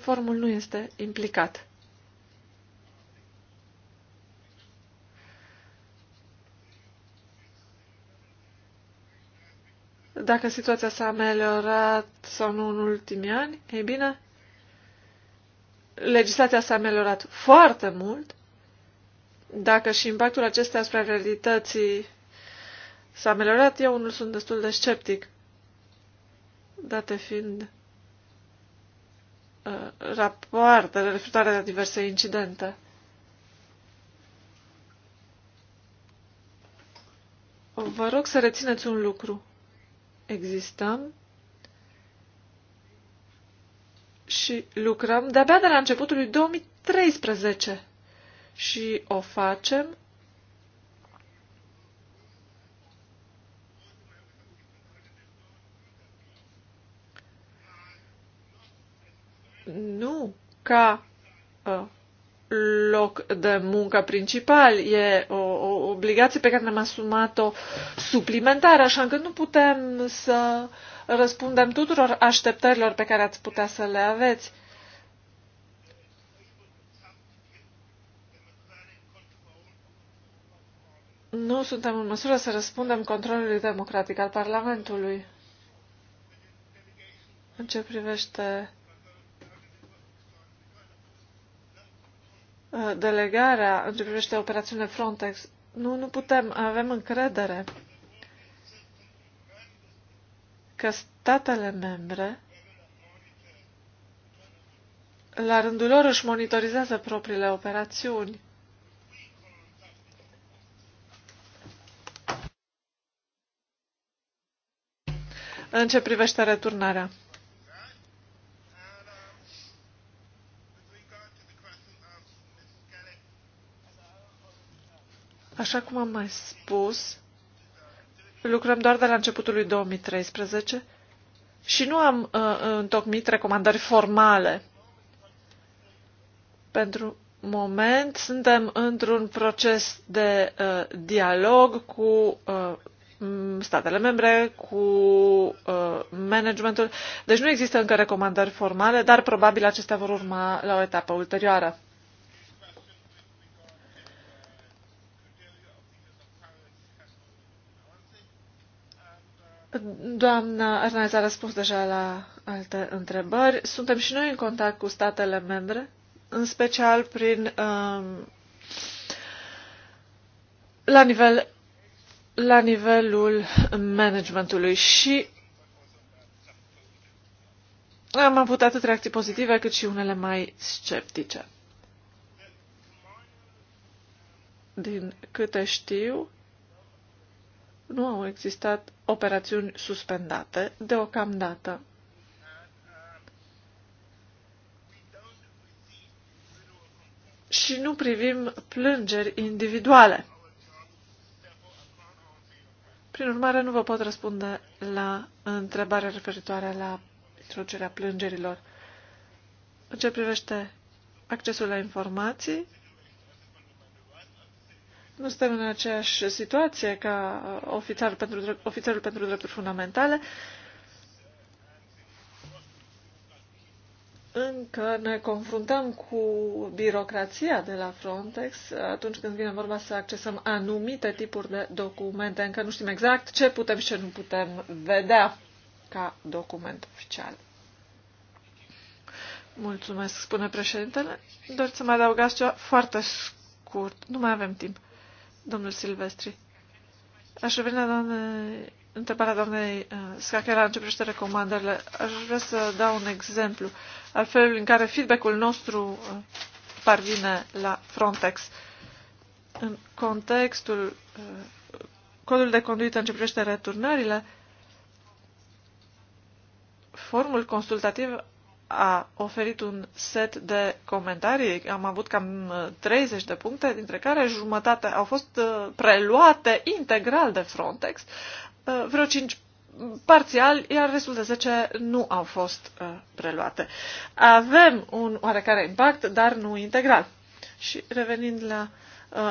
Formul nu este implicat. dacă situația s-a ameliorat sau nu în ultimii ani, e bine, legislația s-a ameliorat foarte mult. Dacă și impactul acesta asupra realității s-a ameliorat, eu unul sunt destul de sceptic, date fiind uh, rapoartele referitoare la diverse incidente. Vă rog să rețineți un lucru. Existăm și lucrăm de-abia de la începutul lui 2013 și o facem nu ca uh, loc de muncă principal, e o, o obligație pe care ne-am asumat-o suplimentară, așa încât nu putem să răspundem tuturor așteptărilor pe care ați putea să le aveți. Nu suntem în măsură să răspundem controlului democratic al Parlamentului. În ce privește delegarea în ce privește operațiunile Frontex. Nu, nu putem, avem încredere că statele membre la rândul lor își monitorizează propriile operațiuni. În ce privește returnarea. Așa cum am mai spus, lucrăm doar de la începutul lui 2013 și nu am uh, întocmit recomandări formale. Pentru moment suntem într-un proces de uh, dialog cu uh, statele membre, cu uh, managementul. Deci nu există încă recomandări formale, dar probabil acestea vor urma la o etapă ulterioară. Doamna Arnaiz a răspuns deja la alte întrebări. Suntem și noi în contact cu statele membre, în special prin um, la, nivel, la nivelul managementului și am avut atât reacții pozitive cât și unele mai sceptice. Din câte știu, nu au existat operațiuni suspendate deocamdată. Și nu privim plângeri individuale. Prin urmare, nu vă pot răspunde la întrebarea referitoare la introducerea plângerilor. În ce privește accesul la informații, nu suntem în aceeași situație ca uh, ofițar pentru, ofițerul pentru drepturi fundamentale. Încă ne confruntăm cu birocrația de la Frontex atunci când vine vorba să accesăm anumite tipuri de documente. Încă nu știm exact ce putem și ce nu putem vedea ca document oficial. Mulțumesc, spune președintele. Doriți să mai adăugați ceva foarte scurt. Nu mai avem timp domnul Silvestri. Aș vrea la doamne, întrebarea doamnei uh, Scachera în ce privește recomandările. Aș vrea să dau un exemplu al felului în care feedback-ul nostru uh, parvine la Frontex. În contextul uh, codul de conduită în ce privește returnările, formul consultativ a oferit un set de comentarii. Am avut cam 30 uh, de puncte, dintre care jumătate au fost uh, preluate integral de Frontex, uh, vreo 5 parțial, iar restul de 10 nu au fost preluate. Avem un oarecare impact, dar nu integral. Și revenind la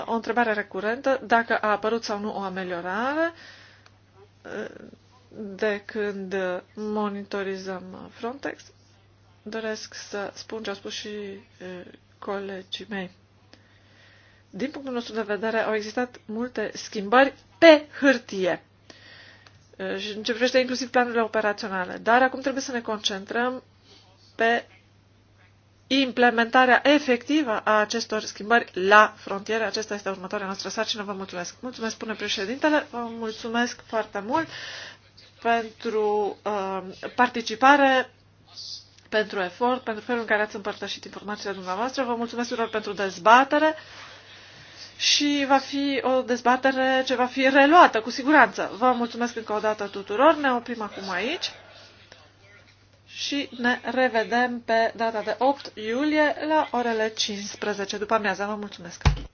o întrebare recurentă, dacă a apărut sau nu o ameliorare, de când monitorizăm Frontex, doresc să spun ce au spus și colegii mei. Din punctul nostru de vedere, au existat multe schimbări pe hârtie și în ce privește inclusiv planurile operaționale. Dar acum trebuie să ne concentrăm pe implementarea efectivă a acestor schimbări la frontiere. Acesta este următoarea noastră sarcină. Vă mulțumesc. Mulțumesc, spune președintele. Vă mulțumesc foarte mult pentru uh, participare pentru efort, pentru felul în care ați împărtășit informațiile dumneavoastră. Vă mulțumesc tuturor pentru dezbatere și va fi o dezbatere ce va fi reluată, cu siguranță. Vă mulțumesc încă o dată tuturor, ne oprim acum aici și ne revedem pe data de 8 iulie la orele 15 după amiază. Vă mulțumesc!